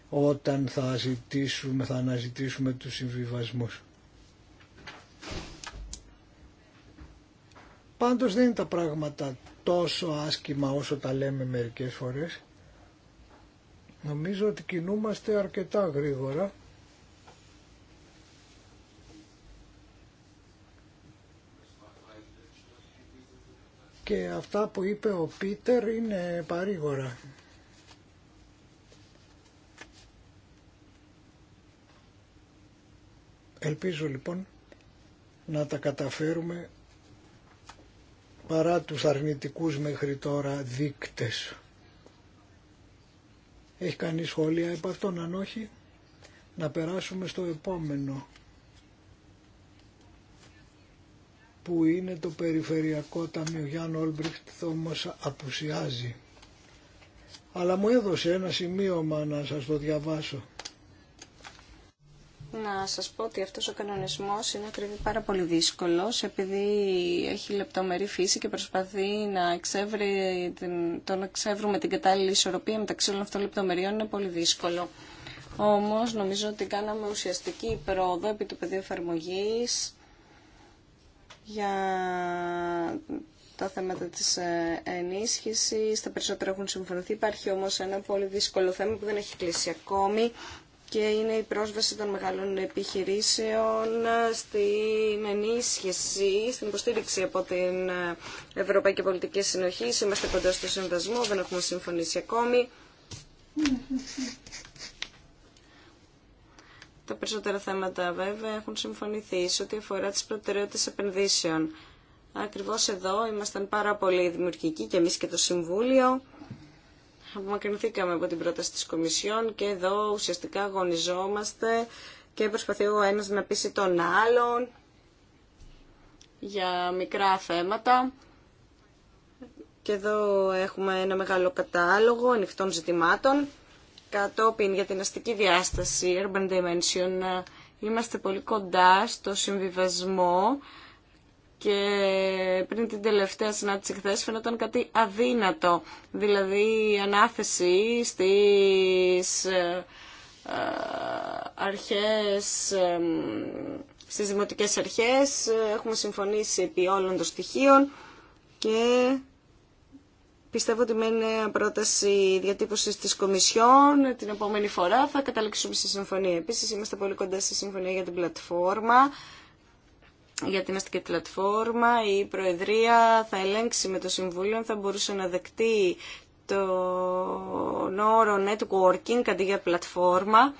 όταν θα, ζητήσουμε, θα αναζητήσουμε τους συμβιβασμούς. Πάντως δεν είναι τα πράγματα τόσο άσκημα όσο τα λέμε μερικές φορές. Νομίζω ότι κινούμαστε αρκετά γρήγορα. Και αυτά που είπε ο Πίτερ είναι παρήγορα. Ελπίζω λοιπόν να τα καταφέρουμε παρά τους αρνητικούς μέχρι τώρα δείκτες. Έχει κανεί σχόλια επ' αυτόν, αν όχι, να περάσουμε στο επόμενο που είναι το Περιφερειακό Ταμείο. Γιάνν Όλμπριχτ όμως απουσιάζει. Αλλά μου έδωσε ένα σημείωμα να σας το διαβάσω. Να σας πω ότι αυτός ο κανονισμός είναι ακριβή πάρα πολύ δύσκολος επειδή έχει λεπτομερή φύση και προσπαθεί να εξεύρει την, το να εξεύρουμε την κατάλληλη ισορροπία μεταξύ όλων αυτών λεπτομεριών είναι πολύ δύσκολο. Όμως νομίζω ότι κάναμε ουσιαστική πρόοδο επί του πεδίου εφαρμογή για τα θέματα της ε, ενίσχυσης, τα περισσότερα έχουν συμφωνηθεί. Υπάρχει όμως ένα πολύ δύσκολο θέμα που δεν έχει κλείσει ακόμη και είναι η πρόσβαση των μεγάλων επιχειρήσεων στην ενίσχυση, στην υποστήριξη από την Ευρωπαϊκή Πολιτική Συνοχή. Είμαστε κοντά στο συμβασμό, δεν έχουμε συμφωνήσει ακόμη. Τα περισσότερα θέματα βέβαια έχουν συμφωνηθεί σε ό,τι αφορά τις προτεραιότητες επενδύσεων. Ακριβώς εδώ ήμασταν πάρα πολύ δημιουργικοί και εμείς και το Συμβούλιο απομακρυνθήκαμε από την πρόταση της Κομισιόν και εδώ ουσιαστικά αγωνιζόμαστε και προσπαθεί ο ένας να πείσει τον άλλον για μικρά θέματα. Και εδώ έχουμε ένα μεγάλο κατάλογο ανοιχτών ζητημάτων. Κατόπιν για την αστική διάσταση, Urban Dimension, είμαστε πολύ κοντά στο συμβιβασμό και πριν την τελευταία συνάντηση χθε φαινόταν κάτι αδύνατο, δηλαδή η ανάθεση στις ε, ε, αρχές, ε, στις δημοτικές αρχές, έχουμε συμφωνήσει επί όλων των στοιχείων και πιστεύω ότι με νέα πρόταση διατύπωσης της Κομισιόν την επόμενη φορά θα καταλήξουμε στη συμφωνία. Επίσης είμαστε πολύ κοντά στη συμφωνία για την πλατφόρμα για την αστική πλατφόρμα η Προεδρία θα ελέγξει με το Συμβούλιο αν θα μπορούσε να δεκτεί το όρο networking αντί για πλατφόρμα.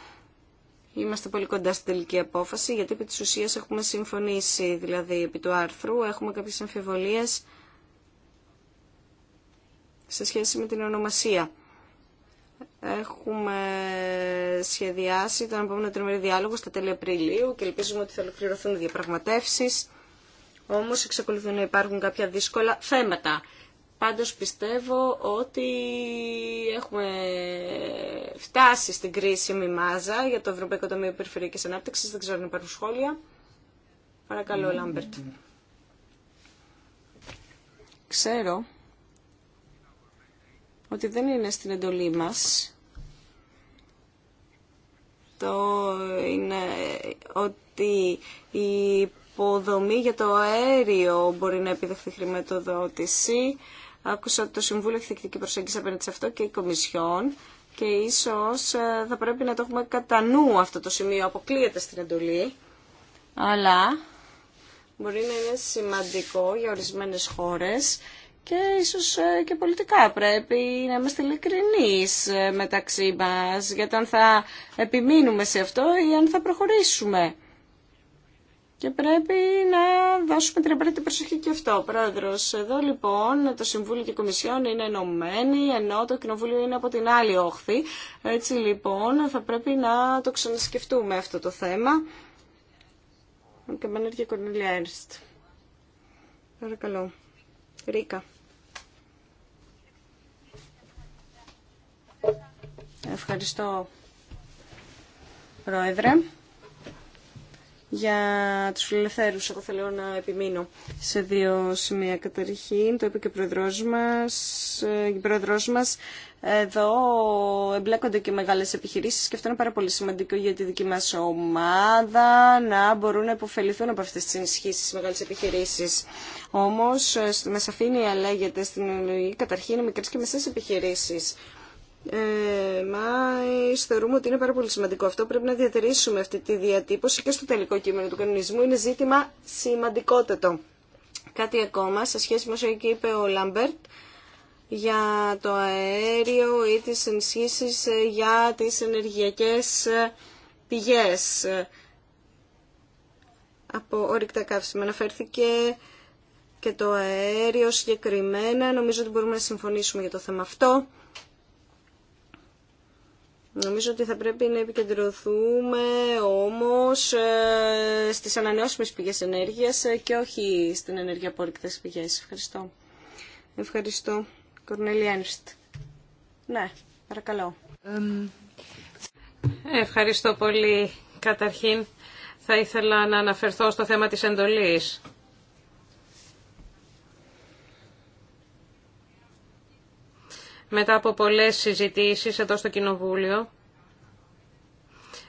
Είμαστε πολύ κοντά στην τελική απόφαση, γιατί επί της ουσίας έχουμε συμφωνήσει, δηλαδή επί του άρθρου, έχουμε κάποιες αμφιβολίες σε σχέση με την ονομασία. Έχουμε σχεδιάσει τον επόμενο τριμερή διάλογο στα τέλη Απριλίου και ελπίζουμε ότι θα ολοκληρωθούν οι διαπραγματεύσεις. Όμως εξακολουθούν να υπάρχουν κάποια δύσκολα θέματα. Πάντως πιστεύω ότι έχουμε φτάσει στην κρίσιμη μάζα για το Ευρωπαϊκό Ταμείο Περιφερειακή Ανάπτυξης. Δεν ξέρω αν υπάρχουν σχόλια. Παρακαλώ, Λάμπερτ. Ξέρω ότι δεν είναι στην εντολή μας το είναι ότι η υποδομή για το αέριο μπορεί να επιδεχθεί χρηματοδότηση. Άκουσα ότι το Συμβούλιο έχει θεκτική προσέγγιση απέναντι σε αυτό και η Κομισιόν και ίσως ε, θα πρέπει να το έχουμε κατά νου αυτό το σημείο, αποκλείεται στην εντολή, αλλά μπορεί να είναι σημαντικό για ορισμένες χώρες και ίσως ε, και πολιτικά πρέπει να είμαστε ειλικρινεί ε, μεταξύ μας για το αν θα επιμείνουμε σε αυτό ή αν θα προχωρήσουμε. Και πρέπει να δώσουμε την απαραίτητη προσοχή και αυτό. Πρόεδρο, εδώ λοιπόν το Συμβούλιο και η Κομισιόν είναι ενωμένοι, ενώ το Κοινοβούλιο είναι από την άλλη όχθη. Έτσι λοιπόν θα πρέπει να το ξανασκεφτούμε αυτό το θέμα. Παρακαλώ. Βρήκα. Ευχαριστώ, Πρόεδρε. Για τους φιλελευθέρους, εγώ θέλω να επιμείνω σε δύο σημεία. Καταρχήν, το είπε και ο Πρόεδρός μας, ε, η Πρόεδρός εδώ εμπλέκονται και μεγάλε επιχειρήσει και αυτό είναι πάρα πολύ σημαντικό για τη δική μα ομάδα να μπορούν να υποφεληθούν από αυτές τις ενισχύσει μεγάλε μεγάλες επιχειρήσεις. Όμως, με σαφήνεια λέγεται στην ελληνική καταρχήν μικρέ και μεσές επιχειρήσει. Ε, μα θεωρούμε ότι είναι πάρα πολύ σημαντικό αυτό. Πρέπει να διατηρήσουμε αυτή τη διατύπωση και στο τελικό κείμενο του κανονισμού. Είναι ζήτημα σημαντικότατο. Κάτι ακόμα, σε σχέση με όσο είπε ο Λάμπερτ, για το αέριο ή τις ενισχύσεις ε, για τις ενεργειακές ε, πηγές από ορυκτά καύσιμα. Αναφέρθηκε και το αέριο συγκεκριμένα. Νομίζω ότι μπορούμε να συμφωνήσουμε για το θέμα αυτό. Νομίζω ότι θα πρέπει να επικεντρωθούμε όμως ε, στις ανανεώσιμες πηγές ενέργειας και όχι στην ενέργεια από ορυκτές πηγές. Ευχαριστώ. Ευχαριστώ. Ναι, Ευχαριστώ πολύ. Καταρχήν θα ήθελα να αναφερθώ στο θέμα της εντολής. Μετά από πολλές συζητήσεις εδώ στο Κοινοβούλιο,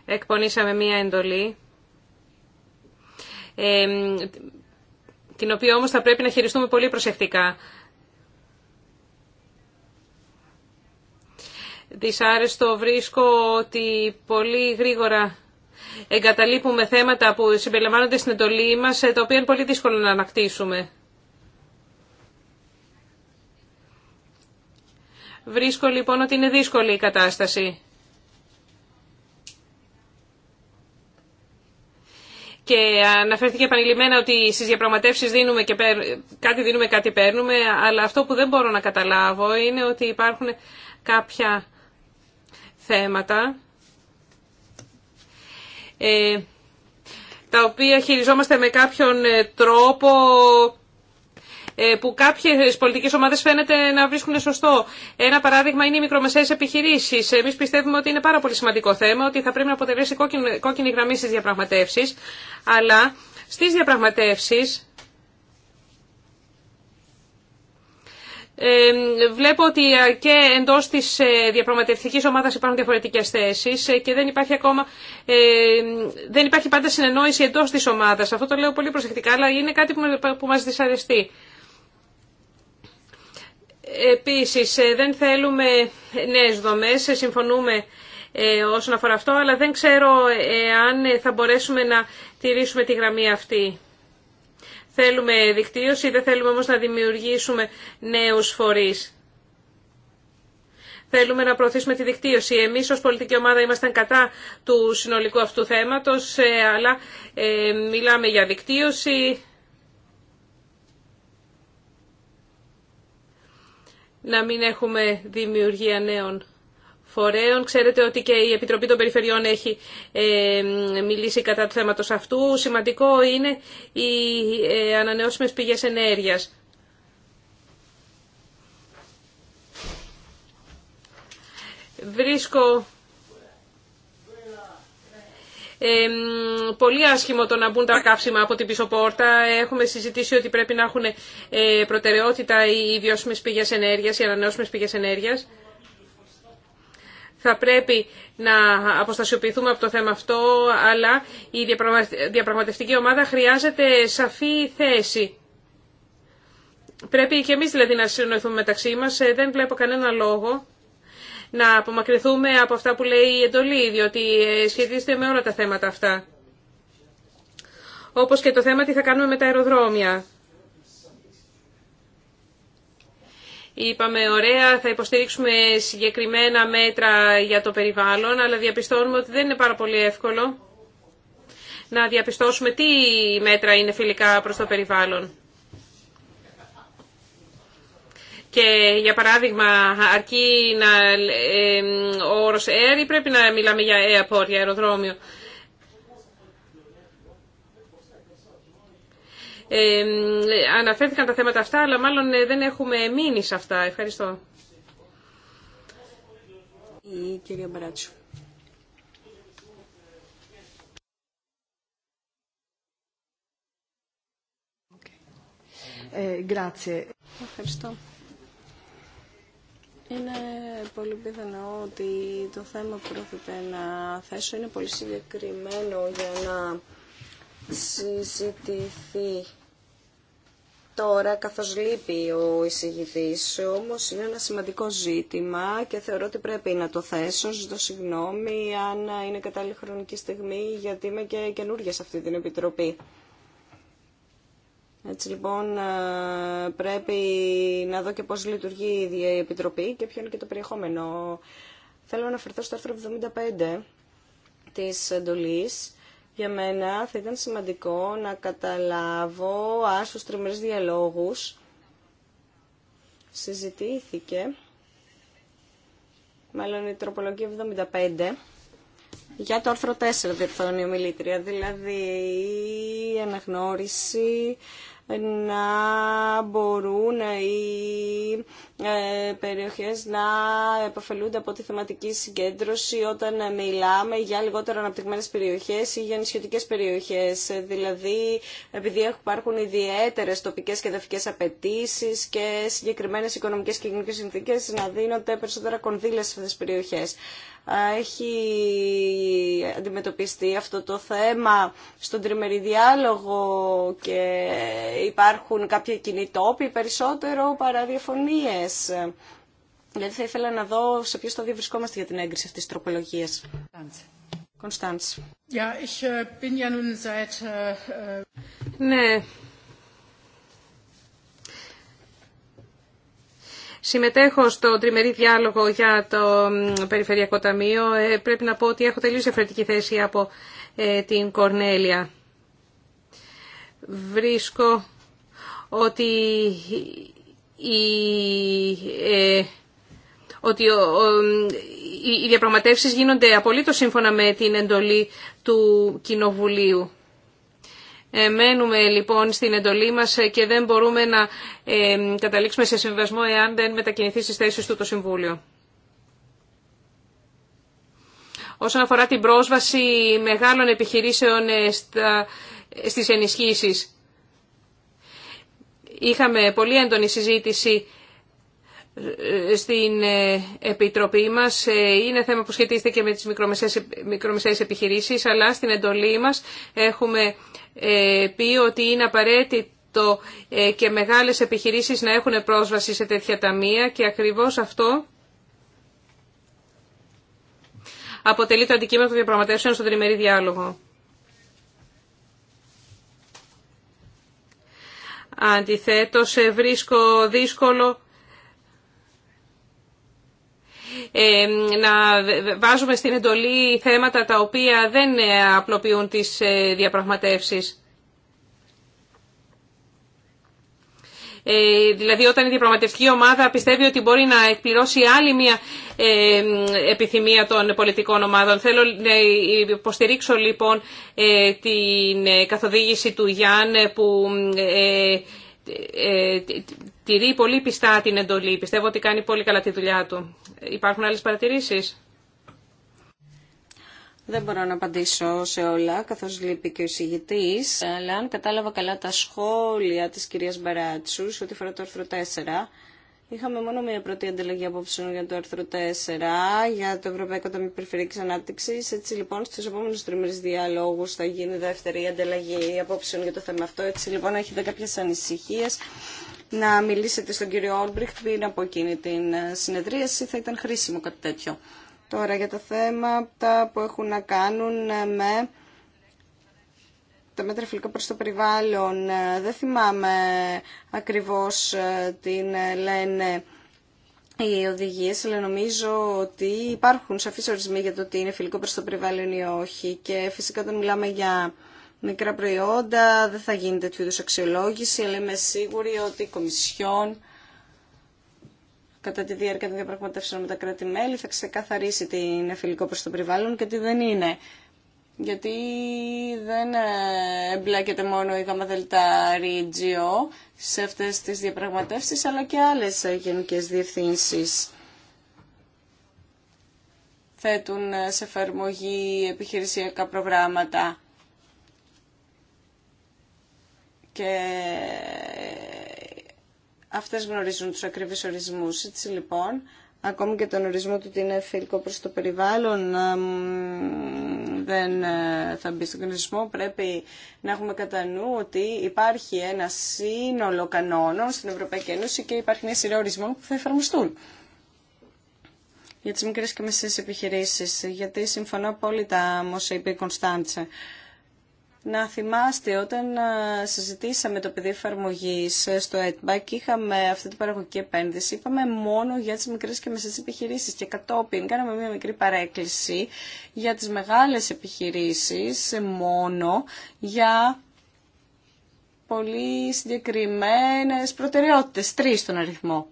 εκπονήσαμε μία εντολή, ε, την οποία όμως θα πρέπει να χειριστούμε πολύ προσεκτικά. Δυσάρεστο βρίσκω ότι πολύ γρήγορα εγκαταλείπουμε θέματα που συμπεριλαμβάνονται στην εντολή μας, ε, τα οποία είναι πολύ δύσκολο να ανακτήσουμε. Βρίσκω λοιπόν ότι είναι δύσκολη η κατάσταση. Και αναφέρθηκε επανειλημμένα ότι στις διαπραγματεύσεις δίνουμε και κάτι δίνουμε, κάτι παίρνουμε, αλλά αυτό που δεν μπορώ να καταλάβω είναι ότι υπάρχουν κάποια θέματα ε, τα οποία χειριζόμαστε με κάποιον ε, τρόπο ε, που κάποιες πολιτικές ομάδες φαίνεται να βρίσκουν σωστό. Ένα παράδειγμα είναι οι μικρομεσαίες επιχειρήσεις. Εμείς πιστεύουμε ότι είναι πάρα πολύ σημαντικό θέμα, ότι θα πρέπει να αποτελέσει κόκκινη γραμμή στις διαπραγματεύσεις, αλλά στις διαπραγματεύσεις βλέπω ότι και εντός της ε, διαπραγματευτική ομάδας υπάρχουν διαφορετικές θέσεις ε, και δεν υπάρχει ακόμα, δεν υπάρχει πάντα συνεννόηση εντός της ομάδας. Αυτό το λέω πολύ προσεκτικά, αλλά είναι κάτι που μας δυσαρεστεί. Επίσης, ε, δεν θέλουμε νέε δομέ. συμφωνούμε όσον αφορά αυτό, αλλά δεν ξέρω αν θα μπορέσουμε να τηρήσουμε τη γραμμή αυτή. Θέλουμε δικτύωση, δεν θέλουμε όμως να δημιουργήσουμε νέους φορείς. Θέλουμε να προωθήσουμε τη δικτύωση. Εμείς ως πολιτική ομάδα ήμασταν κατά του συνολικού αυτού θέματος, ε, αλλά ε, μιλάμε για δικτύωση. Να μην έχουμε δημιουργία νέων φορέων. Ξέρετε ότι και η Επιτροπή των Περιφερειών έχει ε, μιλήσει κατά του θέματος αυτού. Σημαντικό είναι οι ε, ανανεώσιμες πηγές ενέργειας. Βρίσκω ε, πολύ άσχημο το να μπουν τα καύσιμα από την πίσω πόρτα. Έχουμε συζητήσει ότι πρέπει να έχουν προτεραιότητα οι βιώσιμες πηγές ενέργειας. οι ανανεώσιμε πηγέ ενέργεια θα πρέπει να αποστασιοποιηθούμε από το θέμα αυτό, αλλά η διαπραγματευτική ομάδα χρειάζεται σαφή θέση. Πρέπει και εμείς δηλαδή να συνοηθούμε μεταξύ μας. Ε, δεν βλέπω κανένα λόγο να απομακρυνθούμε από αυτά που λέει η εντολή, διότι ε, σχετίζεται με όλα τα θέματα αυτά. Όπως και το θέμα τι θα κάνουμε με τα αεροδρόμια. Είπαμε, ωραία, θα υποστηρίξουμε συγκεκριμένα μέτρα για το περιβάλλον, αλλά διαπιστώνουμε ότι δεν είναι πάρα πολύ εύκολο να διαπιστώσουμε τι μέτρα είναι φιλικά προς το περιβάλλον. Και για παράδειγμα, αρκεί να, ε, ε, ο όρος air ή πρέπει να μιλάμε για airport, για αεροδρόμιο. αναφέρθηκαν τα θέματα αυτά, αλλά μάλλον ε, δεν έχουμε μείνει σε αυτά. Ευχαριστώ. Η κυρία Μπαράτσου. Ε, Ευχαριστώ. Είναι πολύ πιθανό ότι το θέμα που πρόκειται να θέσω είναι πολύ συγκεκριμένο για να συζητηθεί τώρα καθώς λείπει ο εισηγητής όμως είναι ένα σημαντικό ζήτημα και θεωρώ ότι πρέπει να το θέσω ζητώ συγγνώμη αν είναι κατάλληλη χρονική στιγμή γιατί είμαι και καινούργια σε αυτή την επιτροπή έτσι λοιπόν ε, πρέπει να δω και πώς λειτουργεί η ίδια η επιτροπή και ποιο είναι και το περιεχόμενο θέλω να αναφερθώ στο άρθρο 75 της εντολής για μένα θα ήταν σημαντικό να καταλάβω αν στους διαλόγου. διαλόγους συζητήθηκε μάλλον η τροπολογία 75 για το άρθρο 4 η ομιλήτρια, δηλαδή η αναγνώριση να μπορούν οι ε, περιοχές να επαφελούνται από τη θεματική συγκέντρωση όταν μιλάμε για λιγότερο αναπτυγμένες περιοχές ή για νησιωτικές περιοχές. Δηλαδή, επειδή υπάρχουν ιδιαίτερες τοπικές και δαφικές απαιτήσει και συγκεκριμένες οικονομικές και κοινωνικές συνθήκες, να δίνονται περισσότερα κονδύλες σε αυτές τις περιοχές. Έχει αντιμετωπιστεί αυτό το θέμα στον τριμερή διάλογο και υπάρχουν κάποια κοινοί τόποι περισσότερο παρά διαφωνίε ιδέες. Δηλαδή ε, θα ήθελα να δω σε ποιο στάδιο βρισκόμαστε για την έγκριση αυτής της τροπολογίας. Κωνσταντς. Ε, ε, ναι. Συμμετέχω στο τριμερή διάλογο για το Περιφερειακό Ταμείο. Πρέπει να πω ότι έχω τελείως διαφορετική θέση από την Κορνέλια. Βρίσκω ότι η, ε, ότι οι διαπραγματεύσεις γίνονται απολύτως σύμφωνα με την εντολή του Κοινοβουλίου. Ε, μένουμε λοιπόν στην εντολή μας και δεν μπορούμε να ε, καταλήξουμε σε συμβασμό εάν δεν μετακινηθεί στις θέσεις του το Συμβούλιο. Όσον αφορά την πρόσβαση μεγάλων επιχειρήσεων στα, στις ενισχύσεις. Είχαμε πολύ έντονη συζήτηση ε, στην ε, Επιτροπή μας. Ε, είναι θέμα που σχετίζεται και με τις μικρομεσαίες επιχειρήσεις, αλλά στην εντολή μας έχουμε πει ότι είναι απαραίτητο και μεγάλες επιχειρήσεις να έχουν πρόσβαση σε τέτοια ταμεία και ακριβώς αυτό αποτελεί το αντικείμενο των διαπραγματεύσεων στον τριμερή διάλογο. Αντιθέτως ε, βρίσκω δύσκολο ε, να βάζουμε στην εντολή θέματα τα οποία δεν ε, απλοποιούν τις διαπραγματεύσεις. Ε, δηλαδή όταν η διαπραγματευτική ομάδα πιστεύει ότι μπορεί να εκπληρώσει άλλη μια ε, επιθυμία των πολιτικών ομάδων. Θέλω να ε, υποστηρίξω λοιπόν την καθοδήγηση του Γιάννε που τηρεί πολύ πιστά την εντολή. Πιστεύω ότι κάνει πολύ καλά τη δουλειά του. Υπάρχουν άλλες παρατηρήσεις. Δεν μπορώ να απαντήσω σε όλα, καθώς λείπει και ο εισηγητής, αλλά αν κατάλαβα καλά τα σχόλια της κυρίας Μπαράτσου, ό,τι φορά το άρθρο 4, Είχαμε μόνο μία πρώτη ανταλλαγή απόψεων για το άρθρο 4, για το Ευρωπαϊκό Ταμείο Περιφερειακή Ανάπτυξη. Έτσι λοιπόν, στου επόμενου τριμερεί διαλόγου θα γίνει δεύτερη ανταλλαγή απόψεων για το θέμα αυτό. Έτσι λοιπόν, έχετε κάποιε ανησυχίε να μιλήσετε στον κύριο Όλμπριχτ πριν από εκείνη την συνεδρίαση. Θα ήταν χρήσιμο κάτι τέτοιο. Τώρα για τα θέματα που έχουν να κάνουν ε, με τα μέτρα φιλικά προς το περιβάλλον. Ε, δεν θυμάμαι ακριβώς ε, τι λένε οι οδηγίε, αλλά νομίζω ότι υπάρχουν σαφείς ορισμοί για το τι είναι φιλικό προς το περιβάλλον ή όχι. Και φυσικά όταν μιλάμε για μικρά προϊόντα δεν θα γίνει τέτοιου είδους αξιολόγηση, αλλά είμαι σίγουρη ότι η Κομισιόν κατά τη διάρκεια των διαπραγματεύσεων με τα κράτη-μέλη θα ξεκαθαρίσει τι είναι φιλικό προς το περιβάλλον και τι δεν είναι. Γιατί δεν ε, εμπλέκεται μόνο η ΓΑΜΑΔΕΛΤΑ ΡΙΤΖΙΟ σε αυτές τις διαπραγματεύσεις, αλλά και άλλες ε, γενικές διευθύνσεις θέτουν ε, σε εφαρμογή επιχειρησιακά προγράμματα. Και Αυτές γνωρίζουν τους ακριβείς ορισμούς. Έτσι λοιπόν, ακόμη και τον ορισμό του ότι είναι φιλικό προς το περιβάλλον δεν ε, θα μπει στον κρισμό. Πρέπει να έχουμε κατά νου ότι υπάρχει ένα σύνολο κανόνων στην Ευρωπαϊκή Ένωση και υπάρχει μια σειρά ορισμών που θα εφαρμοστούν για τις μικρές και μεσαίες επιχειρήσεις, γιατί συμφωνώ απόλυτα με όσα είπε η Κωνσταντσα να θυμάστε όταν ε, συζητήσαμε το παιδί εφαρμογή ε, στο ΕΤΜΑ είχαμε αυτή την παραγωγική επένδυση, είπαμε μόνο για τι μικρέ και μεσέ επιχειρήσει. Και κατόπιν κάναμε μία μικρή παρέκκληση για τι μεγάλε επιχειρήσει ε, μόνο για πολύ συγκεκριμένε προτεραιότητε, τρει στον αριθμό.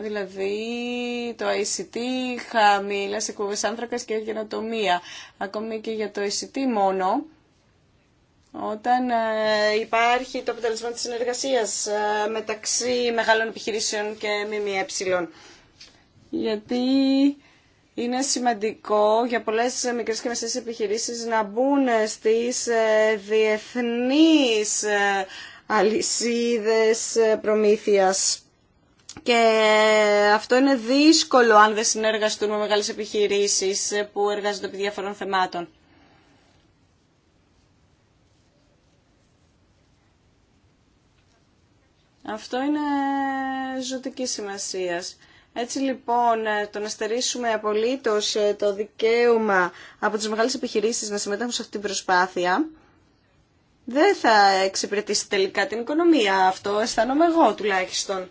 δηλαδή το ICT, χαμηλά σε κουβές άνθρακας και γενοτομία. Ακόμη και για το ICT μόνο, όταν ε, υπάρχει το αποτέλεσμα της συνεργασίας ε, μεταξύ μεγάλων επιχειρήσεων και ΜΜΕ. Γιατί είναι σημαντικό για πολλές μικρές και μεσαίες επιχειρήσεις να μπουν στις ε, διεθνείς αλυσίδες προμήθειας. Και αυτό είναι δύσκολο αν δεν συνεργαστούν με μεγάλες επιχειρήσεις που εργάζονται επί διάφορων θεμάτων. Αυτό είναι ζωτική σημασία. Έτσι λοιπόν, το να στερήσουμε απολύτω το δικαίωμα από τις μεγάλες επιχειρήσεις να συμμετέχουν σε αυτή την προσπάθεια, δεν θα εξυπηρετήσει τελικά την οικονομία. Αυτό αισθάνομαι εγώ τουλάχιστον.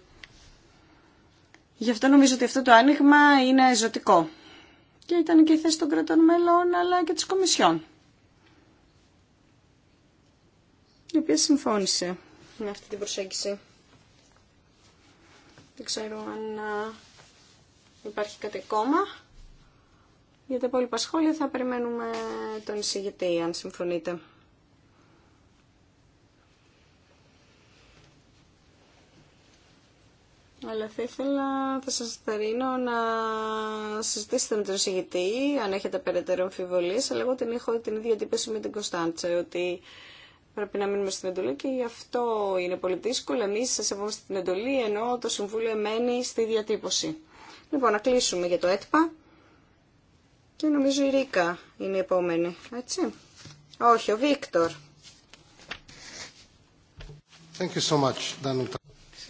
Γι' αυτό νομίζω ότι αυτό το άνοιγμα είναι ζωτικό. Και ήταν και η θέση των κρατών μελών αλλά και της Κομισιόν. Η οποία συμφώνησε με αυτή την προσέγγιση. Δεν ξέρω αν υπάρχει κάτι ακόμα. Για τα υπόλοιπα σχόλια θα περιμένουμε τον εισηγητή, αν συμφωνείτε. Αλλά θα ήθελα, θα σας θαρρύνω να συζητήσετε με τον εισηγητή, αν έχετε περαιτέρω αμφιβολίες, αλλά εγώ την έχω την ίδια τύπωση με την Κωνσταντσα, ότι πρέπει να μείνουμε στην εντολή και γι' αυτό είναι πολύ δύσκολο. Εμεί σεβόμαστε στην εντολή, ενώ το Συμβούλιο μένει στη διατύπωση. Λοιπόν, να κλείσουμε για το έτπα. Και νομίζω η Ρίκα είναι η επόμενη, έτσι. Όχι, ο Βίκτορ.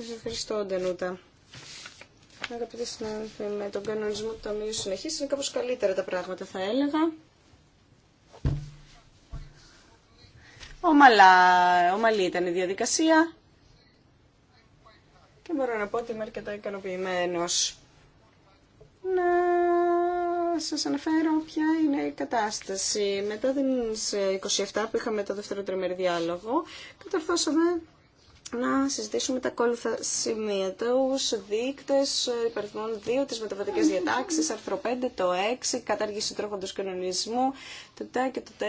Σας ευχαριστώ, Ντανούτα. Αγαπητοί συνάδελφοι, με τον κανονισμό του Ταμείου συνεχίσει είναι κάπως καλύτερα τα πράγματα, θα έλεγα. Ομαλά, ομαλή ήταν η διαδικασία και μπορώ να πω ότι είμαι αρκετά ικανοποιημένο. Να σας αναφέρω ποια είναι η κατάσταση. Μετά την 27 που είχαμε το δεύτερο τριμερή διάλογο, κατορθώσαμε να συζητήσουμε τα ακόλουθα σημεία. Του δείκτε ε, υπαριθμών 2, τι μεταβατικές διατάξει άρθρο 5, το 6, κατάργηση του κανονισμού, το 3 και το 4,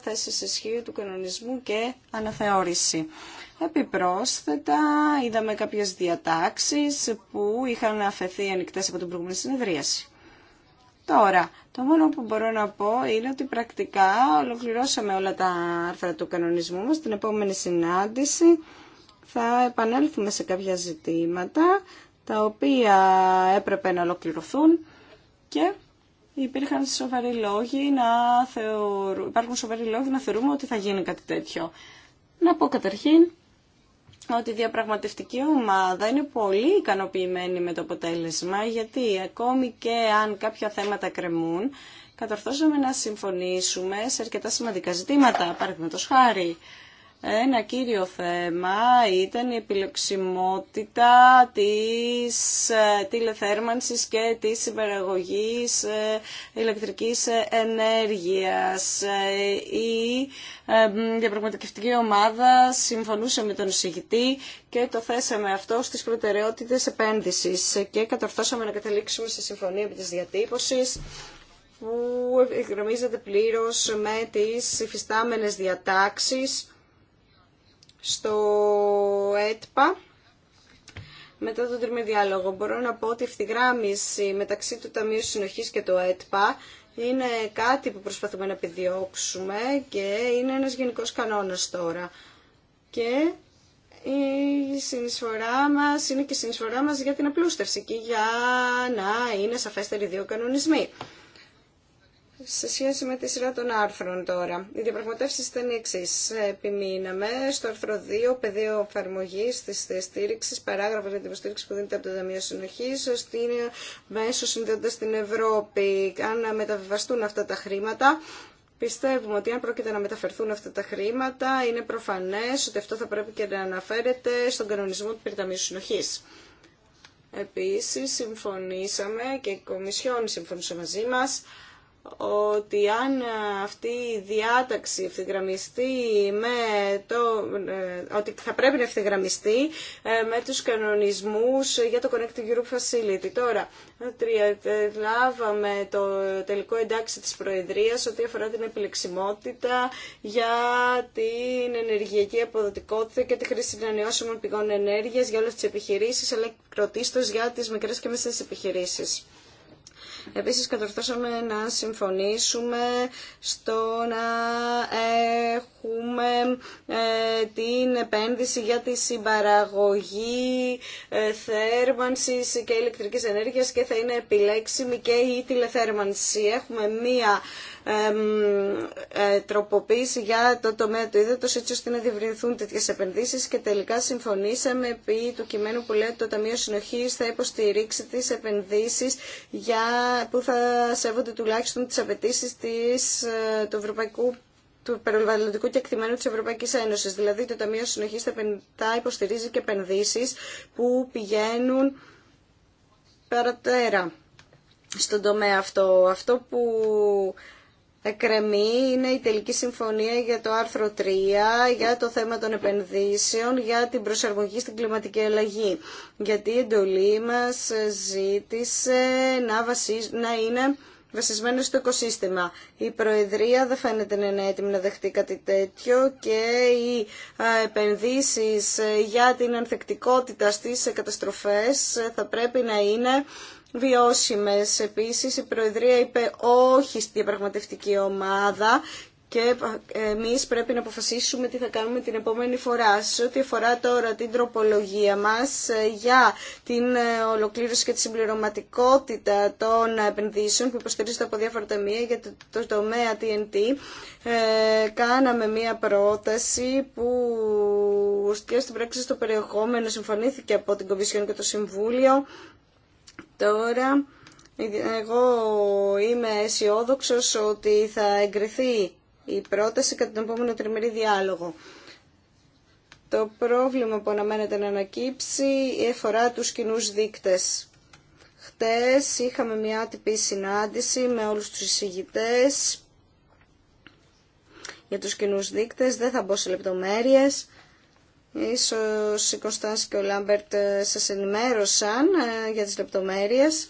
θέσει ισχύου του κανονισμού και αναθεώρηση. Επιπρόσθετα, είδαμε κάποιε διατάξει που είχαν αφαιθεί ανοιχτέ από την προηγούμενη συνεδρίαση. Τώρα, το μόνο που μπορώ να πω είναι ότι πρακτικά ολοκληρώσαμε όλα τα άρθρα του κανονισμού μας στην επόμενη συνάντηση θα επανέλθουμε σε κάποια ζητήματα τα οποία έπρεπε να ολοκληρωθούν και υπήρχαν σοβαροί λόγοι να υπάρχουν σοβαροί λόγοι να θεωρούμε ότι θα γίνει κάτι τέτοιο. Να πω καταρχήν ότι η διαπραγματευτική ομάδα είναι πολύ ικανοποιημένη με το αποτέλεσμα γιατί ακόμη και αν κάποια θέματα κρεμούν κατορθώσαμε να συμφωνήσουμε σε αρκετά σημαντικά ζητήματα, παραδείγματος χάρη ένα κύριο θέμα ήταν η επιλεξιμότητα της ε, τηλεθέρμανσης και της συμπεραγωγής ε, ηλεκτρικής ενέργειας. Ε, η διαπραγματευτική ομάδα συμφωνούσε με τον συγητή και το θέσαμε αυτό στις προτεραιότητες επένδυσης και κατορθώσαμε να καταλήξουμε στη συμφωνία με της διατύπωσης που εγγραμμίζεται πλήρως με τις υφιστάμενες διατάξεις στο ΕΤΠΑ μετά τον τριμή διάλογο. Μπορώ να πω ότι η ευθυγράμμιση μεταξύ του Ταμείου Συνοχής και του ΕΤΠΑ είναι κάτι που προσπαθούμε να επιδιώξουμε και είναι ένας γενικός κανόνας τώρα. Και η συνεισφορά μας είναι και η συνεισφορά μας για την απλούστευση και για να είναι σαφέστεροι δύο κανονισμοί σε σχέση με τη σειρά των άρθρων τώρα. Οι διαπραγματεύσει ήταν οι εξή. Επιμείναμε στο άρθρο 2, πεδίο εφαρμογή τη στήριξη, παράγραφο για την υποστήριξη που δίνεται από το Ταμείο Συνοχή, ώστε είναι μέσω συνδέοντα την Ευρώπη. Αν μεταβιβαστούν αυτά τα χρήματα, Πιστεύουμε ότι αν πρόκειται να μεταφερθούν αυτά τα χρήματα, είναι προφανέ ότι αυτό θα πρέπει και να αναφέρεται στον κανονισμό του Περιταμείου συνοχή. Επίση, συμφωνήσαμε και η Κομισιόν συμφωνήσε μαζί μα, ότι αν αυτή η διάταξη ευθυγραμμιστεί με το, ε, ότι θα πρέπει να ευθυγραμμιστεί ε, με τους κανονισμούς για το Connecting Europe Facility. Τώρα, λάβαμε το τελικό εντάξει της Προεδρίας ότι αφορά την επιλεξιμότητα για την ενεργειακή αποδοτικότητα και τη χρήση ανανεώσιμων πηγών ενέργειας για όλες τις επιχειρήσεις, αλλά πρωτίστως για τις μικρές και μεσαίες επιχειρήσεις. Επίσης κατορθώσαμε να συμφωνήσουμε στο να έχουμε ε, την επένδυση για τη συμπαραγωγή ε, θέρμανσης και ηλεκτρικής ενέργειας και θα είναι επιλέξιμη και η τηλεθέρμανση. Έχουμε μία ε, τροποποίηση για το τομέα του ύδατος έτσι ώστε να διευρυνθούν τέτοιε επενδύσεις και τελικά συμφωνήσαμε επί του κειμένου που λέει ότι το Ταμείο Συνοχής θα υποστηρίξει τις επενδύσεις για, που θα σέβονται τουλάχιστον τις απαιτήσει ε, του Ευρωπαϊκού του περιβαλλοντικού και εκτιμένου της Ευρωπαϊκής Ένωσης. Δηλαδή το Ταμείο Συνοχής θα υποστηρίζει και επενδύσεις που πηγαίνουν παρατέρα στον τομέα αυτό. Αυτό που εκκρεμεί είναι η τελική συμφωνία για το άρθρο 3, για το θέμα των επενδύσεων, για την προσαρμογή στην κλιματική αλλαγή. Γιατί η εντολή μας ζήτησε να, να είναι βασισμένο στο οικοσύστημα. Η Προεδρία δεν φαίνεται να είναι έτοιμη να δεχτεί κάτι τέτοιο και οι επενδύσεις για την ανθεκτικότητα στις καταστροφές θα πρέπει να είναι βιώσιμες. Επίσης, η Προεδρία είπε όχι στη διαπραγματευτική ομάδα και εμείς πρέπει να αποφασίσουμε τι θα κάνουμε την επόμενη φορά. Σε ό,τι αφορά τώρα την τροπολογία μας ε, για την ε, ολοκλήρωση και τη συμπληρωματικότητα των επενδύσεων που υποστηρίζεται από διάφορα ταμεία για το τομέα TNT, ε, κάναμε μία πρόταση που ουσιαστικά στην πράξη στο περιεχόμενο συμφωνήθηκε από την Κομισιόν και το Συμβούλιο Τώρα, εγώ είμαι αισιόδοξο ότι θα εγκριθεί η πρόταση κατά τον επόμενο τριμερή διάλογο. Το πρόβλημα που αναμένεται να ανακύψει αφορά τους κοινού δείκτες. Χτες είχαμε μια άτυπη συνάντηση με όλους τους εισηγητές για τους κοινού δείκτες. Δεν θα μπω σε λεπτομέρειες. Ίσως η Κωνστάνση και ο Λάμπερτ ε, σας ενημέρωσαν ε, για τις λεπτομέρειες,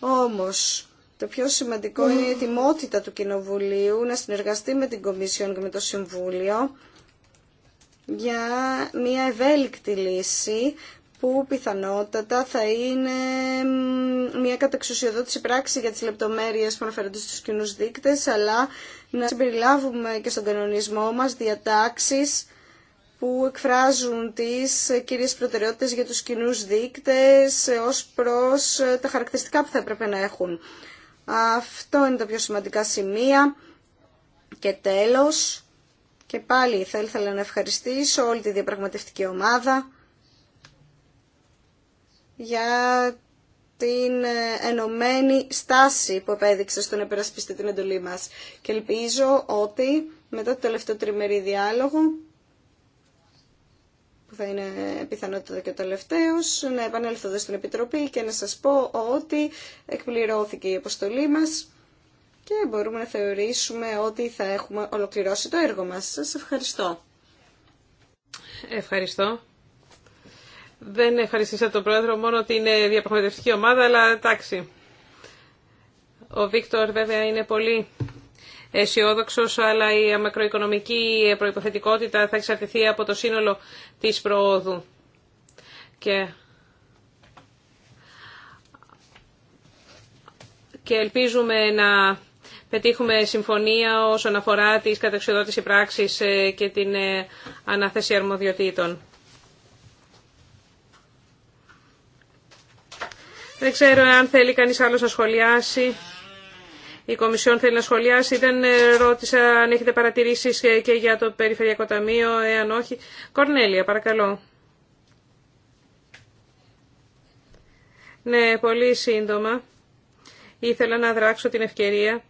όμως το πιο σημαντικό είναι η ετοιμότητα του Κοινοβουλίου να συνεργαστεί με την Κομισιόν και με το Συμβούλιο για μια ευέλικτη λύση που πιθανότατα θα είναι μια καταξουσιοδότηση πράξη για τις λεπτομέρειες που αναφέρονται στους κοινούς δείκτες, αλλά να συμπεριλάβουμε και στον κανονισμό μας διατάξεις που εκφράζουν τις κυρίες προτεραιότητες για τους κοινού δείκτες ως προς ε, τα χαρακτηριστικά που θα έπρεπε να έχουν. Αυτό είναι τα πιο σημαντικά σημεία. Και τέλος, και πάλι θα ήθελα να ευχαριστήσω όλη τη διαπραγματευτική ομάδα για την ε, ενωμένη στάση που επέδειξε στον επέρασπιστή την εντολή μας. Και ελπίζω ότι μετά το τελευταίο τριμερή διάλογο που θα είναι πιθανότητα και ο τελευταίος, να επανέλθω εδώ στην Επιτροπή και να σας πω ότι εκπληρώθηκε η αποστολή μας και μπορούμε να θεωρήσουμε ότι θα έχουμε ολοκληρώσει το έργο μας. Σας ευχαριστώ. Ευχαριστώ. Δεν ευχαριστήσα τον πρόεδρο, μόνο ότι είναι διαπραγματευτική ομάδα, αλλά εντάξει. Ο Βίκτορ βέβαια είναι πολύ αισιόδοξο, αλλά η μακροοικονομική προϋποθετικότητα θα εξαρτηθεί από το σύνολο της προόδου. Και... και ελπίζουμε να πετύχουμε συμφωνία όσον αφορά της κατεξοδότηση πράξης ε, και την ε, ανάθεση αρμοδιοτήτων. Δεν ξέρω αν θέλει κανείς άλλος να σχολιάσει η Κομισιόν θέλει να σχολιάσει. Δεν ε, ρώτησα αν έχετε παρατηρήσεις και για το Περιφερειακό Ταμείο, εάν όχι. Κορνέλια, παρακαλώ. Ναι, πολύ σύντομα. Ήθελα να δράξω την ευκαιρία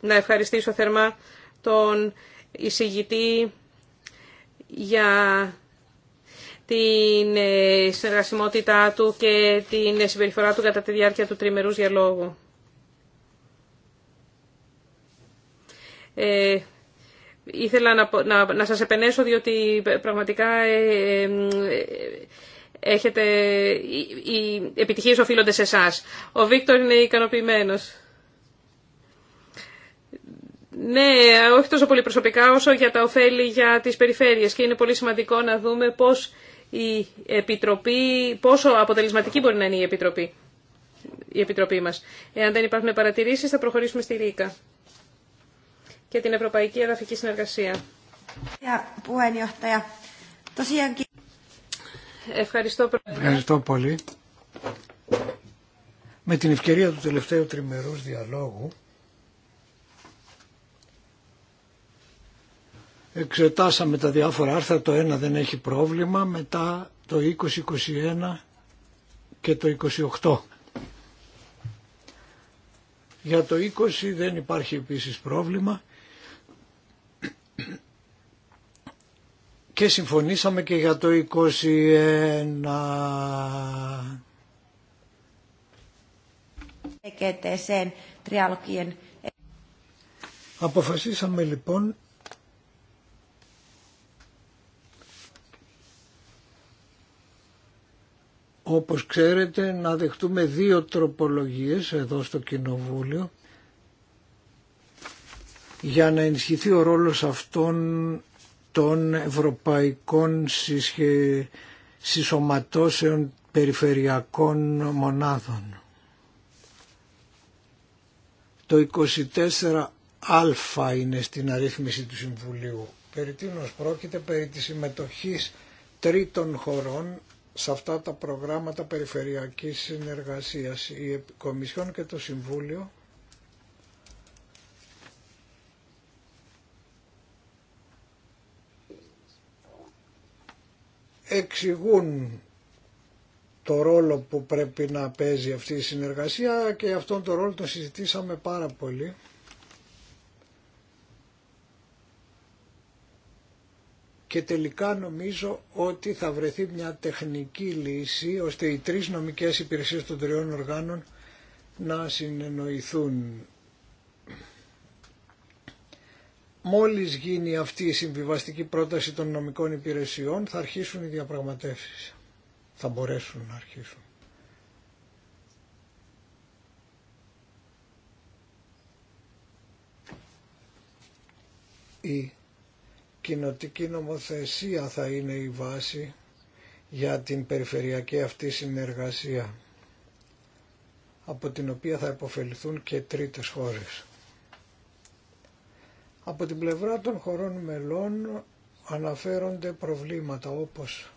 να ευχαριστήσω θερμά τον εισηγητή για την ε, συνεργασιμότητά του και την συμπεριφορά του κατά τη διάρκεια του τριμερούς διαλόγου. Ε, ήθελα να, να, να σας επενέσω διότι πραγματικά ε, ε, ε, έχετε, οι, οι επιτυχίες οφείλονται σε εσάς Ο Βίκτορ είναι ικανοποιημένος. Ναι, όχι τόσο πολύ προσωπικά όσο για τα ωφέλη για τις περιφέρειες και είναι πολύ σημαντικό να δούμε πώς η Επιτροπή, πόσο αποτελεσματική μπορεί να είναι η Επιτροπή, η Επιτροπή μας. Εάν δεν υπάρχουν παρατηρήσεις θα προχωρήσουμε στη Ρίκα και την Ευρωπαϊκή Εδαφική Συνεργασία. Ευχαριστώ, Ευχαριστώ πολύ. Με την ευκαιρία του τελευταίου τριμερούς διαλόγου εξετάσαμε τα διάφορα άρθρα, το ένα δεν έχει πρόβλημα, μετά το 2021 και το 28. Για το 20 δεν υπάρχει επίσης πρόβλημα και συμφωνήσαμε και για το 21. Αποφασίσαμε λοιπόν όπως ξέρετε να δεχτούμε δύο τροπολογίες εδώ στο Κοινοβούλιο για να ενισχυθεί ο ρόλος αυτών των ευρωπαϊκών συσχε... συσσωματώσεων περιφερειακών μονάδων. Το 24α είναι στην αρρύθμιση του Συμβουλίου. Περί τίνος πρόκειται περί της συμμετοχής τρίτων χωρών σε αυτά τα προγράμματα περιφερειακής συνεργασίας. Η Κομισιόν και το Συμβούλιο εξηγούν το ρόλο που πρέπει να παίζει αυτή η συνεργασία και αυτόν τον ρόλο τον συζητήσαμε πάρα πολύ. Και τελικά νομίζω ότι θα βρεθεί μια τεχνική λύση ώστε οι τρεις νομικές υπηρεσίες των τριών οργάνων να συνεννοηθούν Μόλις γίνει αυτή η συμβιβαστική πρόταση των νομικών υπηρεσιών θα αρχίσουν οι διαπραγματεύσεις. Θα μπορέσουν να αρχίσουν. Η κοινοτική νομοθεσία θα είναι η βάση για την περιφερειακή αυτή συνεργασία από την οποία θα υποφεληθούν και τρίτες χώρες. Από την πλευρά των χωρών μελών αναφέρονται προβλήματα όπως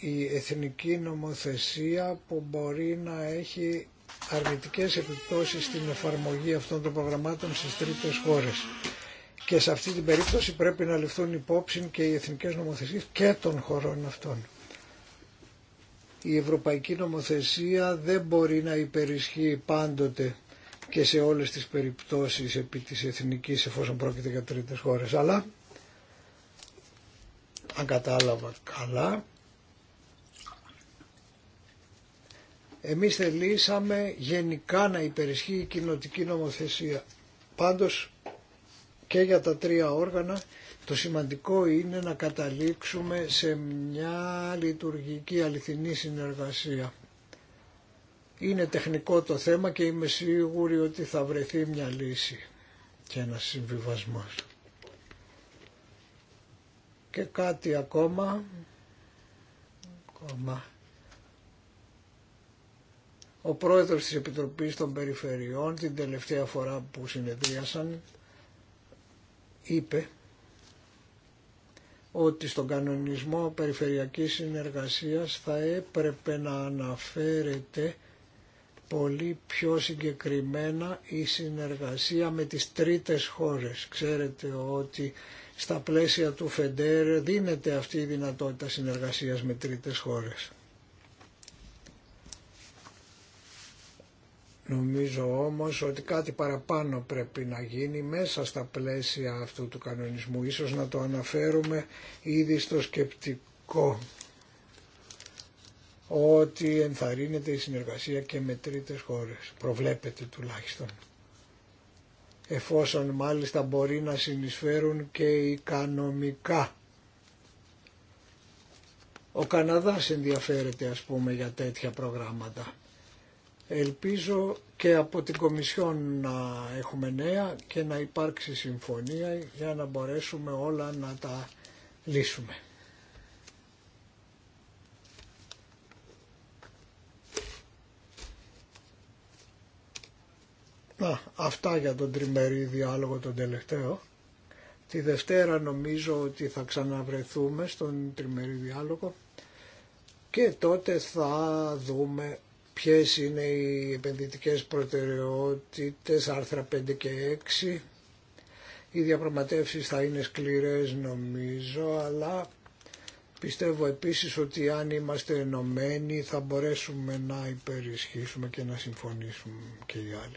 η εθνική νομοθεσία που μπορεί να έχει αρνητικές επιπτώσεις στην εφαρμογή αυτών των προγραμμάτων στις τρίτες χώρες. Και σε αυτή την περίπτωση πρέπει να ληφθούν υπόψη και οι εθνικές νομοθεσίες και των χωρών αυτών. Η ευρωπαϊκή νομοθεσία δεν μπορεί να υπερισχύει πάντοτε και σε όλες τις περιπτώσεις επί της εθνικής εφόσον πρόκειται για τρίτες χώρες. Αλλά, αν κατάλαβα καλά, εμείς θελήσαμε γενικά να υπερισχύει η κοινοτική νομοθεσία. Πάντως και για τα τρία όργανα το σημαντικό είναι να καταλήξουμε σε μια λειτουργική αληθινή συνεργασία. Είναι τεχνικό το θέμα και είμαι σίγουρη ότι θα βρεθεί μια λύση και ένα συμβιβασμός. Και κάτι ακόμα. ακόμα. Ο πρόεδρος της Επιτροπής των Περιφερειών την τελευταία φορά που συνεδρίασαν είπε ότι στον κανονισμό περιφερειακής συνεργασίας θα έπρεπε να αναφέρεται πολύ πιο συγκεκριμένα η συνεργασία με τις τρίτες χώρες. Ξέρετε ότι στα πλαίσια του ΦΕΝΤΕΡ δίνεται αυτή η δυνατότητα συνεργασίας με τρίτες χώρες. Νομίζω όμως ότι κάτι παραπάνω πρέπει να γίνει μέσα στα πλαίσια αυτού του κανονισμού. Ίσως να το αναφέρουμε ήδη στο σκεπτικό ότι ενθαρρύνεται η συνεργασία και με τρίτες χώρες. Προβλέπεται τουλάχιστον. Εφόσον μάλιστα μπορεί να συνεισφέρουν και οικονομικά. Ο Καναδάς ενδιαφέρεται ας πούμε για τέτοια προγράμματα. Ελπίζω και από την Κομισιόν να έχουμε νέα και να υπάρξει συμφωνία για να μπορέσουμε όλα να τα λύσουμε. Να, αυτά για τον τριμερή διάλογο τον τελευταίο. Τη Δευτέρα νομίζω ότι θα ξαναβρεθούμε στον τριμερή διάλογο και τότε θα δούμε ποιες είναι οι επενδυτικές προτεραιότητες, άρθρα 5 και 6. Οι διαπραγματεύσεις θα είναι σκληρές νομίζω, αλλά πιστεύω επίσης ότι αν είμαστε ενωμένοι θα μπορέσουμε να υπερισχύσουμε και να συμφωνήσουμε και οι άλλοι.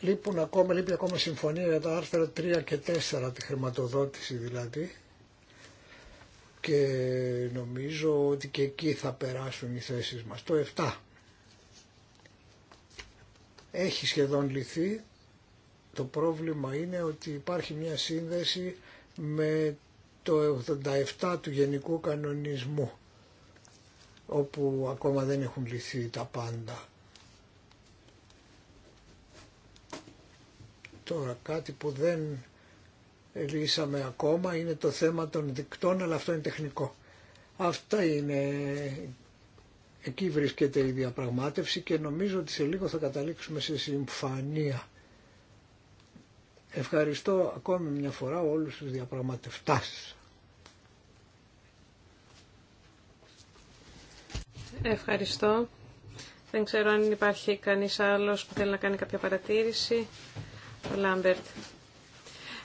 Λείπουν ακόμα, λείπει ακόμα συμφωνία για τα άρθρα 3 και 4, τη χρηματοδότηση δηλαδή. Και νομίζω ότι και εκεί θα περάσουν οι θέσεις μας. Το 7 έχει σχεδόν λυθεί. Το πρόβλημα είναι ότι υπάρχει μια σύνδεση με το 87 του Γενικού Κανονισμού όπου ακόμα δεν έχουν λυθεί τα πάντα. Τώρα κάτι που δεν λύσαμε ακόμα είναι το θέμα των δικτών, αλλά αυτό είναι τεχνικό. Αυτά είναι, εκεί βρίσκεται η διαπραγμάτευση και νομίζω ότι σε λίγο θα καταλήξουμε σε συμφανία. Ευχαριστώ ακόμη μια φορά όλους τους διαπραγματευτάς. Ευχαριστώ. Δεν ξέρω αν υπάρχει κανείς άλλος που θέλει να κάνει κάποια παρατήρηση. Λάμπερτ.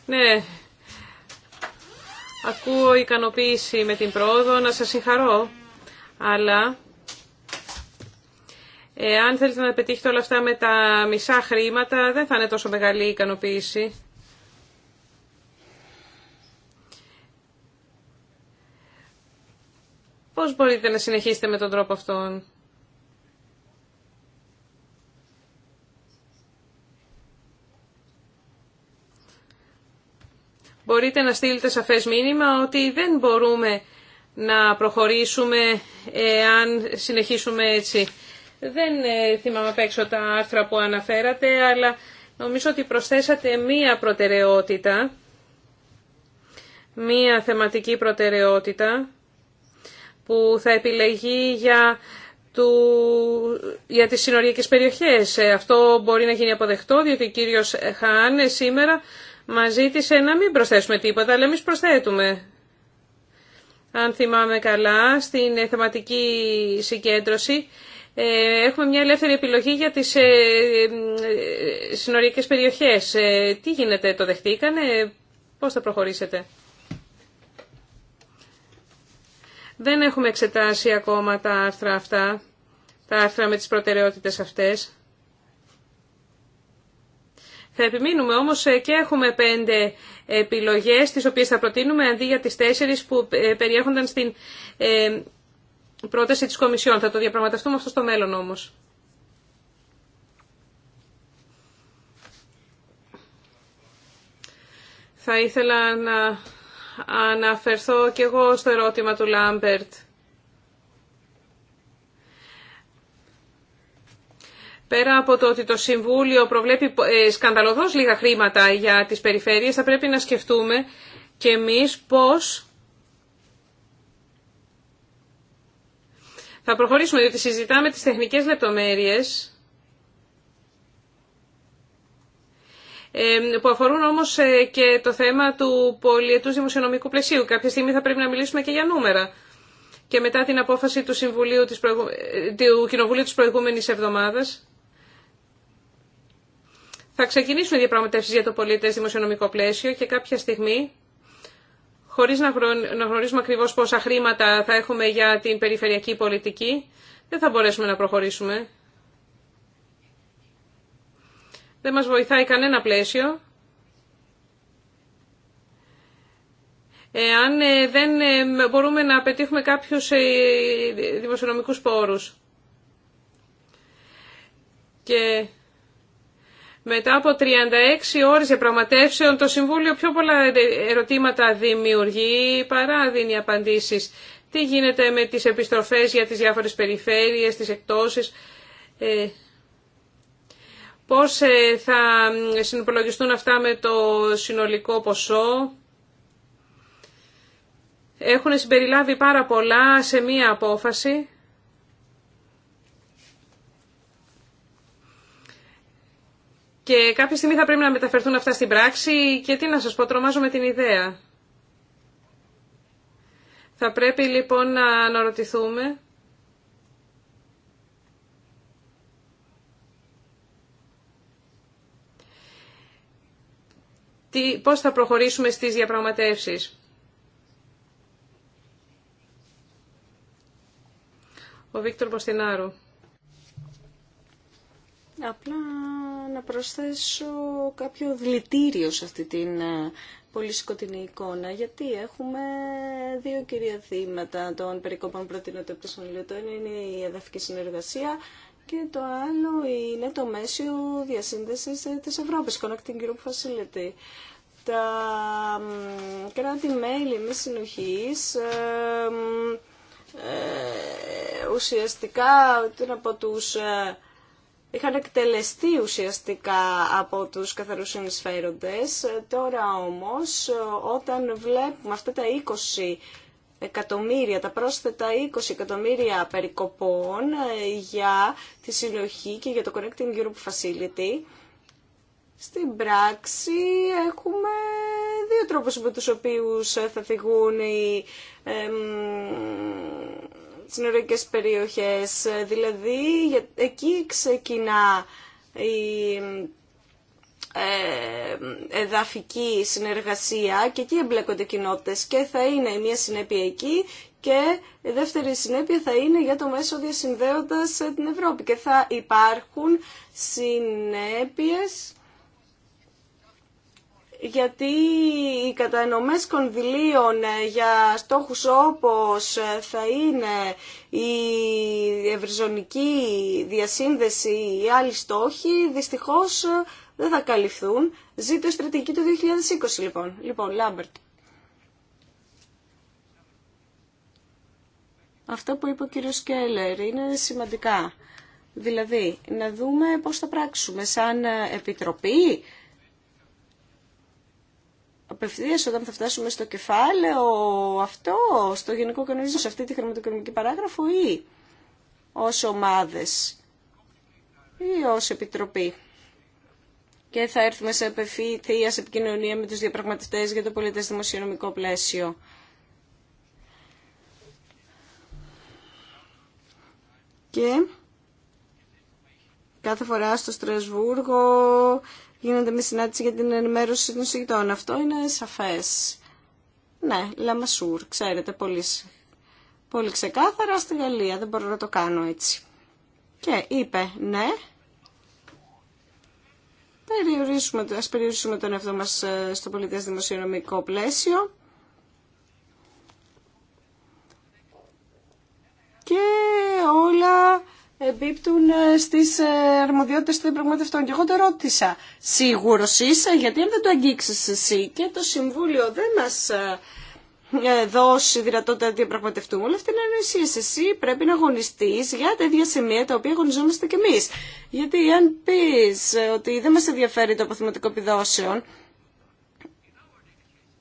Ναι, ακούω ικανοποίηση με την πρόοδο, να σας συγχαρώ, αλλά αν θέλετε να πετύχετε όλα αυτά με τα μισά χρήματα, δεν θα είναι τόσο μεγάλη η ικανοποίηση. Πώς μπορείτε να συνεχίσετε με τον τρόπο αυτόν. μπορείτε να στείλετε σαφές μήνυμα ότι δεν μπορούμε να προχωρήσουμε αν συνεχίσουμε έτσι. Δεν ε, θυμάμαι απ' έξω τα άρθρα που αναφέρατε, αλλά νομίζω ότι προσθέσατε μία προτεραιότητα, μία θεματική προτεραιότητα που θα επιλεγεί για, του, για τις συνοριακές περιοχές. Ε, αυτό μπορεί να γίνει αποδεκτό, διότι ο κύριος Χάνε σήμερα Μα ζήτησε να μην προσθέσουμε τίποτα, αλλά εμείς προσθέτουμε. Αν θυμάμαι καλά, στην θεματική συγκέντρωση ε, έχουμε μια ελεύθερη επιλογή για τις ε, ε, συνοριακές περιοχές. Τι γίνεται, το δεχτήκανε, πώς θα προχωρήσετε. Δεν έχουμε εξετάσει ακόμα τα άρθρα αυτά, τα άρθρα με τις προτεραιότητες αυτές. Θα επιμείνουμε όμως ε, και έχουμε πέντε επιλογές τις οποίες θα προτείνουμε αντί για τις τέσσερις που ε, περιέχονταν στην ε, πρόταση της Κομισιόν. Θα το διαπραγματευτούμε αυτό στο μέλλον όμως. Θα ήθελα να αναφερθώ και εγώ στο ερώτημα του Λάμπερτ. Πέρα από το ότι το Συμβούλιο προβλέπει ε, σκανδαλωδώς λίγα χρήματα για τις περιφέρειες, θα πρέπει να σκεφτούμε και εμείς πώς θα προχωρήσουμε, διότι συζητάμε τις τεχνικές λεπτομέρειες ε, που αφορούν όμως ε, και το θέμα του πολιετούς δημοσιονομικού πλαισίου. Κάποια στιγμή θα πρέπει να μιλήσουμε και για νούμερα. Και μετά την απόφαση του, Συμβουλίου, του Κοινοβουλίου της προηγούμενης εβδομάδας, θα ξεκινήσουν οι διαπραγματεύσεις για το πολίτες δημοσιονομικό πλαίσιο και κάποια στιγμή, χωρίς να γνωρίζουμε ακριβώς πόσα χρήματα θα έχουμε για την περιφερειακή πολιτική, δεν θα μπορέσουμε να προχωρήσουμε. Δεν μας βοηθάει κανένα πλαίσιο. Εάν ε, δεν ε, μπορούμε να πετύχουμε κάποιους ε, δημοσιονομικούς πόρους. Και μετά από 36 ώρες διαπραγματεύσεων, το Συμβούλιο πιο πολλά ερωτήματα δημιουργεί παρά δίνει απαντήσεις. Τι γίνεται με τις επιστροφές για τις διάφορες περιφέρειες, τις εκτόσεις. Ε, πώς ε, θα συνυπολογιστούν αυτά με το συνολικό ποσό. Έχουν συμπεριλάβει πάρα πολλά σε μία απόφαση. Και κάποια στιγμή θα πρέπει να μεταφερθούν αυτά στην πράξη και τι να σας πω, τρομάζω με την ιδέα. Θα πρέπει λοιπόν να αναρωτηθούμε τι, πώς θα προχωρήσουμε στις διαπραγματεύσεις. Ο Βίκτορ Ποστινάρου. Απλά να προσθέσω κάποιο δηλητήριο σε αυτή την ε, πολύ σκοτεινή εικόνα, γιατί έχουμε δύο κυρία θύματα των περικόπων προτείνονται από το είναι η εδαφική συνεργασία και το άλλο είναι το μέσιο διασύνδεσης της Ευρώπης, Connecting Group Facility. Τα κράτη-μέλη μη συνοχής ε, ε, ουσιαστικά από τους ε, είχαν εκτελεστεί ουσιαστικά από τους καθαρούς συνεισφέροντες. Τώρα όμως όταν βλέπουμε αυτά τα 20 εκατομμύρια, τα πρόσθετα 20 εκατομμύρια περικοπών ε, για τη συλλογή και για το Connecting Europe Facility, στην πράξη έχουμε δύο τρόπους με τους οποίους θα φυγούν οι, τις νεωρικές περιοχές. Δηλαδή, εκεί ξεκινά η ε, εδαφική συνεργασία και εκεί εμπλέκονται κοινότητες και θα είναι η μία συνέπεια εκεί και η δεύτερη συνέπεια θα είναι για το μέσο διασυνδέοντας την Ευρώπη και θα υπάρχουν συνέπειες γιατί οι κατανομές κονδυλίων ε, για στόχους όπως ε, θα είναι η ευρυζωνική διασύνδεση ή άλλοι στόχοι, δυστυχώς ε, δεν θα καλυφθούν. Ζήτω η στρατηγική του 2020 λοιπόν. Λοιπόν, Λάμπερτ. Αυτό που είπε ο κύριος Κέλλερ είναι σημαντικά. Δηλαδή, να δούμε πώς θα πράξουμε σαν επιτροπή, απευθείας όταν θα φτάσουμε στο κεφάλαιο αυτό, στο γενικό κανονισμό, σε αυτή τη χρηματοοικονομική παράγραφο ή ω ομάδε ή ω επιτροπή. Και θα έρθουμε σε επευθεία σε επικοινωνία με του διαπραγματευτές για το πολιτέ δημοσιονομικό πλαίσιο. Και κάθε φορά στο Στρασβούργο γίνεται μια συνάντηση για την ενημέρωση των συγκητών. Αυτό είναι σαφές. Ναι, Λαμασούρ, ξέρετε, πολύ, πολύ ξεκάθαρα στη Γαλλία, δεν μπορώ να το κάνω έτσι. Και είπε, ναι, περιορίσουμε, ας περιορίσουμε τον εαυτό μας ε, στο πολιτές δημοσιονομικό πλαίσιο και όλα εμπίπτουν ε, στις ε, αρμοδιότητες των διαπραγματευτών. Και εγώ το ρώτησα, σίγουρος είσαι, γιατί αν δεν το αγγίξεις εσύ και το Συμβούλιο δεν μας ε, δώσει δυνατότητα να διαπραγματευτούμε. Όλα αυτά είναι ανοησίε. Εσύ πρέπει να αγωνιστεί για τα ίδια σημεία τα οποία αγωνιζόμαστε κι εμεί. Γιατί αν πει ότι δεν μα ενδιαφέρει το αποθυματικό επιδόσεων,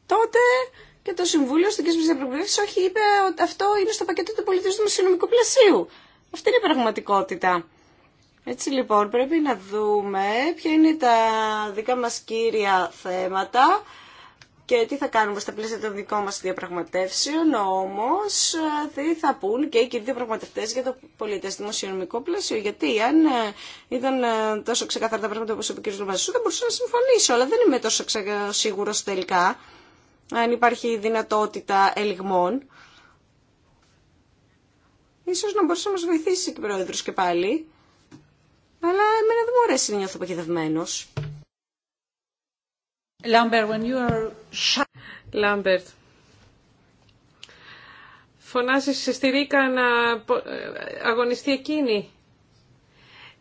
τότε και το Συμβούλιο στην Κέσπη Διαπραγματεύση όχι είπε ότι αυτό είναι στο πακέτο του πολιτισμού συνομικού πλασίου. Αυτή είναι η πραγματικότητα. Έτσι λοιπόν πρέπει να δούμε ποια είναι τα δικά μας κύρια θέματα και τι θα κάνουμε στα πλαίσια των δικών μας διαπραγματεύσεων, όμως τι θα πούν και οι κύριοι διαπραγματευτές για το πολιτές δημοσιονομικό πλαίσιο, γιατί αν ε, ήταν ε, τόσο ξεκαθαρά τα πράγματα όπως είπε ο κ. δεν μπορούσα να συμφωνήσω, αλλά δεν είμαι τόσο σίγουρος τελικά αν υπάρχει δυνατότητα ελιγμών. Ίσως να μπορούσε να μας βοηθήσει και ο Πρόεδρος και πάλι. Αλλά εμένα δεν μου αρέσει να νιώθω παγιδευμένος. Lambert, when you are... Lambert. Φωνάζεις στη Ρίκα να αγωνιστεί εκείνη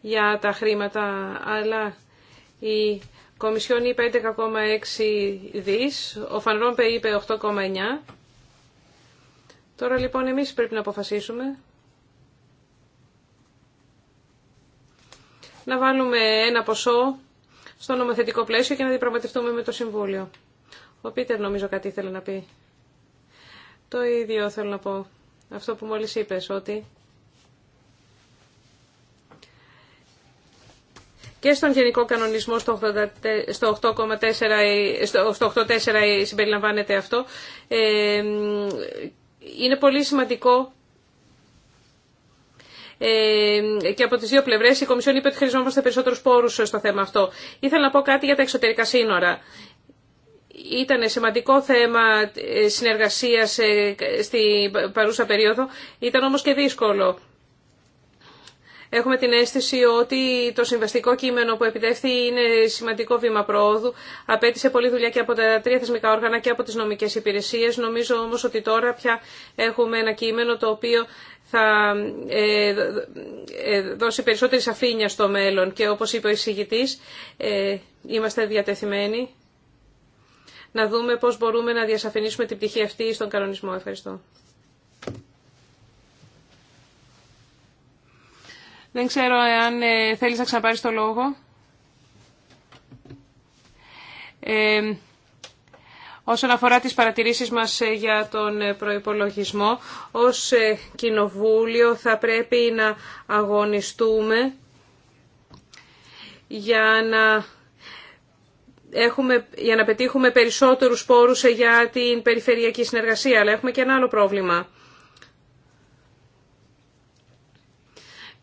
για τα χρήματα, αλλά η Κομισιόν είπε 11,6 δις, ο Φανρόμπε είπε 8,9. Τώρα λοιπόν εμείς πρέπει να αποφασίσουμε να βάλουμε ένα ποσό στο νομοθετικό πλαίσιο και να διαπραγματευτούμε με το Συμβούλιο. Ο Πίτερ νομίζω κάτι ήθελε να πει. Το ίδιο θέλω να πω. Αυτό που μόλις είπες, ότι και στον γενικό κανονισμό στο 8,4 στο 8,4 συμπεριλαμβάνεται αυτό. Ε, είναι πολύ σημαντικό ε, και από τι δύο πλευρέ η Κομισιόν είπε ότι χρειαζόμαστε περισσότερου πόρου στο θέμα αυτό. Ήθελα να πω κάτι για τα εξωτερικά σύνορα. Ήταν σημαντικό θέμα ε, συνεργασίας ε, στην παρούσα περίοδο, ήταν όμω και δύσκολο. Έχουμε την αίσθηση ότι το συμβαστικό κείμενο που επιτεύχθη είναι σημαντικό βήμα προόδου. Απέτησε πολλή δουλειά και από τα τρία θεσμικά όργανα και από τις νομικές υπηρεσίες. Νομίζω όμως ότι τώρα πια έχουμε ένα κείμενο το οποίο θα ε, ε, δώσει περισσότερη σαφήνεια στο μέλλον και όπως είπε ο εισηγητής ε, είμαστε διατεθειμένοι να δούμε πώς μπορούμε να διασαφηνίσουμε την πτυχή αυτή στον κανονισμό. Ευχαριστώ. Δεν ξέρω αν θέλεις να ξαναπάρεις το λόγο. Ε, Όσον αφορά τις παρατηρήσεις μας ε, για τον ε, προϋπολογισμό, ως ε, Κοινοβούλιο θα πρέπει να αγωνιστούμε για να, έχουμε, για να πετύχουμε περισσότερους πόρους για την περιφερειακή συνεργασία, αλλά έχουμε και ένα άλλο πρόβλημα.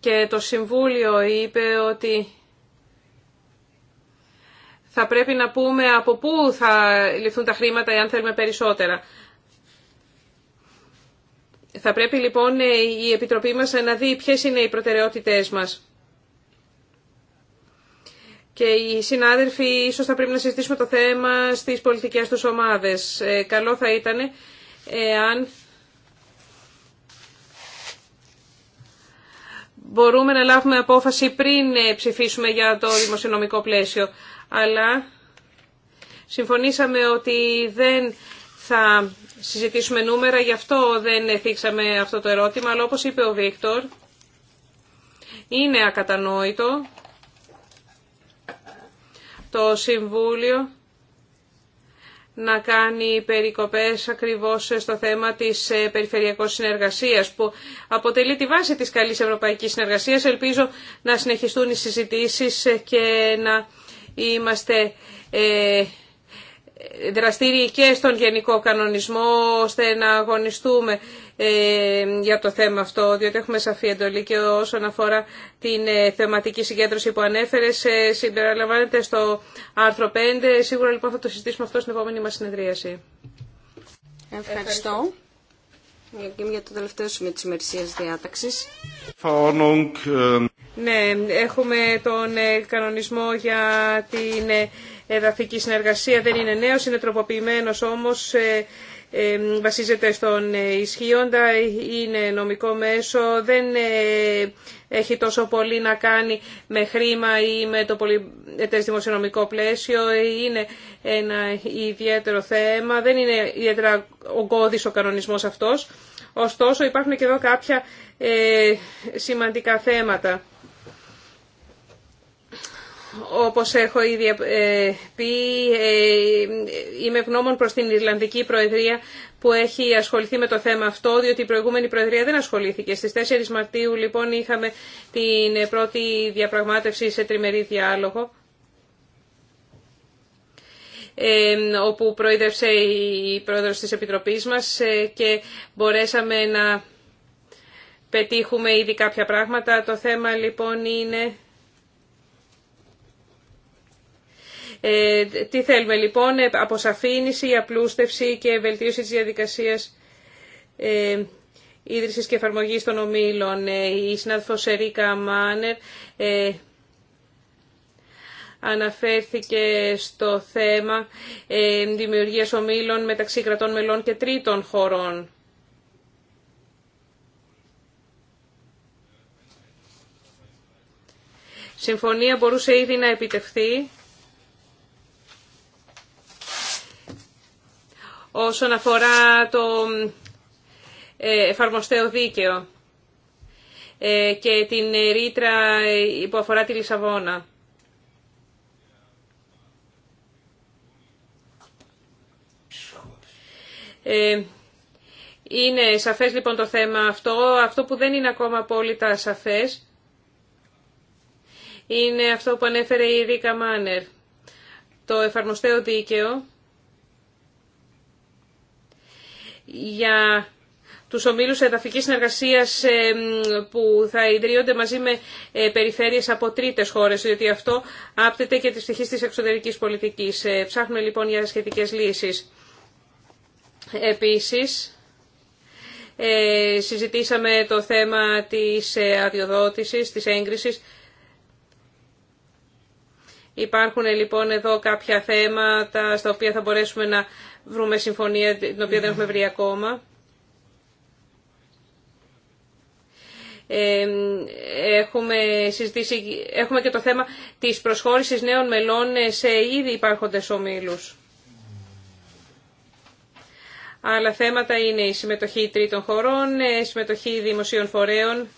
Και το Συμβούλιο είπε ότι θα πρέπει να πούμε από πού θα ληφθούν τα χρήματα εάν θέλουμε περισσότερα. Θα πρέπει λοιπόν η Επιτροπή μας να δει ποιες είναι οι προτεραιότητές μας. Και οι συνάδελφοι ίσως θα πρέπει να συζητήσουμε το θέμα στις πολιτικές τους ομάδες. Ε, καλό θα ήταν εάν μπορούμε να λάβουμε απόφαση πριν ε, ψηφίσουμε για το δημοσιονομικό πλαίσιο αλλά συμφωνήσαμε ότι δεν θα συζητήσουμε νούμερα, γι' αυτό δεν θίξαμε αυτό το ερώτημα, αλλά όπως είπε ο Βίκτορ, είναι ακατανόητο το Συμβούλιο να κάνει περικοπές ακριβώς στο θέμα της ε, περιφερειακής συνεργασίας που αποτελεί τη βάση της καλής ευρωπαϊκής συνεργασίας. Ελπίζω να συνεχιστούν οι συζητήσεις ε, και να Είμαστε ε, δραστήριοι και στον γενικό κανονισμό ώστε να αγωνιστούμε ε, για το θέμα αυτό, διότι έχουμε σαφή εντολή και όσον αφορά την ε, θεματική συγκέντρωση που ανέφερε, συμπεριλαμβάνεται στο άρθρο 5. Σίγουρα λοιπόν θα το συζητήσουμε αυτό στην επόμενη μα συνεδρίαση. Ευχαριστώ και για το τελευταίο σημείο της ημερησίας διάταξης. Ε, ναι, έχουμε τον ε, κανονισμό για την ε, εδαφική συνεργασία. Δεν είναι νέος, είναι τροποποιημένος όμως βασίζεται στον ισχύοντα, είναι νομικό μέσο, δεν έχει τόσο πολύ να κάνει με χρήμα ή με το πολυετές δημοσιονομικό πλαίσιο, είναι ένα ιδιαίτερο θέμα, δεν είναι ιδιαίτερα ογκώδης ο κανονισμός αυτός. Ωστόσο υπάρχουν και εδώ κάποια ε, σημαντικά θέματα. Όπως έχω ήδη ε, πει, ε, είμαι γνώμων προς την Ιρλανδική Προεδρία που έχει ασχοληθεί με το θέμα αυτό, διότι η προηγούμενη Προεδρία δεν ασχολήθηκε. Στις 4 Μαρτίου λοιπόν είχαμε την πρώτη διαπραγμάτευση σε τριμερή διάλογο όπου προείδευσε η πρόεδρος της Επιτροπής μας ε, και μπορέσαμε να πετύχουμε ήδη κάποια πράγματα. Το θέμα λοιπόν είναι... Ε, τι θέλουμε λοιπόν, ε, αποσαφήνιση, απλούστευση και βελτίωση της διαδικασίας ε, ίδρυσης και εφαρμογής των ομίλων. Ε, η συνάδελφος Ερίκα Μάνερ αναφέρθηκε στο θέμα ε, δημιουργίας ομίλων μεταξύ κρατών μελών και τρίτων χωρών. Συμφωνία μπορούσε ήδη να επιτευχθεί όσον αφορά το ε, εφαρμοστέο δίκαιο ε, και την ρήτρα που αφορά τη Λισαβόνα. Ε, είναι σαφές λοιπόν το θέμα αυτό. Αυτό που δεν είναι ακόμα απόλυτα σαφές είναι αυτό που ανέφερε η Ρίκα Μάνερ. Το εφαρμοστέο δίκαιο για τους ομίλους εδαφικής συνεργασίας ε, που θα ιδρύονται μαζί με ε, περιφέρειες από τρίτες χώρες, διότι αυτό άπτεται και τις πτυχές της εξωτερικής πολιτικής. Ψάχνουμε λοιπόν για σχετικές λύσεις. Επίσης, ε, συζητήσαμε το θέμα της ε, αδειοδότησης, της έγκρισης. Υπάρχουν λοιπόν εδώ κάποια θέματα στα οποία θα μπορέσουμε να βρούμε συμφωνία, την οποία δεν έχουμε βρει ακόμα. Ε, έχουμε, συζητήσει, έχουμε και το θέμα της προσχώρησης νέων μελών σε ήδη υπάρχοντες ομίλους. Άλλα θέματα είναι η συμμετοχή τρίτων χωρών, η ε, συμμετοχή δημοσίων φορέων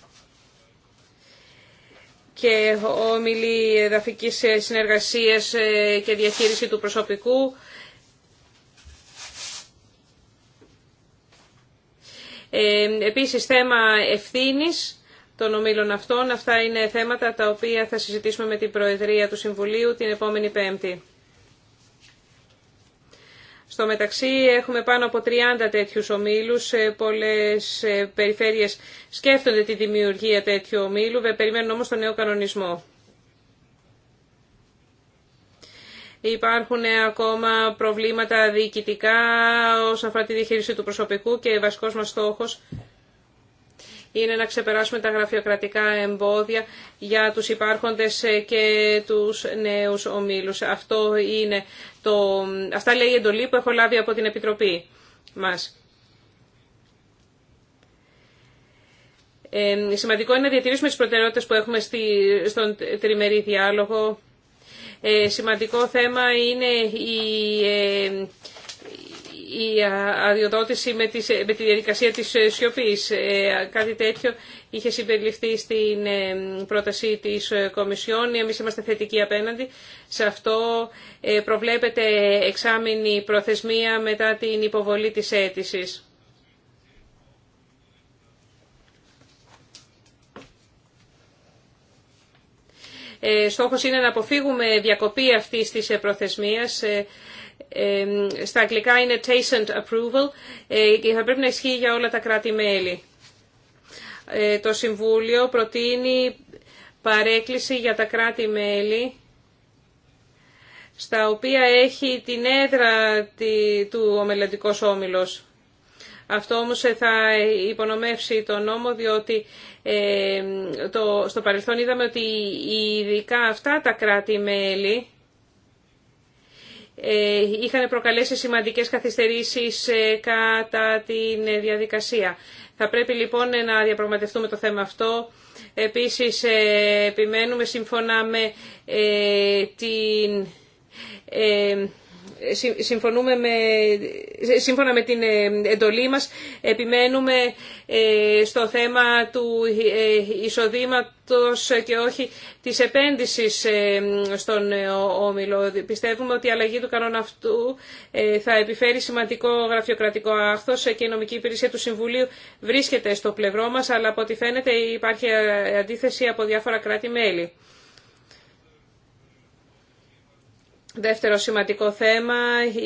και ομιλή εδαφικής ε, συνεργασίας ε, και διαχείριση του προσωπικού. Επίσης θέμα ευθύνης των ομίλων αυτών. Αυτά είναι θέματα τα οποία θα συζητήσουμε με την Προεδρία του Συμβουλίου την επόμενη Πέμπτη. Στο μεταξύ έχουμε πάνω από 30 τέτοιους ομίλους. Ε, πολλές ε, περιφέρειες σκέφτονται τη δημιουργία τέτοιου ομίλου, περιμένουν όμως τον νέο κανονισμό. Υπάρχουν ε, ακόμα προβλήματα διοικητικά όσον αφορά τη διαχείριση του προσωπικού και βασικός μας στόχος είναι να ξεπεράσουμε τα γραφειοκρατικά εμπόδια για τους υπάρχοντες και τους νέους ομίλους. Αυτό είναι το... Αυτά λέει η εντολή που έχω λάβει από την Επιτροπή μας. Ε, σημαντικό είναι να διατηρήσουμε τις προτεραιότητες που έχουμε στον τριμερή διάλογο. Ε, σημαντικό θέμα είναι η... Ε, η ε, αδειοδότηση με, τις, ε, με τη διαδικασία της ε, σιωπή. Κάτι τέτοιο είχε συμπεριληφθεί στην πρόταση της Κομισιόν. Εμείς είμαστε θετικοί απέναντι. Σε αυτό προβλέπεται εξάμεινη προθεσμία μετά την υποβολή της αίτησης. Στόχος είναι να αποφύγουμε διακοπή αυτής της προθεσμίας στα αγγλικά είναι Tacent Approval ε, και θα πρέπει να ισχύει για όλα τα κράτη-μέλη. Ε, το Συμβούλιο προτείνει παρέκκληση για τα κράτη-μέλη στα οποία έχει την έδρα του ο μελλοντικός όμιλος. Αυτό όμως θα υπονομεύσει τον νόμο διότι το, στο παρελθόν είδαμε ότι ειδικά αυτά τα κράτη-μέλη ε, είχαν προκαλέσει σημαντικές καθυστερήσεις ε, κατά τη διαδικασία. Θα πρέπει λοιπόν να διαπραγματευτούμε το θέμα αυτό. Επίσης ε, επιμένουμε σύμφωνα με την συμφωνούμε με, σύμφωνα με την ε, εντολή μας επιμένουμε ε, στο θέμα του ε, εισοδήματος και όχι της επένδυσης στον όμιλο. Πιστεύουμε ότι η αλλαγή του κανόνα αυτού θα επιφέρει σημαντικό γραφειοκρατικό άχθος και η νομική υπηρεσία του Συμβουλίου βρίσκεται στο πλευρό μας, αλλά από ό,τι φαίνεται υπάρχει αντίθεση από διάφορα κράτη-μέλη. Δεύτερο σημαντικό θέμα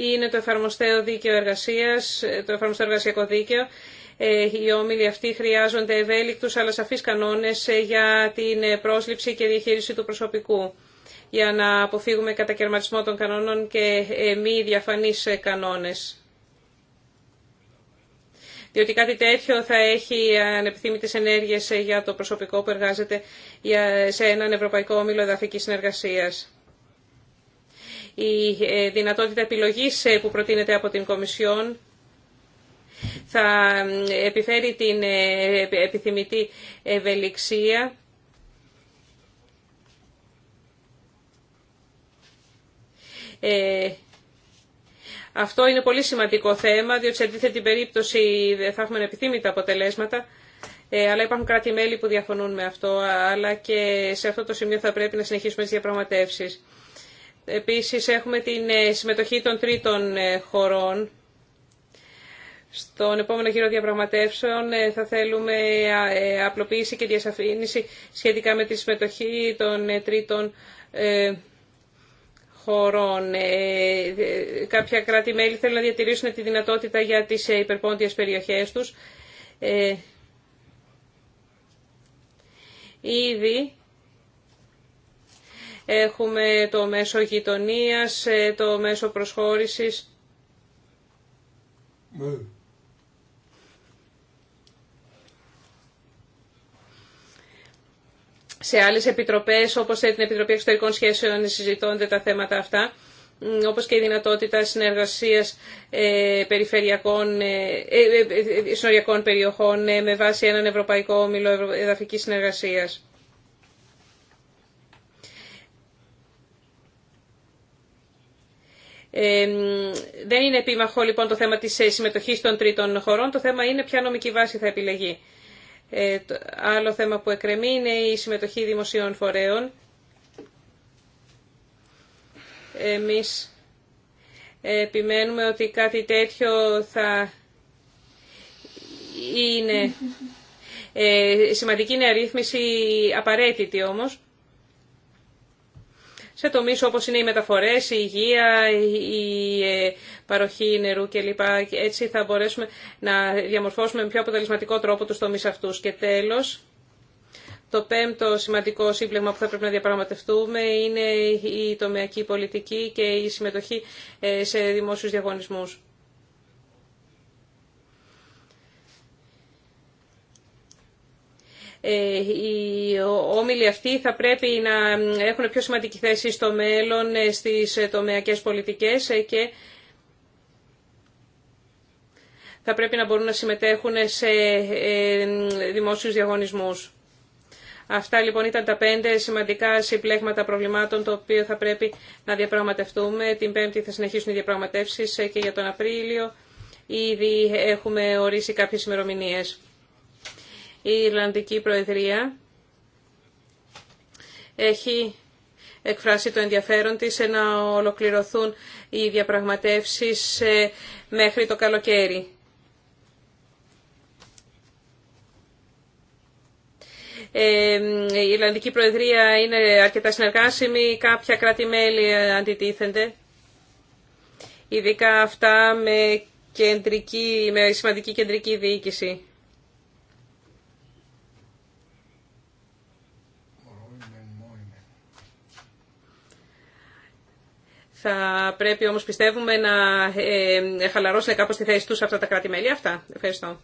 είναι το εφαρμοστέο δίκαιο εργασίας, το εφαρμοστέο εργασιακό δίκαιο. Ε, οι όμιλοι αυτοί χρειάζονται ευέλικτους αλλά σαφείς κανόνες ε, για την ε, πρόσληψη και διαχείριση του προσωπικού για να αποφύγουμε κατακαιρματισμό των κανόνων και μη διαφανείς κανόνες. Διότι κάτι τέτοιο θα έχει ανεπιθύμητες ενέργειες για το προσωπικό που εργάζεται σε έναν Ευρωπαϊκό Όμιλο Εδαφικής Συνεργασίας. Η ε, δυνατότητα επιλογής ε, που προτείνεται από την Κομισιόν θα επιφέρει την ε, επιθυμητή ευελιξία Αυτό είναι πολύ σημαντικό θέμα, διότι σε αντίθετη περίπτωση θα έχουμε επιθύμητα αποτελέσματα. αλλά υπάρχουν κράτη-μέλη που διαφωνούν με αυτό, αλλά και σε αυτό το σημείο θα πρέπει να συνεχίσουμε τις διαπραγματεύσεις. Επίσης έχουμε την ε, συμμετοχή των τρίτων ε, χωρών. Στον επόμενο γύρο διαπραγματεύσεων ε, θα θέλουμε απλοποίηση και διασαφήνιση σχετικά με τη συμμετοχή των τρίτων χωρών. Κάποια κράτη-μέλη θέλουν να διατηρήσουν τη δυνατότητα για τις υπερπόντιες περιοχές τους. Ήδη Έχουμε το μέσο γειτονίας, ε, το μέσο προσχώρησης. Ναι. Σε άλλες επιτροπές, όπως την Επιτροπή Εξωτερικών Σχέσεων, συζητώνται τα θέματα αυτά όπως και η δυνατότητα συνεργασίας ε, περιφερειακών, ε, ε, συνοριακών περιοχών με βάση έναν Ευρωπαϊκό Όμιλο Εδαφικής Συνεργασίας. δεν είναι επίμαχο λοιπόν το θέμα της ε, συμμετοχής των τρίτων χωρών, το θέμα είναι ποια νομική βάση θα επιλεγεί. Ε, άλλο θέμα που εκκρεμεί είναι η συμμετοχή δημοσίων φορέων. Εμείς επιμένουμε ότι κάτι τέτοιο θα είναι ε, σημαντική είναι απαραίτητη όμως σε τομείς όπως είναι οι μεταφορές, η υγεία, η ε, παροχή νερού κλπ. Έτσι θα μπορέσουμε να διαμορφώσουμε με πιο αποτελεσματικό τρόπο τους τομείς αυτούς. Και τέλος, το πέμπτο σημαντικό σύμπλεγμα που θα πρέπει να διαπραγματευτούμε είναι η τομεακή πολιτική και η συμμετοχή ε, σε δημόσιους διαγωνισμούς. Ε, οι όμιλοι αυτοί θα πρέπει να έχουν πιο σημαντική θέση στο μέλλον ε, στις ε, τομεακές πολιτικές και θα πρέπει να μπορούν να συμμετέχουν σε δημόσιους διαγωνισμούς. Αυτά λοιπόν ήταν τα πέντε σημαντικά συμπλέγματα προβλημάτων το οποίο θα πρέπει να διαπραγματευτούμε. Την Πέμπτη θα συνεχίσουν οι διαπραγματεύσεις και για τον Απρίλιο ήδη έχουμε ορίσει κάποιες ημερομηνίες. Η Ιρλανδική Προεδρία έχει εκφράσει το ενδιαφέρον της να ολοκληρωθούν οι διαπραγματεύσεις ε, μέχρι το καλοκαίρι. Ε, η Ιρλανδική Προεδρία είναι αρκετά συνεργάσιμη, κάποια κράτη-μέλη αντιτίθενται, ειδικά αυτά με, κεντρική, με σημαντική κεντρική διοίκηση. Θα πρέπει όμως πιστεύουμε να ε, ε χαλαρώσουν κάπως τη θέση τους αυτά τα κράτη-μέλη. Αυτά. Ευχαριστώ.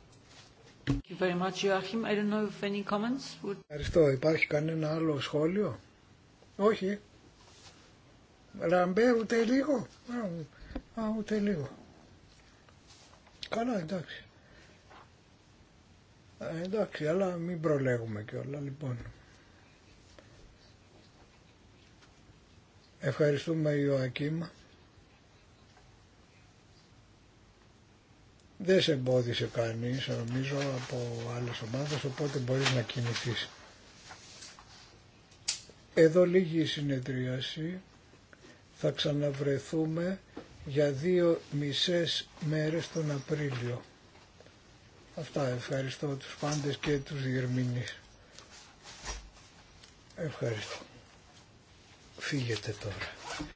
Ευχαριστώ. Υπάρχει κανένα άλλο σχόλιο. Όχι. Ραμπέ ούτε λίγο. Α, ούτε λίγο. Καλά, εντάξει. εντάξει, αλλά μην προλέγουμε κιόλα, λοιπόν. Ευχαριστούμε Ιωακήμ. Δεν σε εμπόδισε κανείς νομίζω από άλλες ομάδες οπότε μπορείς να κινηθείς. Εδώ λίγη συνεδρίαση. Θα ξαναβρεθούμε για δύο μισές μέρες τον Απρίλιο. Αυτά ευχαριστώ τους πάντες και τους διερμηνείς. Ευχαριστώ φύγετε τώρα.